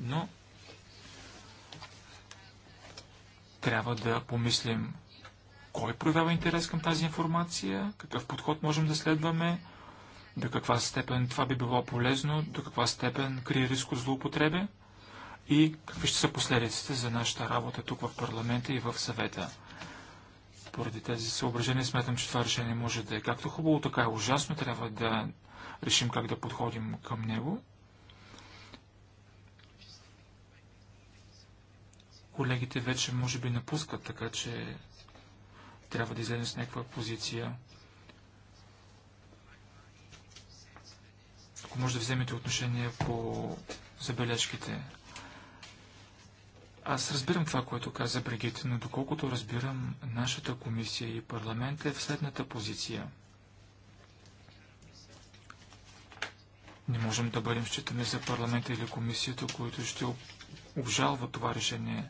но трябва да помислим кой проявява интерес към тази информация, какъв подход можем да следваме, до каква степен това би било полезно, до каква степен крие риск от злоупотреби и какви ще са последиците за нашата работа тук в парламента и в съвета. Поради тези съображения смятам, че това решение може да е както хубаво, така и ужасно. Трябва да решим как да подходим към него. Колегите вече може би напускат, така че трябва да излезем с някаква позиция. Ако може да вземете отношение по забележките. Аз разбирам това, което каза Бригит, но доколкото разбирам, нашата комисия и парламент е в следната позиция – Не можем да бъдем считани за парламента или комисията, които ще обжалва това решение.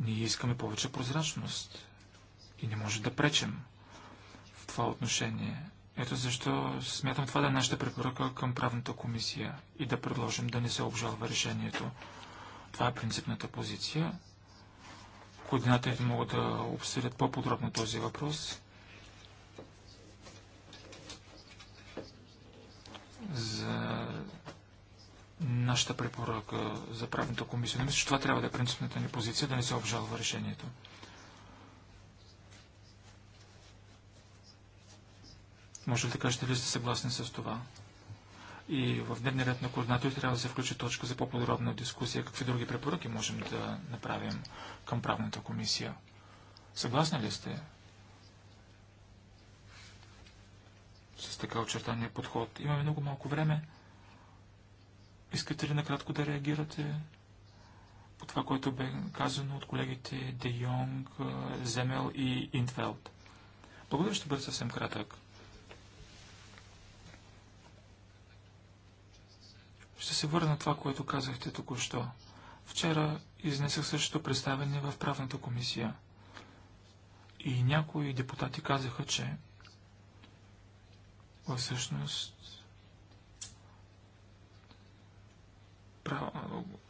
Ние искаме повече прозрачност и не може да пречем в това отношение. Ето защо смятам това да е нашата препоръка към правната комисия и да предложим да не се обжалва решението. Това е принципната позиция. Координаторите могат да обсъдят по-подробно този въпрос. за нашата препоръка за правната комисия. Не мисля, че това трябва да е принципната ни позиция, да не се обжалва решението. Може ли да кажете ли сте съгласни с това? И в дневния ред на координаторите трябва да се включи точка за по-подробна дискусия. Какви други препоръки можем да направим към правната комисия? Съгласни ли сте с така очертания подход. Имаме много малко време. Искате ли накратко да реагирате по това, което бе казано от колегите Де Йонг, Земел и Инфелд? Благодаря, ще бъда съвсем кратък. Ще се върна това, което казахте току-що. Вчера изнесах същото представене в правната комисия. И някои депутати казаха, че всъщност прав...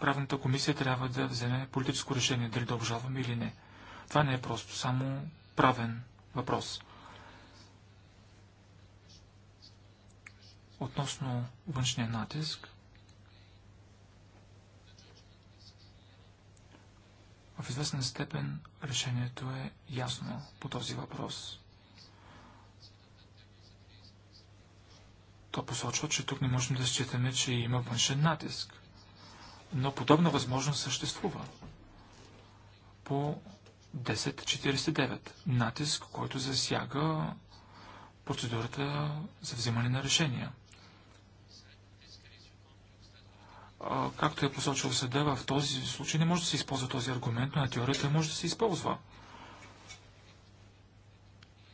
правната комисия трябва да вземе политическо решение, дали да обжалваме или не. Това не е просто само правен въпрос. Относно външния натиск, в известна степен решението е ясно по този въпрос. То посочва, че тук не можем да считаме, че има външен натиск. Но подобна възможност съществува. По 1049. Натиск, който засяга процедурата за взимане на решения. Както е посочил съда, в този случай не може да се използва този аргумент, но на теорията може да се използва.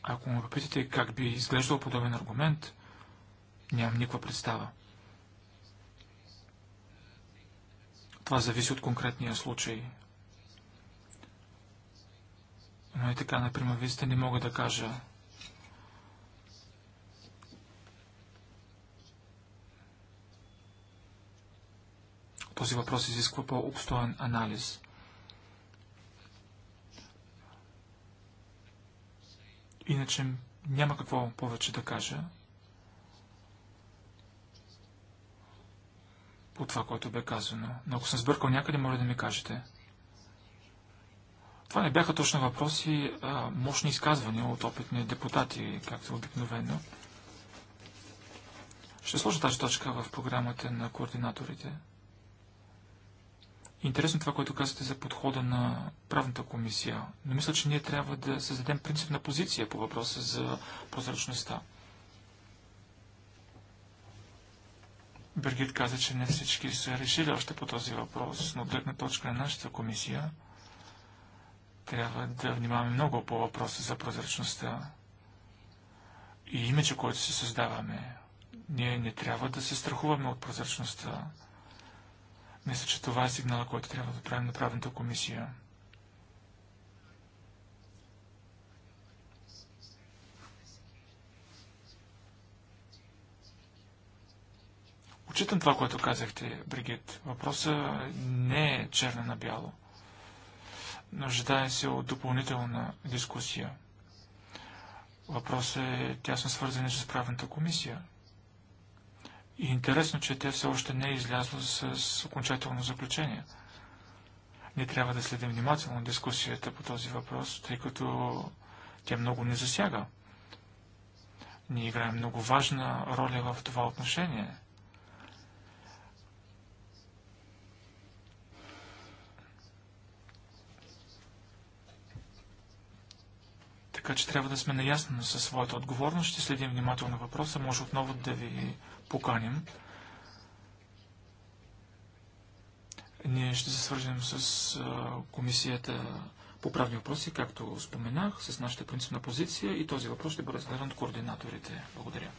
Ако ме попитате как би изглеждал подобен аргумент, Нямам никаква представа. Това зависи от конкретния случай. Но и така, например, вие не мога да кажа. Този въпрос изисква по-обстоен анализ. Иначе няма какво повече да кажа. по това, което бе казано. Но ако съм сбъркал някъде, моля да ми кажете. Това не бяха точно въпроси, а мощни изказвания от опитни депутати, както обикновено. Ще сложа тази точка в програмата на координаторите. Интересно това, което казвате за подхода на правната комисия, но мисля, че ние трябва да създадем принципна позиция по въпроса за прозрачността. Бергит каза, че не всички са решили още по този въпрос, но от гледна точка на нашата комисия трябва да внимаваме много по въпроса за прозрачността и имиджа, който се създаваме. Ние не трябва да се страхуваме от прозрачността. Мисля, че това е сигнала, който трябва да правим на правната комисия. Отчитам това, което казахте, Бригит. Въпросът не е черна на бяло. Нуждае се от допълнителна дискусия. Въпросът е тясно свързан с правната комисия. И интересно, че те все още не е излязло с окончателно заключение. Ние трябва да следим внимателно дискусията по този въпрос, тъй като тя много ни засяга. Ние играем много важна роля в това отношение. Така че трябва да сме наясни със своята отговорност. Ще следим внимателно въпроса. Може отново да ви поканим. Ние ще се свържем с комисията по правни въпроси, както споменах, с нашата принципна позиция и този въпрос ще бъде зададен от координаторите. Благодаря.